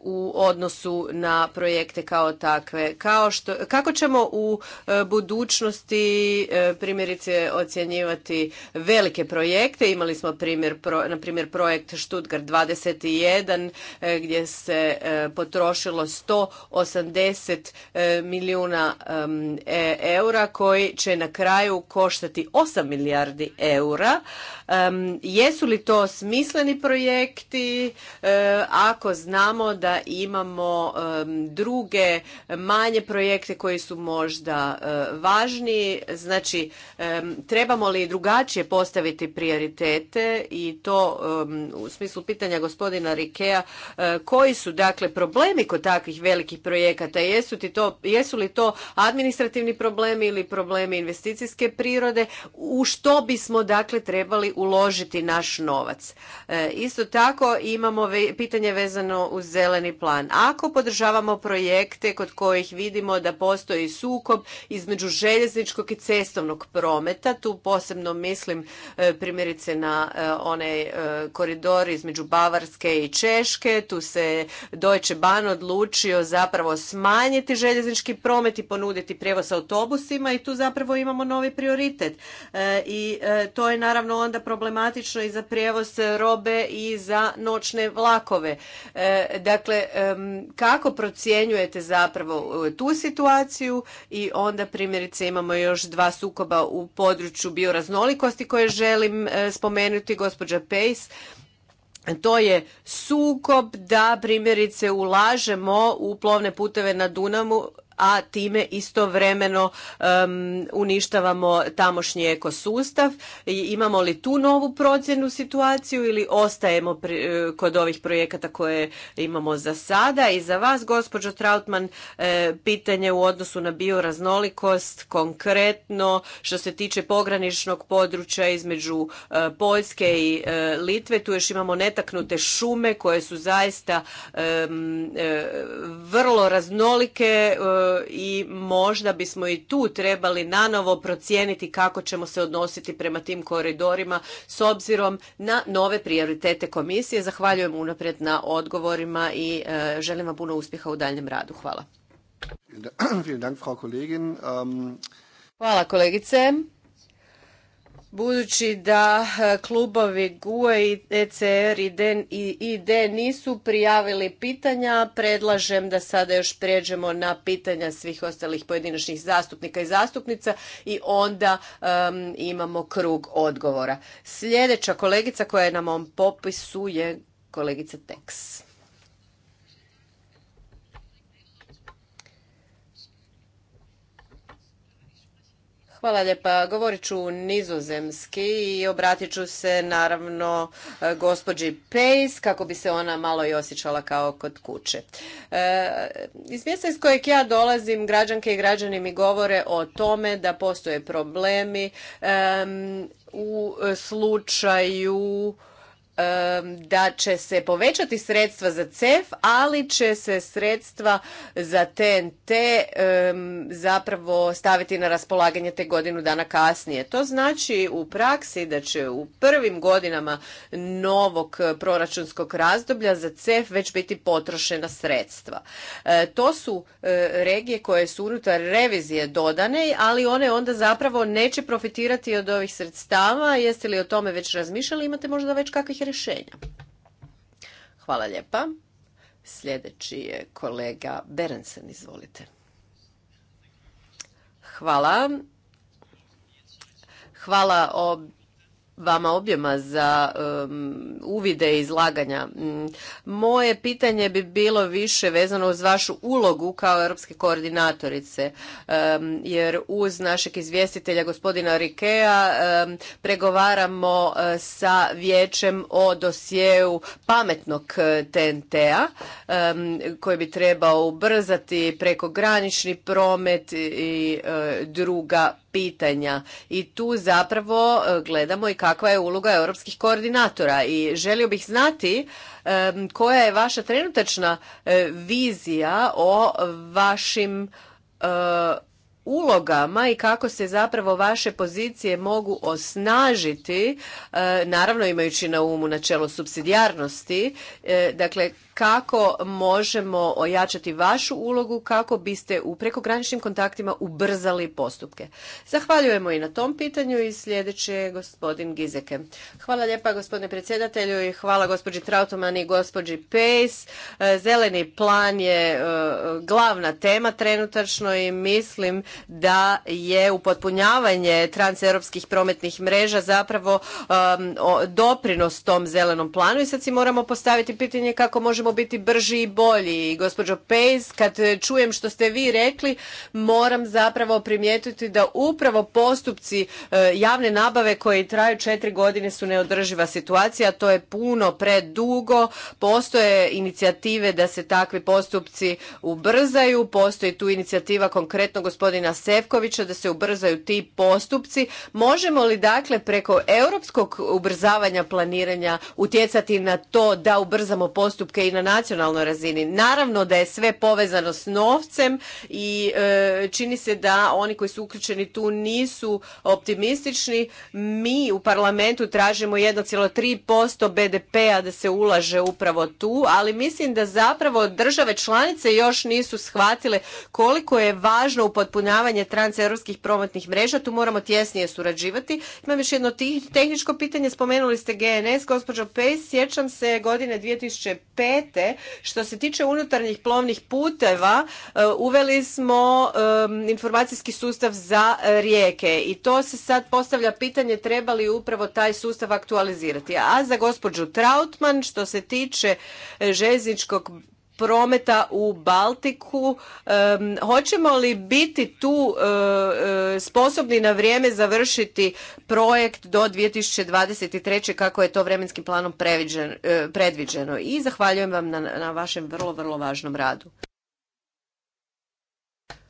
u odnosu na projekte kao takve. Kao što, kako ćemo u e, budućnosti e, primjerice ocjenjivati velike projekte? Imali smo primjer, na primjer projekt Stuttgart 21 e, gdje se potrošilo 180 milijuna eura koji će na kraju koštati 8 milijardi eura Jesu li to smisleni projekti ako znamo da imamo druge manje projekte koji su možda e, važniji? Znači, trebamo li drugačije postaviti prioritete i to u smislu pitanja gospodina Rikea, e, koji su dakle problemi kod takvih velikih projekata? Jesu, to, jesu li to administrativni problemi ili problemi investicijske prirode? U što bismo dakle trebali uložiti naš novac. E, isto tako imamo pitanje vezano uz zeleni plan. Ako podržavamo projekte kod kojih vidimo da postoji sukob između željezničkog i cestovnog prometa, tu posebno mislim e, primjerice na e, onaj koridor između Bavarske i Češke, tu se Deutsche Bahn odlučio zapravo smanjiti željeznički promet i ponuditi prijevoz autobusima i tu zapravo imamo novi prioritet. I to je naravno onda problematično i za prijevoz robe i za noćne vlakove. E, dakle, kako procjenjujete zapravo e, tu situaciju i onda primjerice imamo još dva sukoba u području bioraznolikosti koje želim e, spomenuti, gospođa Pejs. to je sukob da primjerice ulažemo u plovne puteve na Dunavu a time istovremeno uništavamo tamošnji ekosustav. I imamo li tu novu procjenu situaciju ili ostajemo e, kod ovih projekata koje imamo za sada? I za vas, gospođo Trautman, e, pitanje u odnosu na bioraznolikost, konkretno što se tiče pograničnog područja između e, Poljske i Litve. Tu još imamo netaknute šume koje su zaista vrlo raznolike, Eh, i možda bismo i tu trebali nanovo procijeniti kako ćemo se odnositi prema tim koridorima s obzirom na nove prioritete komisije. Zahvaljujem unaprijed na odgovorima i eh, želim vam puno uspjeha u daljem radu. Hvala. Ähm, Hvala kolegice. Budući da e, klubovi GUE, ECR i e ID nisu prijavili pitanja, predlažem da sada još prijeđemo na pitanja svih ostalih pojedinačnih zastupnika i zastupnica i onda imamo krug odgovora. Sljedeća kolegica koja je na mom popisu je kolegica Teks. Hvala lijepa. Govorit ću nizozemski i obratit ću se naravno e, gospođi Pace kako bi se ona malo i osjećala kao kod kuće. E, iz mjesta iz kojeg ja dolazim građanke i građani mi govore o tome da postoje problemi u e, slučaju da će se povećati sredstva za CEF, ali će se sredstva za TNT zapravo staviti na raspolaganje te godinu dana kasnije. To znači u praksi da će u prvim godinama novog proračunskog razdoblja za CEF već biti potrošena sredstva. E, to su e, regije koje su unutar revizije dodane, ali one onda zapravo neće profitirati od ovih sredstava. Jeste li o tome već razmišljali? Imate možda već kakvih rješenja. Hvala lijepa. Sljedeći je kolega Berensen, izvolite. Hvala. Hvala o vama objema za uvide i izlaganja. Mm, moje pitanje bi bilo više vezano uz vašu ulogu kao europske koordinatorice, jer uz našeg izvjestitelja gospodina Rikea pregovaramo e, sa vijećem o dosjeu pametnog e, TNT-a koji bi trebao ubrzati prekogranični promet i e, druga pitanja i tu zapravo e, gledamo i kakva je uloga europskih koordinatora i želio bih znati koja je vaša trenutačna e, vizija o vašim e, ulogama i kako se zapravo vaše pozicije mogu osnažiti, e, naravno imajući na umu načelo subsidijarnosti, e, dakle kako možemo ojačati vašu ulogu kako biste u prekograničnim kontaktima ubrzali postupke. Zahvaljujemo i na tom pitanju i sljedeći je gospodin Gizeke. Hvala lijepa gospodine predsjedatelju i hvala gospođi Trautoman i gospođi Pejs. E, zeleni plan je glavna tema trenutačno i mislim da je upotpunjavanje transeuropskih prometnih mreža zapravo um, doprinos tom zelenom planu i sad si moramo postaviti pitanje kako možemo biti brži i bolji. I gospođo Pejs, kad čujem što ste vi rekli, moram zapravo primijetiti da upravo postupci uh, javne nabave koji traju četiri godine su neodrživa situacija, to je puno predugo, postoje inicijative da se takvi postupci ubrzaju, postoji tu inicijativa konkretno gospodin gospodina Sefkovića da se ubrzaju ti postupci. Možemo li dakle preko europskog ubrzavanja planiranja utjecati na to da ubrzamo postupke i na nacionalnoj razini? Naravno da je sve povezano s novcem i e, čini se da oni koji su uključeni tu nisu optimistični. Mi u parlamentu tražimo 1,3% BDP-a da se ulaže upravo tu, ali mislim da zapravo države članice još nisu shvatile koliko je važno upotpunjavanje trans transeuropskih prometnih mreža. Tu moramo tjesnije surađivati. Imam još jedno tehničko pitanje. Spomenuli ste GNS, gospođo Pejs. Sjećam se godine 2005. Što se tiče unutarnjih plovnih puteva, e, uveli smo informacijski sustav za rijeke. I to se sad postavlja pitanje treba li upravo taj sustav aktualizirati. A za gospođu Trautman, što se tiče e, željezničkog prometa u Baltiku. hoćemo li biti tu e, e, sposobni na vrijeme završiti projekt do 2023. kako je to vremenskim planom e, predviđeno? I zahvaljujem vam na, na vašem vrlo, vrlo važnom radu.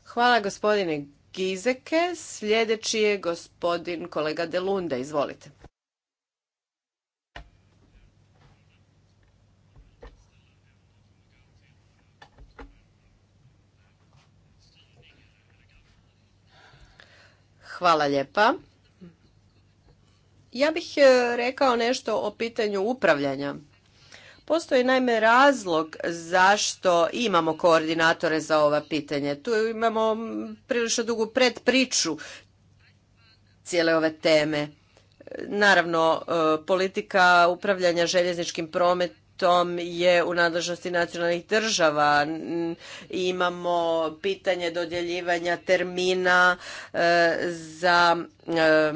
Hvala gospodine Gizeke. Sljedeći je gospodin kolega Delunda. Izvolite. Hvala lijepa. Ja bih e, rekao nešto o pitanju upravljanja. Postoji naime razlog zašto imamo koordinatore za ova pitanja. Tu imamo prilično dugu predpriču cijele ove teme. Naravno, e, politika upravljanja željezničkim prometom tom je u nadležnosti nacionalnih država. Imamo pitanje dodjeljivanja termina e, za e,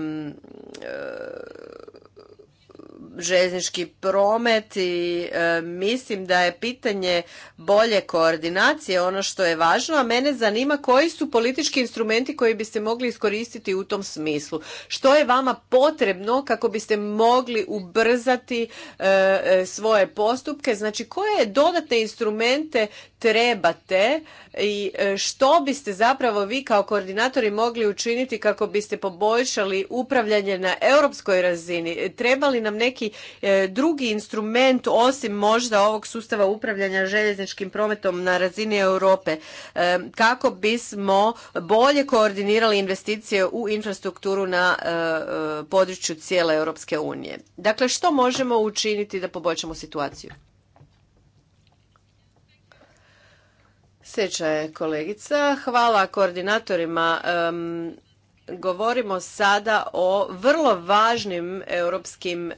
željeznički promet i e, mislim da je pitanje bolje koordinacije ono što je važno, a mene zanima koji su politički instrumenti koji biste mogli iskoristiti u tom smislu. Što je vama potrebno kako biste mogli ubrzati e, e, svoje postupke, znači koje dodatne instrumente trebate i što biste zapravo vi kao koordinatori mogli učiniti kako biste poboljšali upravljanje na europskoj razini? Treba nam neki neki e, drugi instrument osim možda ovog sustava upravljanja željezničkim prometom na razini Europe e, kako bismo bolje koordinirali investicije u infrastrukturu na e, području cijele Europske unije. Dakle, što možemo učiniti da poboljšamo situaciju? Sjeća je kolegica. Hvala koordinatorima govorimo sada o vrlo važnim europskim e,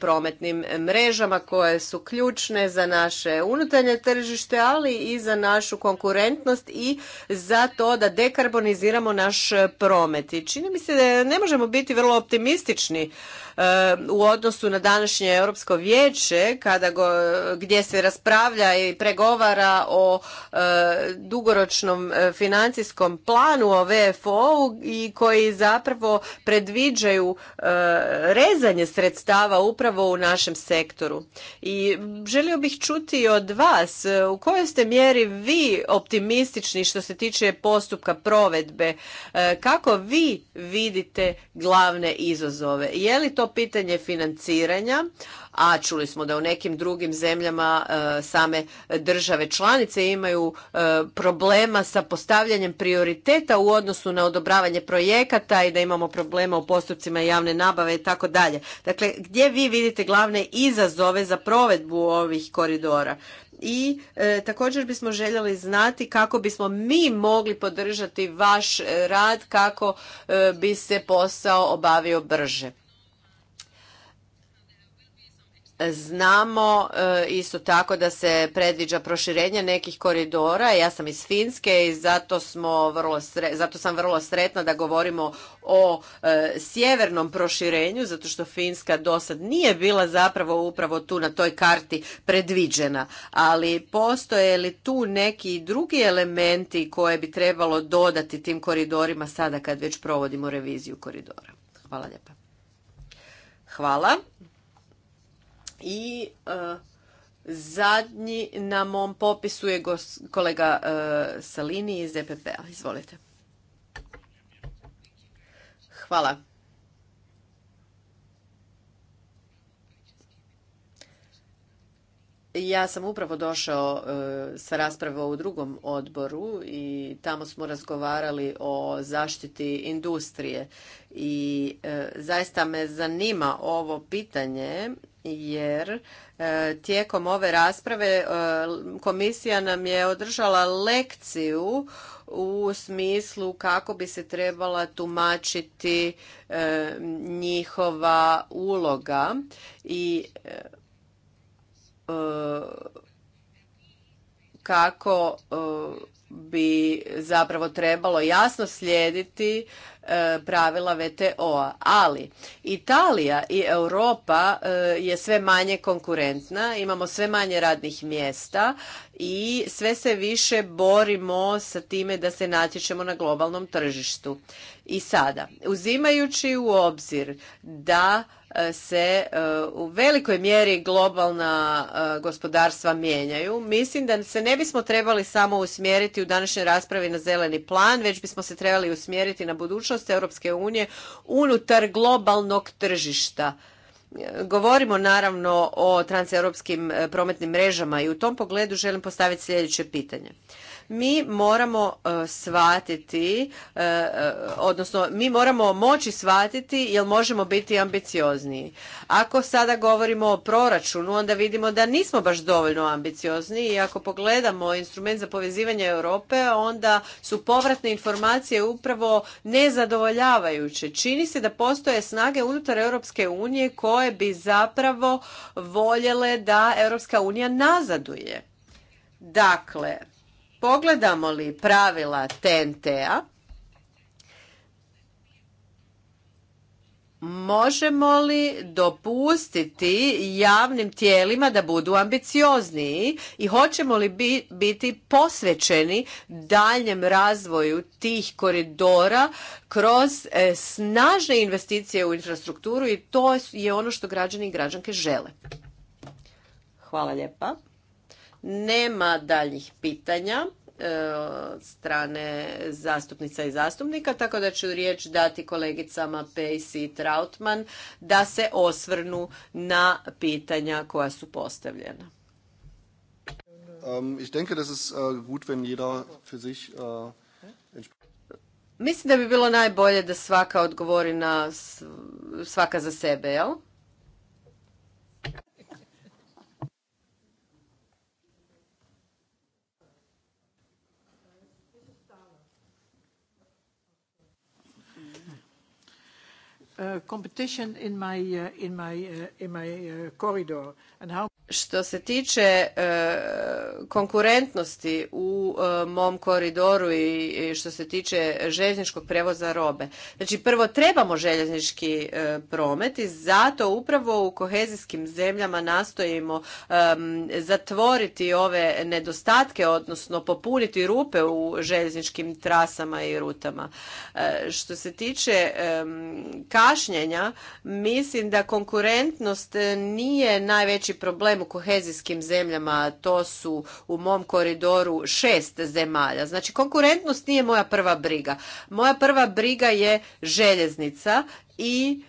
prometnim mrežama koje su ključne za naše unutarnje tržište, ali i za našu konkurentnost i za to da dekarboniziramo naš promet. I čini mi se da ne možemo biti vrlo optimistični u odnosu na današnje Europsko vijeće kada go, gdje se raspravlja i pregovara o e, dugoročnom e, financijskom planu o VFO-u i koji zapravo predviđaju e, rezanje sredstava upravo u našem sektoru. I želio bih čuti od vas u kojoj ste mjeri vi optimistični što se tiče postupka provedbe. Kako vi vidite glavne izazove? Je li to pitanje financiranja, a čuli smo da u nekim drugim zemljama e, same države članice imaju e, problema sa postavljanjem prioriteta u odnosu na odobravanje projekata i da imamo problema u postupcima javne nabave i tako dalje. Dakle, gdje vi vidite glavne izazove za provedbu ovih koridora? i e, također bismo željeli znati kako bismo mi mogli podržati vaš rad kako bi se posao obavio brže Znamo e, isto tako da se predviđa proširenje nekih koridora. Ja sam iz Finske i zato, smo vrlo zato sam vrlo sretna da govorimo o e, sjevernom proširenju, zato što Finska do sad nije bila zapravo upravo tu na toj karti predviđena. Ali postoje li tu neki drugi elementi koje bi trebalo dodati tim koridorima sada kad već provodimo reviziju koridora? Hvala lijepa. Hvala. I e, zadnji na mom popisu je kolega e, Salini iz EPP-a. Izvolite. Hvala. Ja sam upravo došao e, sa rasprave u drugom odboru i tamo smo razgovarali o zaštiti industrije i zaista me zanima ovo pitanje jer e, tijekom ove rasprave e, komisija nam je održala lekciju u smislu kako bi se trebala tumačiti e, njihova uloga i kako bi zapravo trebalo jasno slijediti E, pravila VTO-a. Ali Italija i Europa e, je sve manje konkurentna, imamo sve manje radnih mjesta i sve se više borimo sa time da se natječemo na globalnom tržištu. I sada, uzimajući u obzir da se e, u velikoj mjeri globalna e, gospodarstva mijenjaju. Mislim da se ne bismo trebali samo usmjeriti u današnjoj raspravi na zeleni plan, već bismo se trebali usmjeriti na budućnost Europske unije unutar globalnog tržišta. Govorimo naravno o transeuropskim e, prometnim mrežama i u tom pogledu želim postaviti sljedeće pitanje mi moramo e, shvatiti, e, e, odnosno mi moramo moći shvatiti jer možemo biti ambiciozniji. Ako sada govorimo o proračunu, onda vidimo da nismo baš dovoljno ambiciozni i ako pogledamo instrument za povezivanje Europe, onda su povratne informacije upravo nezadovoljavajuće. Čini se da postoje snage unutar Europske unije koje bi zapravo voljele da Europska unija nazaduje. Dakle, Pogledamo li pravila TNT-a, možemo li dopustiti javnim tijelima da budu ambiciozniji i hoćemo li biti posvećeni daljem razvoju tih koridora kroz e, snažne investicije u infrastrukturu i to je ono što građani i građanke žele. Hvala lijepa. Nema daljih pitanja e, od strane zastupnica i zastupnika, tako da ću riječ dati kolegicama Pejsi i Trautman da se osvrnu na pitanja koja su postavljena. Mislim da bi bilo najbolje da svaka odgovori na svaka za sebe, jel? što se tiče uh, konkurentnosti u uh, mom koridoru i što se tiče željezničkog prevoza robe. Znači prvo trebamo željeznički uh, promet i zato upravo u kohezijskim zemljama nastojimo um, zatvoriti ove nedostatke, odnosno popuniti rupe u željezničkim trasama i rutama. Što se tiče um, kašnjenja, mislim da konkurentnost nije najveći problem u kohezijskim zemljama, to su u mom koridoru šest zemalja. Znači konkurentnost nije moja prva briga. Moja prva briga je željeznica i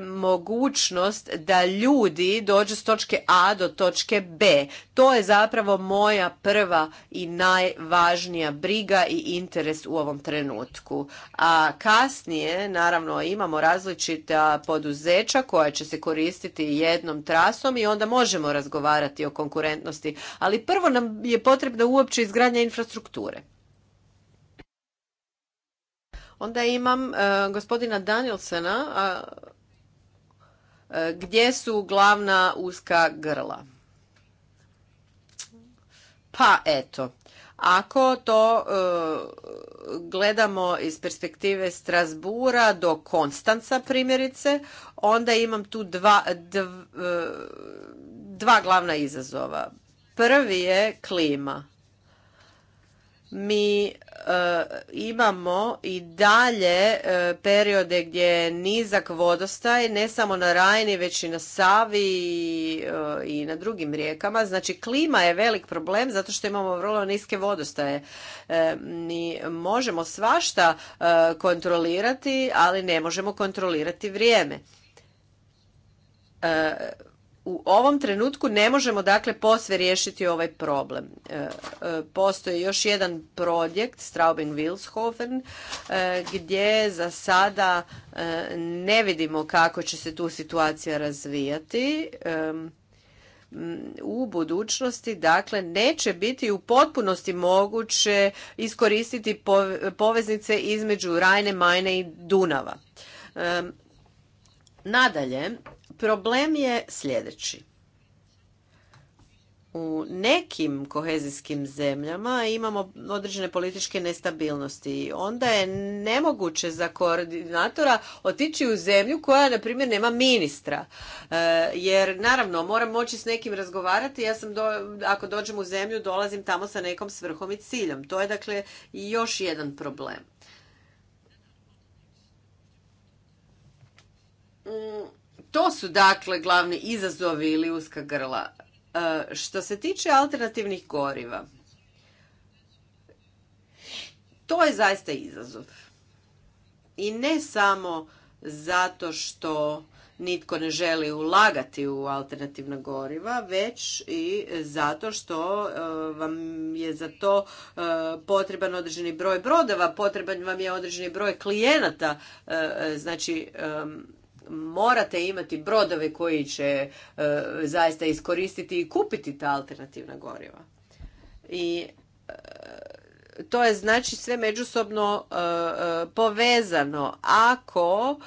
mogućnost da ljudi dođu s točke A do točke B. To je zapravo moja prva i najvažnija briga i interes u ovom trenutku. A kasnije, naravno, imamo različita poduzeća koja će se koristiti jednom trasom i onda možemo razgovarati o konkurentnosti. Ali prvo nam je potrebna uopće izgradnja infrastrukture. Onda imam e, gospodina Danielsena, E, gdje su glavna uska grla? Pa eto, ako to e, gledamo iz perspektive Strasbura do Konstanca primjerice, onda imam tu dva, e, dva glavna izazova. Prvi je klima mi e, imamo i dalje e, periode gdje je nizak vodostaj, ne samo na Rajni, već i na Savi i, e, i na drugim rijekama. Znači, klima je velik problem zato što imamo vrlo niske vodostaje. Mi možemo svašta kontrolirati, ali ne možemo kontrolirati vrijeme u ovom trenutku ne možemo dakle posve riješiti ovaj problem. E, e, postoji još jedan projekt Straubing-Wilshofen e, gdje za sada ne vidimo kako će se tu situacija razvijati u budućnosti dakle neće biti u potpunosti moguće iskoristiti poveznice između Rajne, Majne i Dunava. Nadalje, Problem je sljedeći. U nekim kohezijskim zemljama imamo određene političke nestabilnosti. i Onda je nemoguće za koordinatora otići u zemlju koja, na primjer, nema ministra. E, jer, naravno, moram moći s nekim razgovarati. Ja sam, do, ako dođem u zemlju, dolazim tamo sa nekom svrhom i ciljem. To je, dakle, još jedan problem. Mm to su dakle glavni izazovi ili uska grla. E, što se tiče alternativnih goriva, to je zaista izazov. I ne samo zato što nitko ne želi ulagati u alternativna goriva, već i zato što e, vam je za to e, potreban određeni broj brodova, potreban vam je određeni broj klijenata, znači morate imati brodove koji će e, zaista iskoristiti i kupiti ta alternativna goriva. I e, to je znači sve međusobno e, povezano. Ako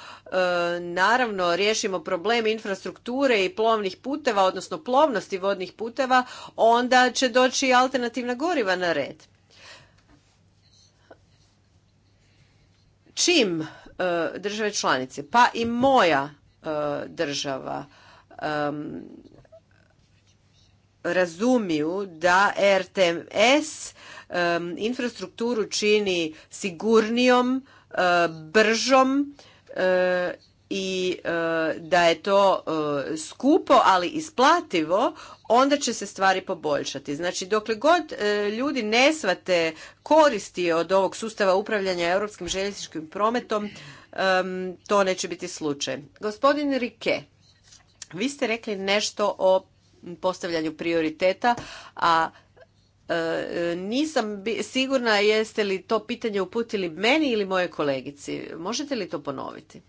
naravno riješimo problem infrastrukture i plovnih puteva, odnosno plovnosti vodnih puteva, onda će doći alternativna goriva na red. Čim E, države članice, pa i moja e, država razumiju da RTMS infrastrukturu čini sigurnijom, e, bržom i e, da je to e, skupo, ali isplativo, onda će se stvari poboljšati. Znači, dokle god e, ljudi ne svate koristi od ovog sustava upravljanja europskim željezničkim prometom, to neće biti slučaj. Gospodin Rike, vi ste rekli nešto o postavljanju prioriteta, a nisam sigurna jeste li to pitanje uputili meni ili moje kolegici. Možete li to ponoviti?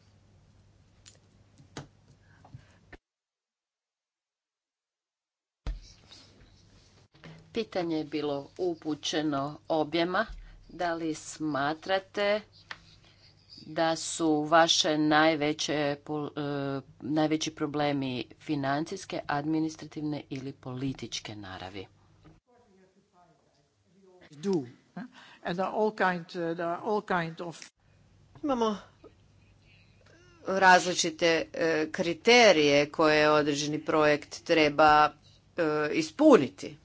Pitanje je bilo upućeno objema. Da li smatrate da su vaše najveće, e, najveći problemi financijske, administrativne ili političke naravi? Uh, Imamo različite e, kriterije koje određeni projekt treba e, ispuniti.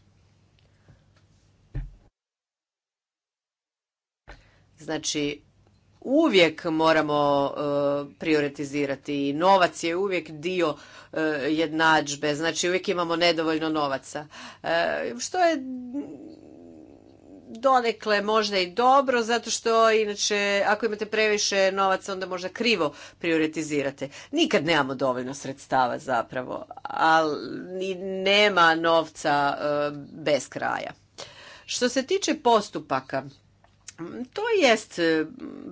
Znači, uvijek moramo e, prioritizirati i novac je uvijek dio e, jednadžbe, znači uvijek imamo nedovoljno novaca. E, što je donekle možda i dobro, zato što inače ako imate previše novaca onda možda krivo prioritizirate. Nikad nemamo dovoljno sredstava zapravo, ali nema novca bez kraja. Što se tiče postupaka, to jest e,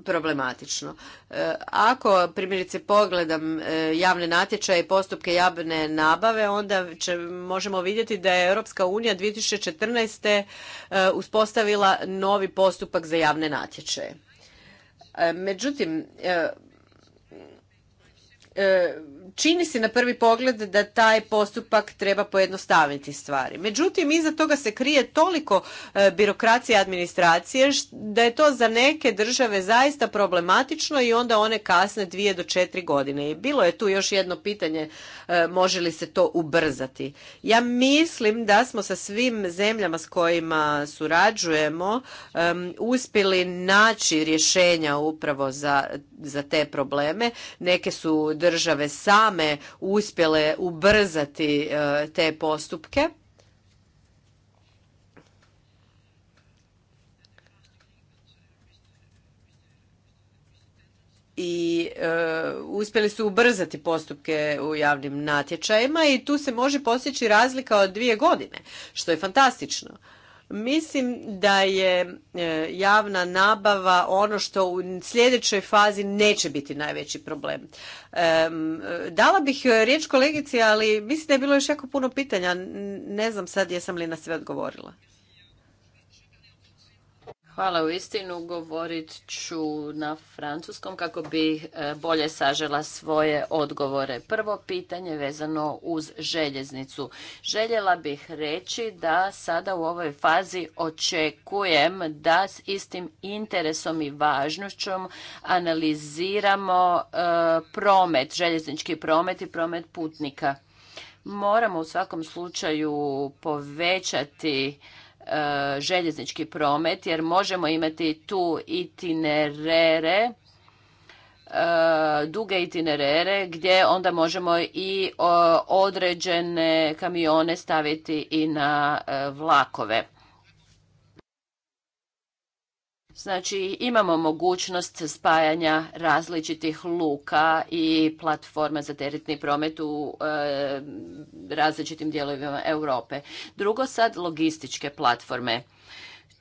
problematično. E, ako primjerice pogledam e, javne natječaje i postupke javne nabave, onda će, možemo vidjeti da je Europska unija 2014. uspostavila novi postupak za javne natječaje. Međutim, E, čini se na prvi pogled da taj postupak treba pojednostaviti stvari. Međutim, iza toga se krije toliko e, birokracije i administracije da je to za neke države zaista problematično i onda one kasne dvije do četiri godine. I bilo je tu još jedno pitanje e, može li se to ubrzati. Ja mislim da smo sa svim zemljama s kojima surađujemo um, uspjeli naći rješenja upravo za, za te probleme. Neke su države same uspjele ubrzati e, te postupke. i e, uspjeli su ubrzati postupke u javnim natječajima i tu se može postići razlika od dvije godine, što je fantastično. Mislim da je e, javna nabava ono što u sljedećoj fazi neće biti najveći problem. Dala bih e, riječ kolegici, ali mislim da je bilo još jako puno pitanja. Ne znam sad jesam li na sve odgovorila. Hvala u istinu. Govorit ću na francuskom kako bi e, bolje sažela svoje odgovore. Prvo pitanje vezano uz željeznicu. Željela bih reći da sada u ovoj fazi očekujem da s istim interesom i važnošćom analiziramo e, promet, željeznički promet i promet putnika. Moramo u svakom slučaju povećati E, željeznički promet jer možemo imati tu itinerere e, duge itinerere gdje onda možemo i određene kamione staviti i na e, vlakove. Znači imamo mogućnost spajanja različitih luka i platforme za teretni promet u e, različitim dijelovima Europe. Drugo sad logističke platforme.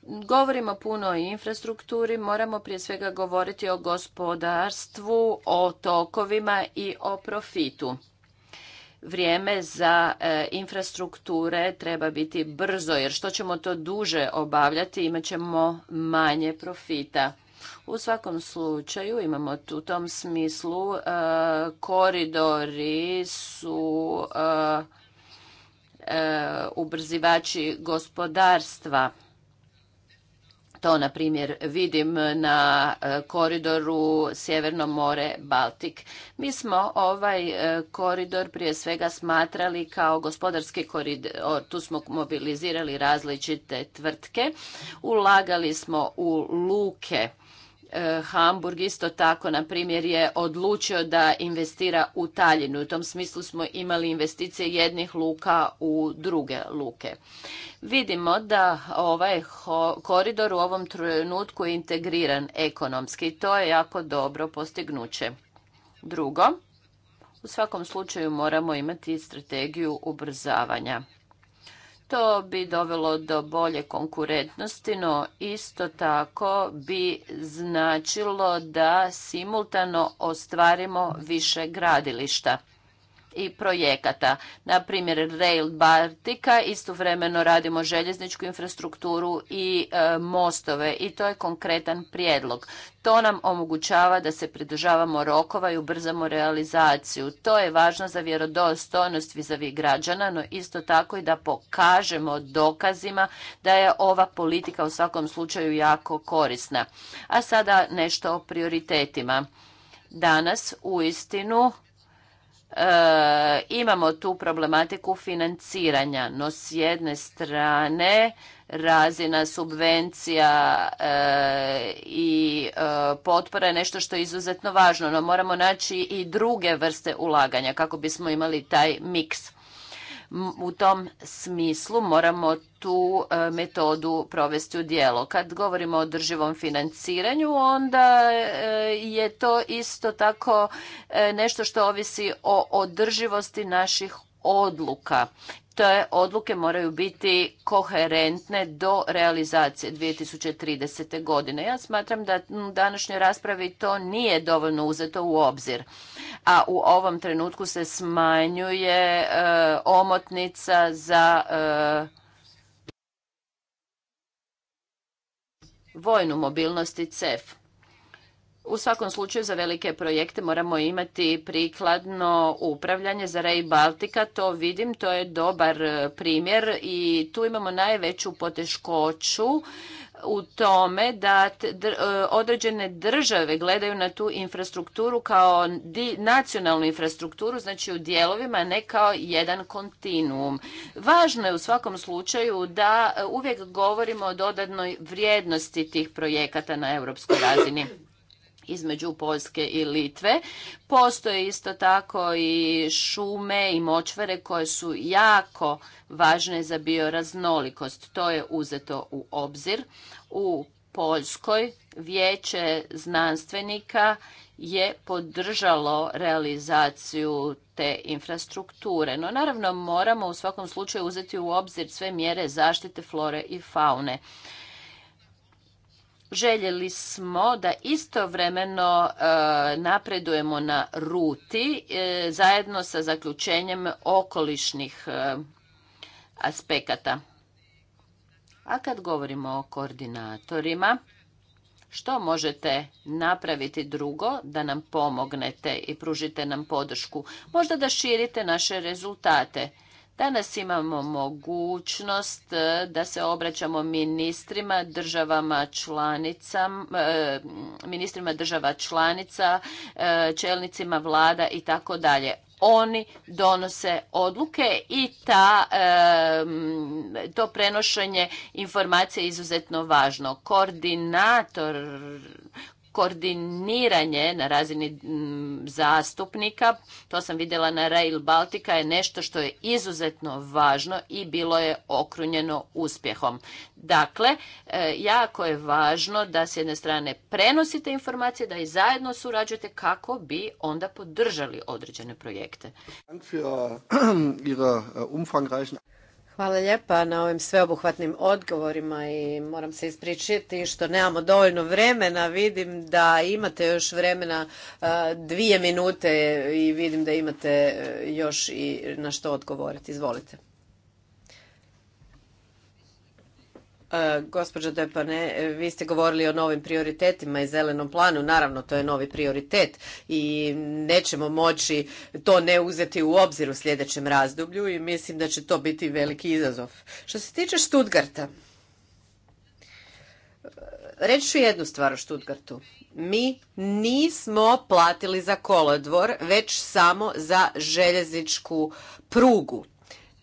Govorimo puno o infrastrukturi, moramo prije svega govoriti o gospodarstvu, o tokovima i o profitu vrijeme za e, infrastrukture treba biti brzo jer što ćemo to duže obavljati imat ćemo manje profita. U svakom slučaju imamo u tom smislu e, koridori su e, ubrzivači gospodarstva to, na primjer, vidim na e, koridoru Sjeverno more Baltik. Mi smo ovaj e, koridor prije svega smatrali kao gospodarski koridor. Tu smo mobilizirali različite tvrtke. Ulagali smo u luke. E, Hamburg isto tako, na primjer, je odlučio da investira u Taljinu. U tom smislu smo imali investicije jednih luka u druge luke. Vidimo da ovaj koridor u ovom trenutku je integriran ekonomski to je jako dobro postignuće. Drugo, u svakom slučaju moramo imati strategiju ubrzavanja. To bi dovelo do bolje konkurentnosti, no isto tako bi značilo da simultano ostvarimo više gradilišta i projekata. Na primjer, Rail Baltica istovremeno radimo željezničku infrastrukturu i e, mostove i to je konkretan prijedlog. To nam omogućava da se pridržavamo rokova i ubrzamo realizaciju. To je važno za vjerodostojnost vizavi građana, no isto tako i da pokažemo dokazima da je ova politika u svakom slučaju jako korisna. A sada nešto o prioritetima. Danas u istinu E, imamo tu problematiku financiranja, no s jedne strane razina subvencija e, i e, potpora je nešto što je izuzetno važno, no moramo naći i druge vrste ulaganja kako bismo imali taj miks. U tom smislu moramo tu e, metodu provesti u djelo. Kad govorimo o drživom financiranju, onda e, je to isto tako e, nešto što ovisi o održivosti naših odluka te odluke moraju biti koherentne do realizacije 2030. godine. Ja smatram da u današnjoj raspravi to nije dovoljno uzeto u obzir, a u ovom trenutku se smanjuje e, omotnica za e, vojnu mobilnost i CEF. U svakom slučaju za velike projekte moramo imati prikladno upravljanje za Rej Baltika, to vidim, to je dobar e, primjer i tu imamo najveću poteškoću u tome da e, određene države gledaju na tu infrastrukturu kao nacionalnu infrastrukturu, znači u dijelovima, ne kao jedan kontinuum. Važno je u svakom slučaju da e, uvijek govorimo o dodatnoj vrijednosti tih projekata na europskoj razini između Poljske i Litve. Postoje isto tako i šume i močvare koje su jako važne za bioraznolikost. To je uzeto u obzir. U Poljskoj vijeće znanstvenika je podržalo realizaciju te infrastrukture. No naravno moramo u svakom slučaju uzeti u obzir sve mjere zaštite flore i faune. Željeli smo da istovremeno e, napredujemo na ruti e, zajedno sa zaključenjem okolišnih e, aspekata. A kad govorimo o koordinatorima, što možete napraviti drugo da nam pomognete i pružite nam podršku? Možda da širite naše rezultate Danas imamo mogućnost e, da se obraćamo ministrima državama članica, e, ministrima država članica, e, čelnicima vlada i tako dalje oni donose odluke i ta, to prenošenje informacije je izuzetno važno. Koordinator, koordiniranje na razini zastupnika, to sam vidjela na Rail Baltica, je nešto što je izuzetno važno i bilo je okrunjeno uspjehom. Dakle, e, jako je važno da s jedne strane prenosite informacije, da i zajedno surađujete kako bi onda podržali određene projekte. Äh, Hvala lijepa na ovim sveobuhvatnim odgovorima i moram se ispričati što nemamo dovoljno vremena. Vidim da imate još vremena dvije minute i vidim da imate e, još i na što odgovoriti. Izvolite. E, gospođo Depane, vi ste govorili o novim prioritetima i zelenom planu. Naravno, to je novi prioritet i nećemo moći to ne uzeti u obzir u sljedećem razdoblju i mislim da će to biti veliki izazov. Što se tiče Študgarta, reći ću jednu stvar o Študgartu. Mi nismo platili za kolodvor, već samo za željezničku prugu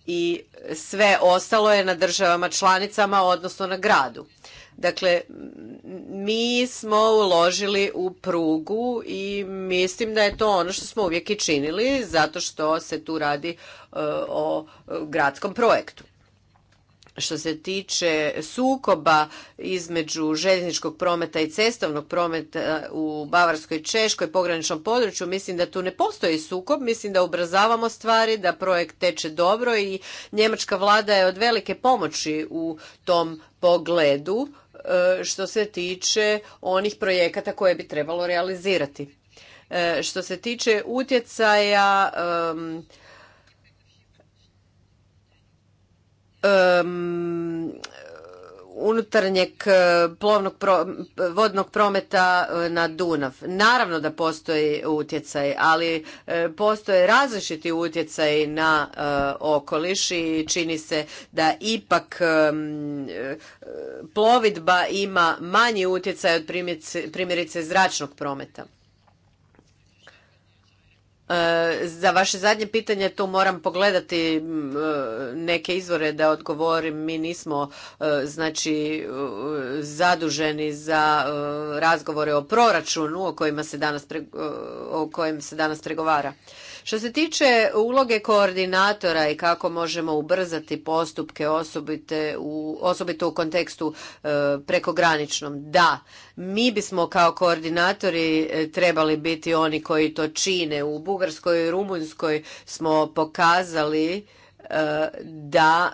i sve ostalo je na državama članicama, odnosno na gradu. Dakle, mi smo uložili u prugu i mislim da je to ono što smo uvijek i činili, zato što se tu radi e, o gradskom projektu što se tiče sukoba između željezničkog prometa i cestovnog prometa u Bavarskoj i Češkoj pograničnom području, mislim da tu ne postoji sukob, mislim da ubrzavamo stvari, da projekt teče dobro i njemačka vlada je od velike pomoći u tom pogledu e, što se tiče onih projekata koje bi trebalo realizirati. E, što se tiče utjecaja Um, unutarnjeg uh, vodnog prometa uh, na Dunav. Naravno da postoji utjecaj, ali uh, postoje različiti utjecaj na okoliš i čini se da ipak um, plovidba ima manji utjecaj od primjerice zračnog prometa. E, za vaše zadnje pitanje tu moram pogledati e, neke izvore da odgovorim. Mi nismo e, znači zaduženi za razgovore o proračunu o kojima se danas o kojem se danas pregovara. Što se tiče uloge koordinatora i kako možemo ubrzati postupke osobite u, osobito u kontekstu e, prekograničnom, da, mi bismo kao koordinatori e, trebali biti oni koji to čine. U Bugarskoj i Rumunjskoj smo pokazali e, da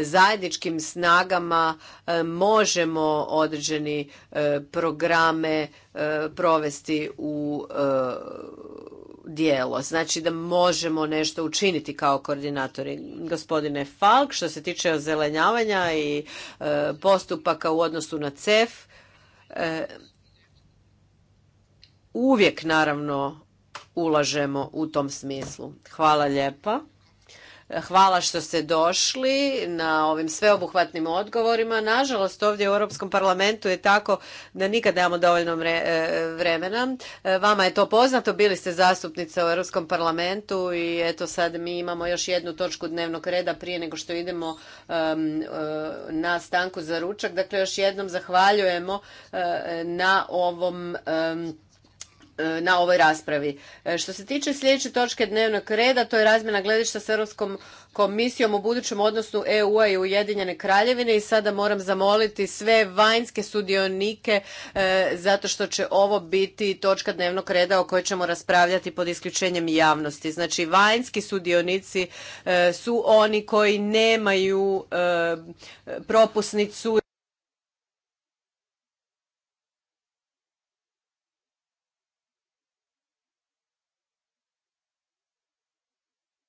zajedničkim snagama možemo određeni programe provesti u djelo, Znači da možemo nešto učiniti kao koordinatori. Gospodine Falk, što se tiče ozelenjavanja i e, postupaka u odnosu na CEF, e, uvijek naravno ulažemo u tom smislu. Hvala lijepa. Hvala što ste došli na ovim sveobuhvatnim odgovorima. Nažalost, ovdje u Europskom parlamentu je tako da nikad nemamo dovoljno e, vremena. E, vama je to poznato, bili ste zastupnica u Europskom parlamentu i eto sad mi imamo još jednu točku dnevnog reda prije nego što idemo e, na stanku za ručak. Dakle, još jednom zahvaljujemo na ovom E, na ovoj raspravi. E, što se tiče sljedeće točke dnevnog reda, to je razmjena gledišta s Europskom komisijom u budućem odnosu EU-a i Ujedinjene kraljevine i sada moram zamoliti sve vanjske sudionike e, zato što će ovo biti točka dnevnog reda o kojoj ćemo raspravljati pod isključenjem javnosti. Znači, vanjski sudionici su oni koji nemaju propusnicu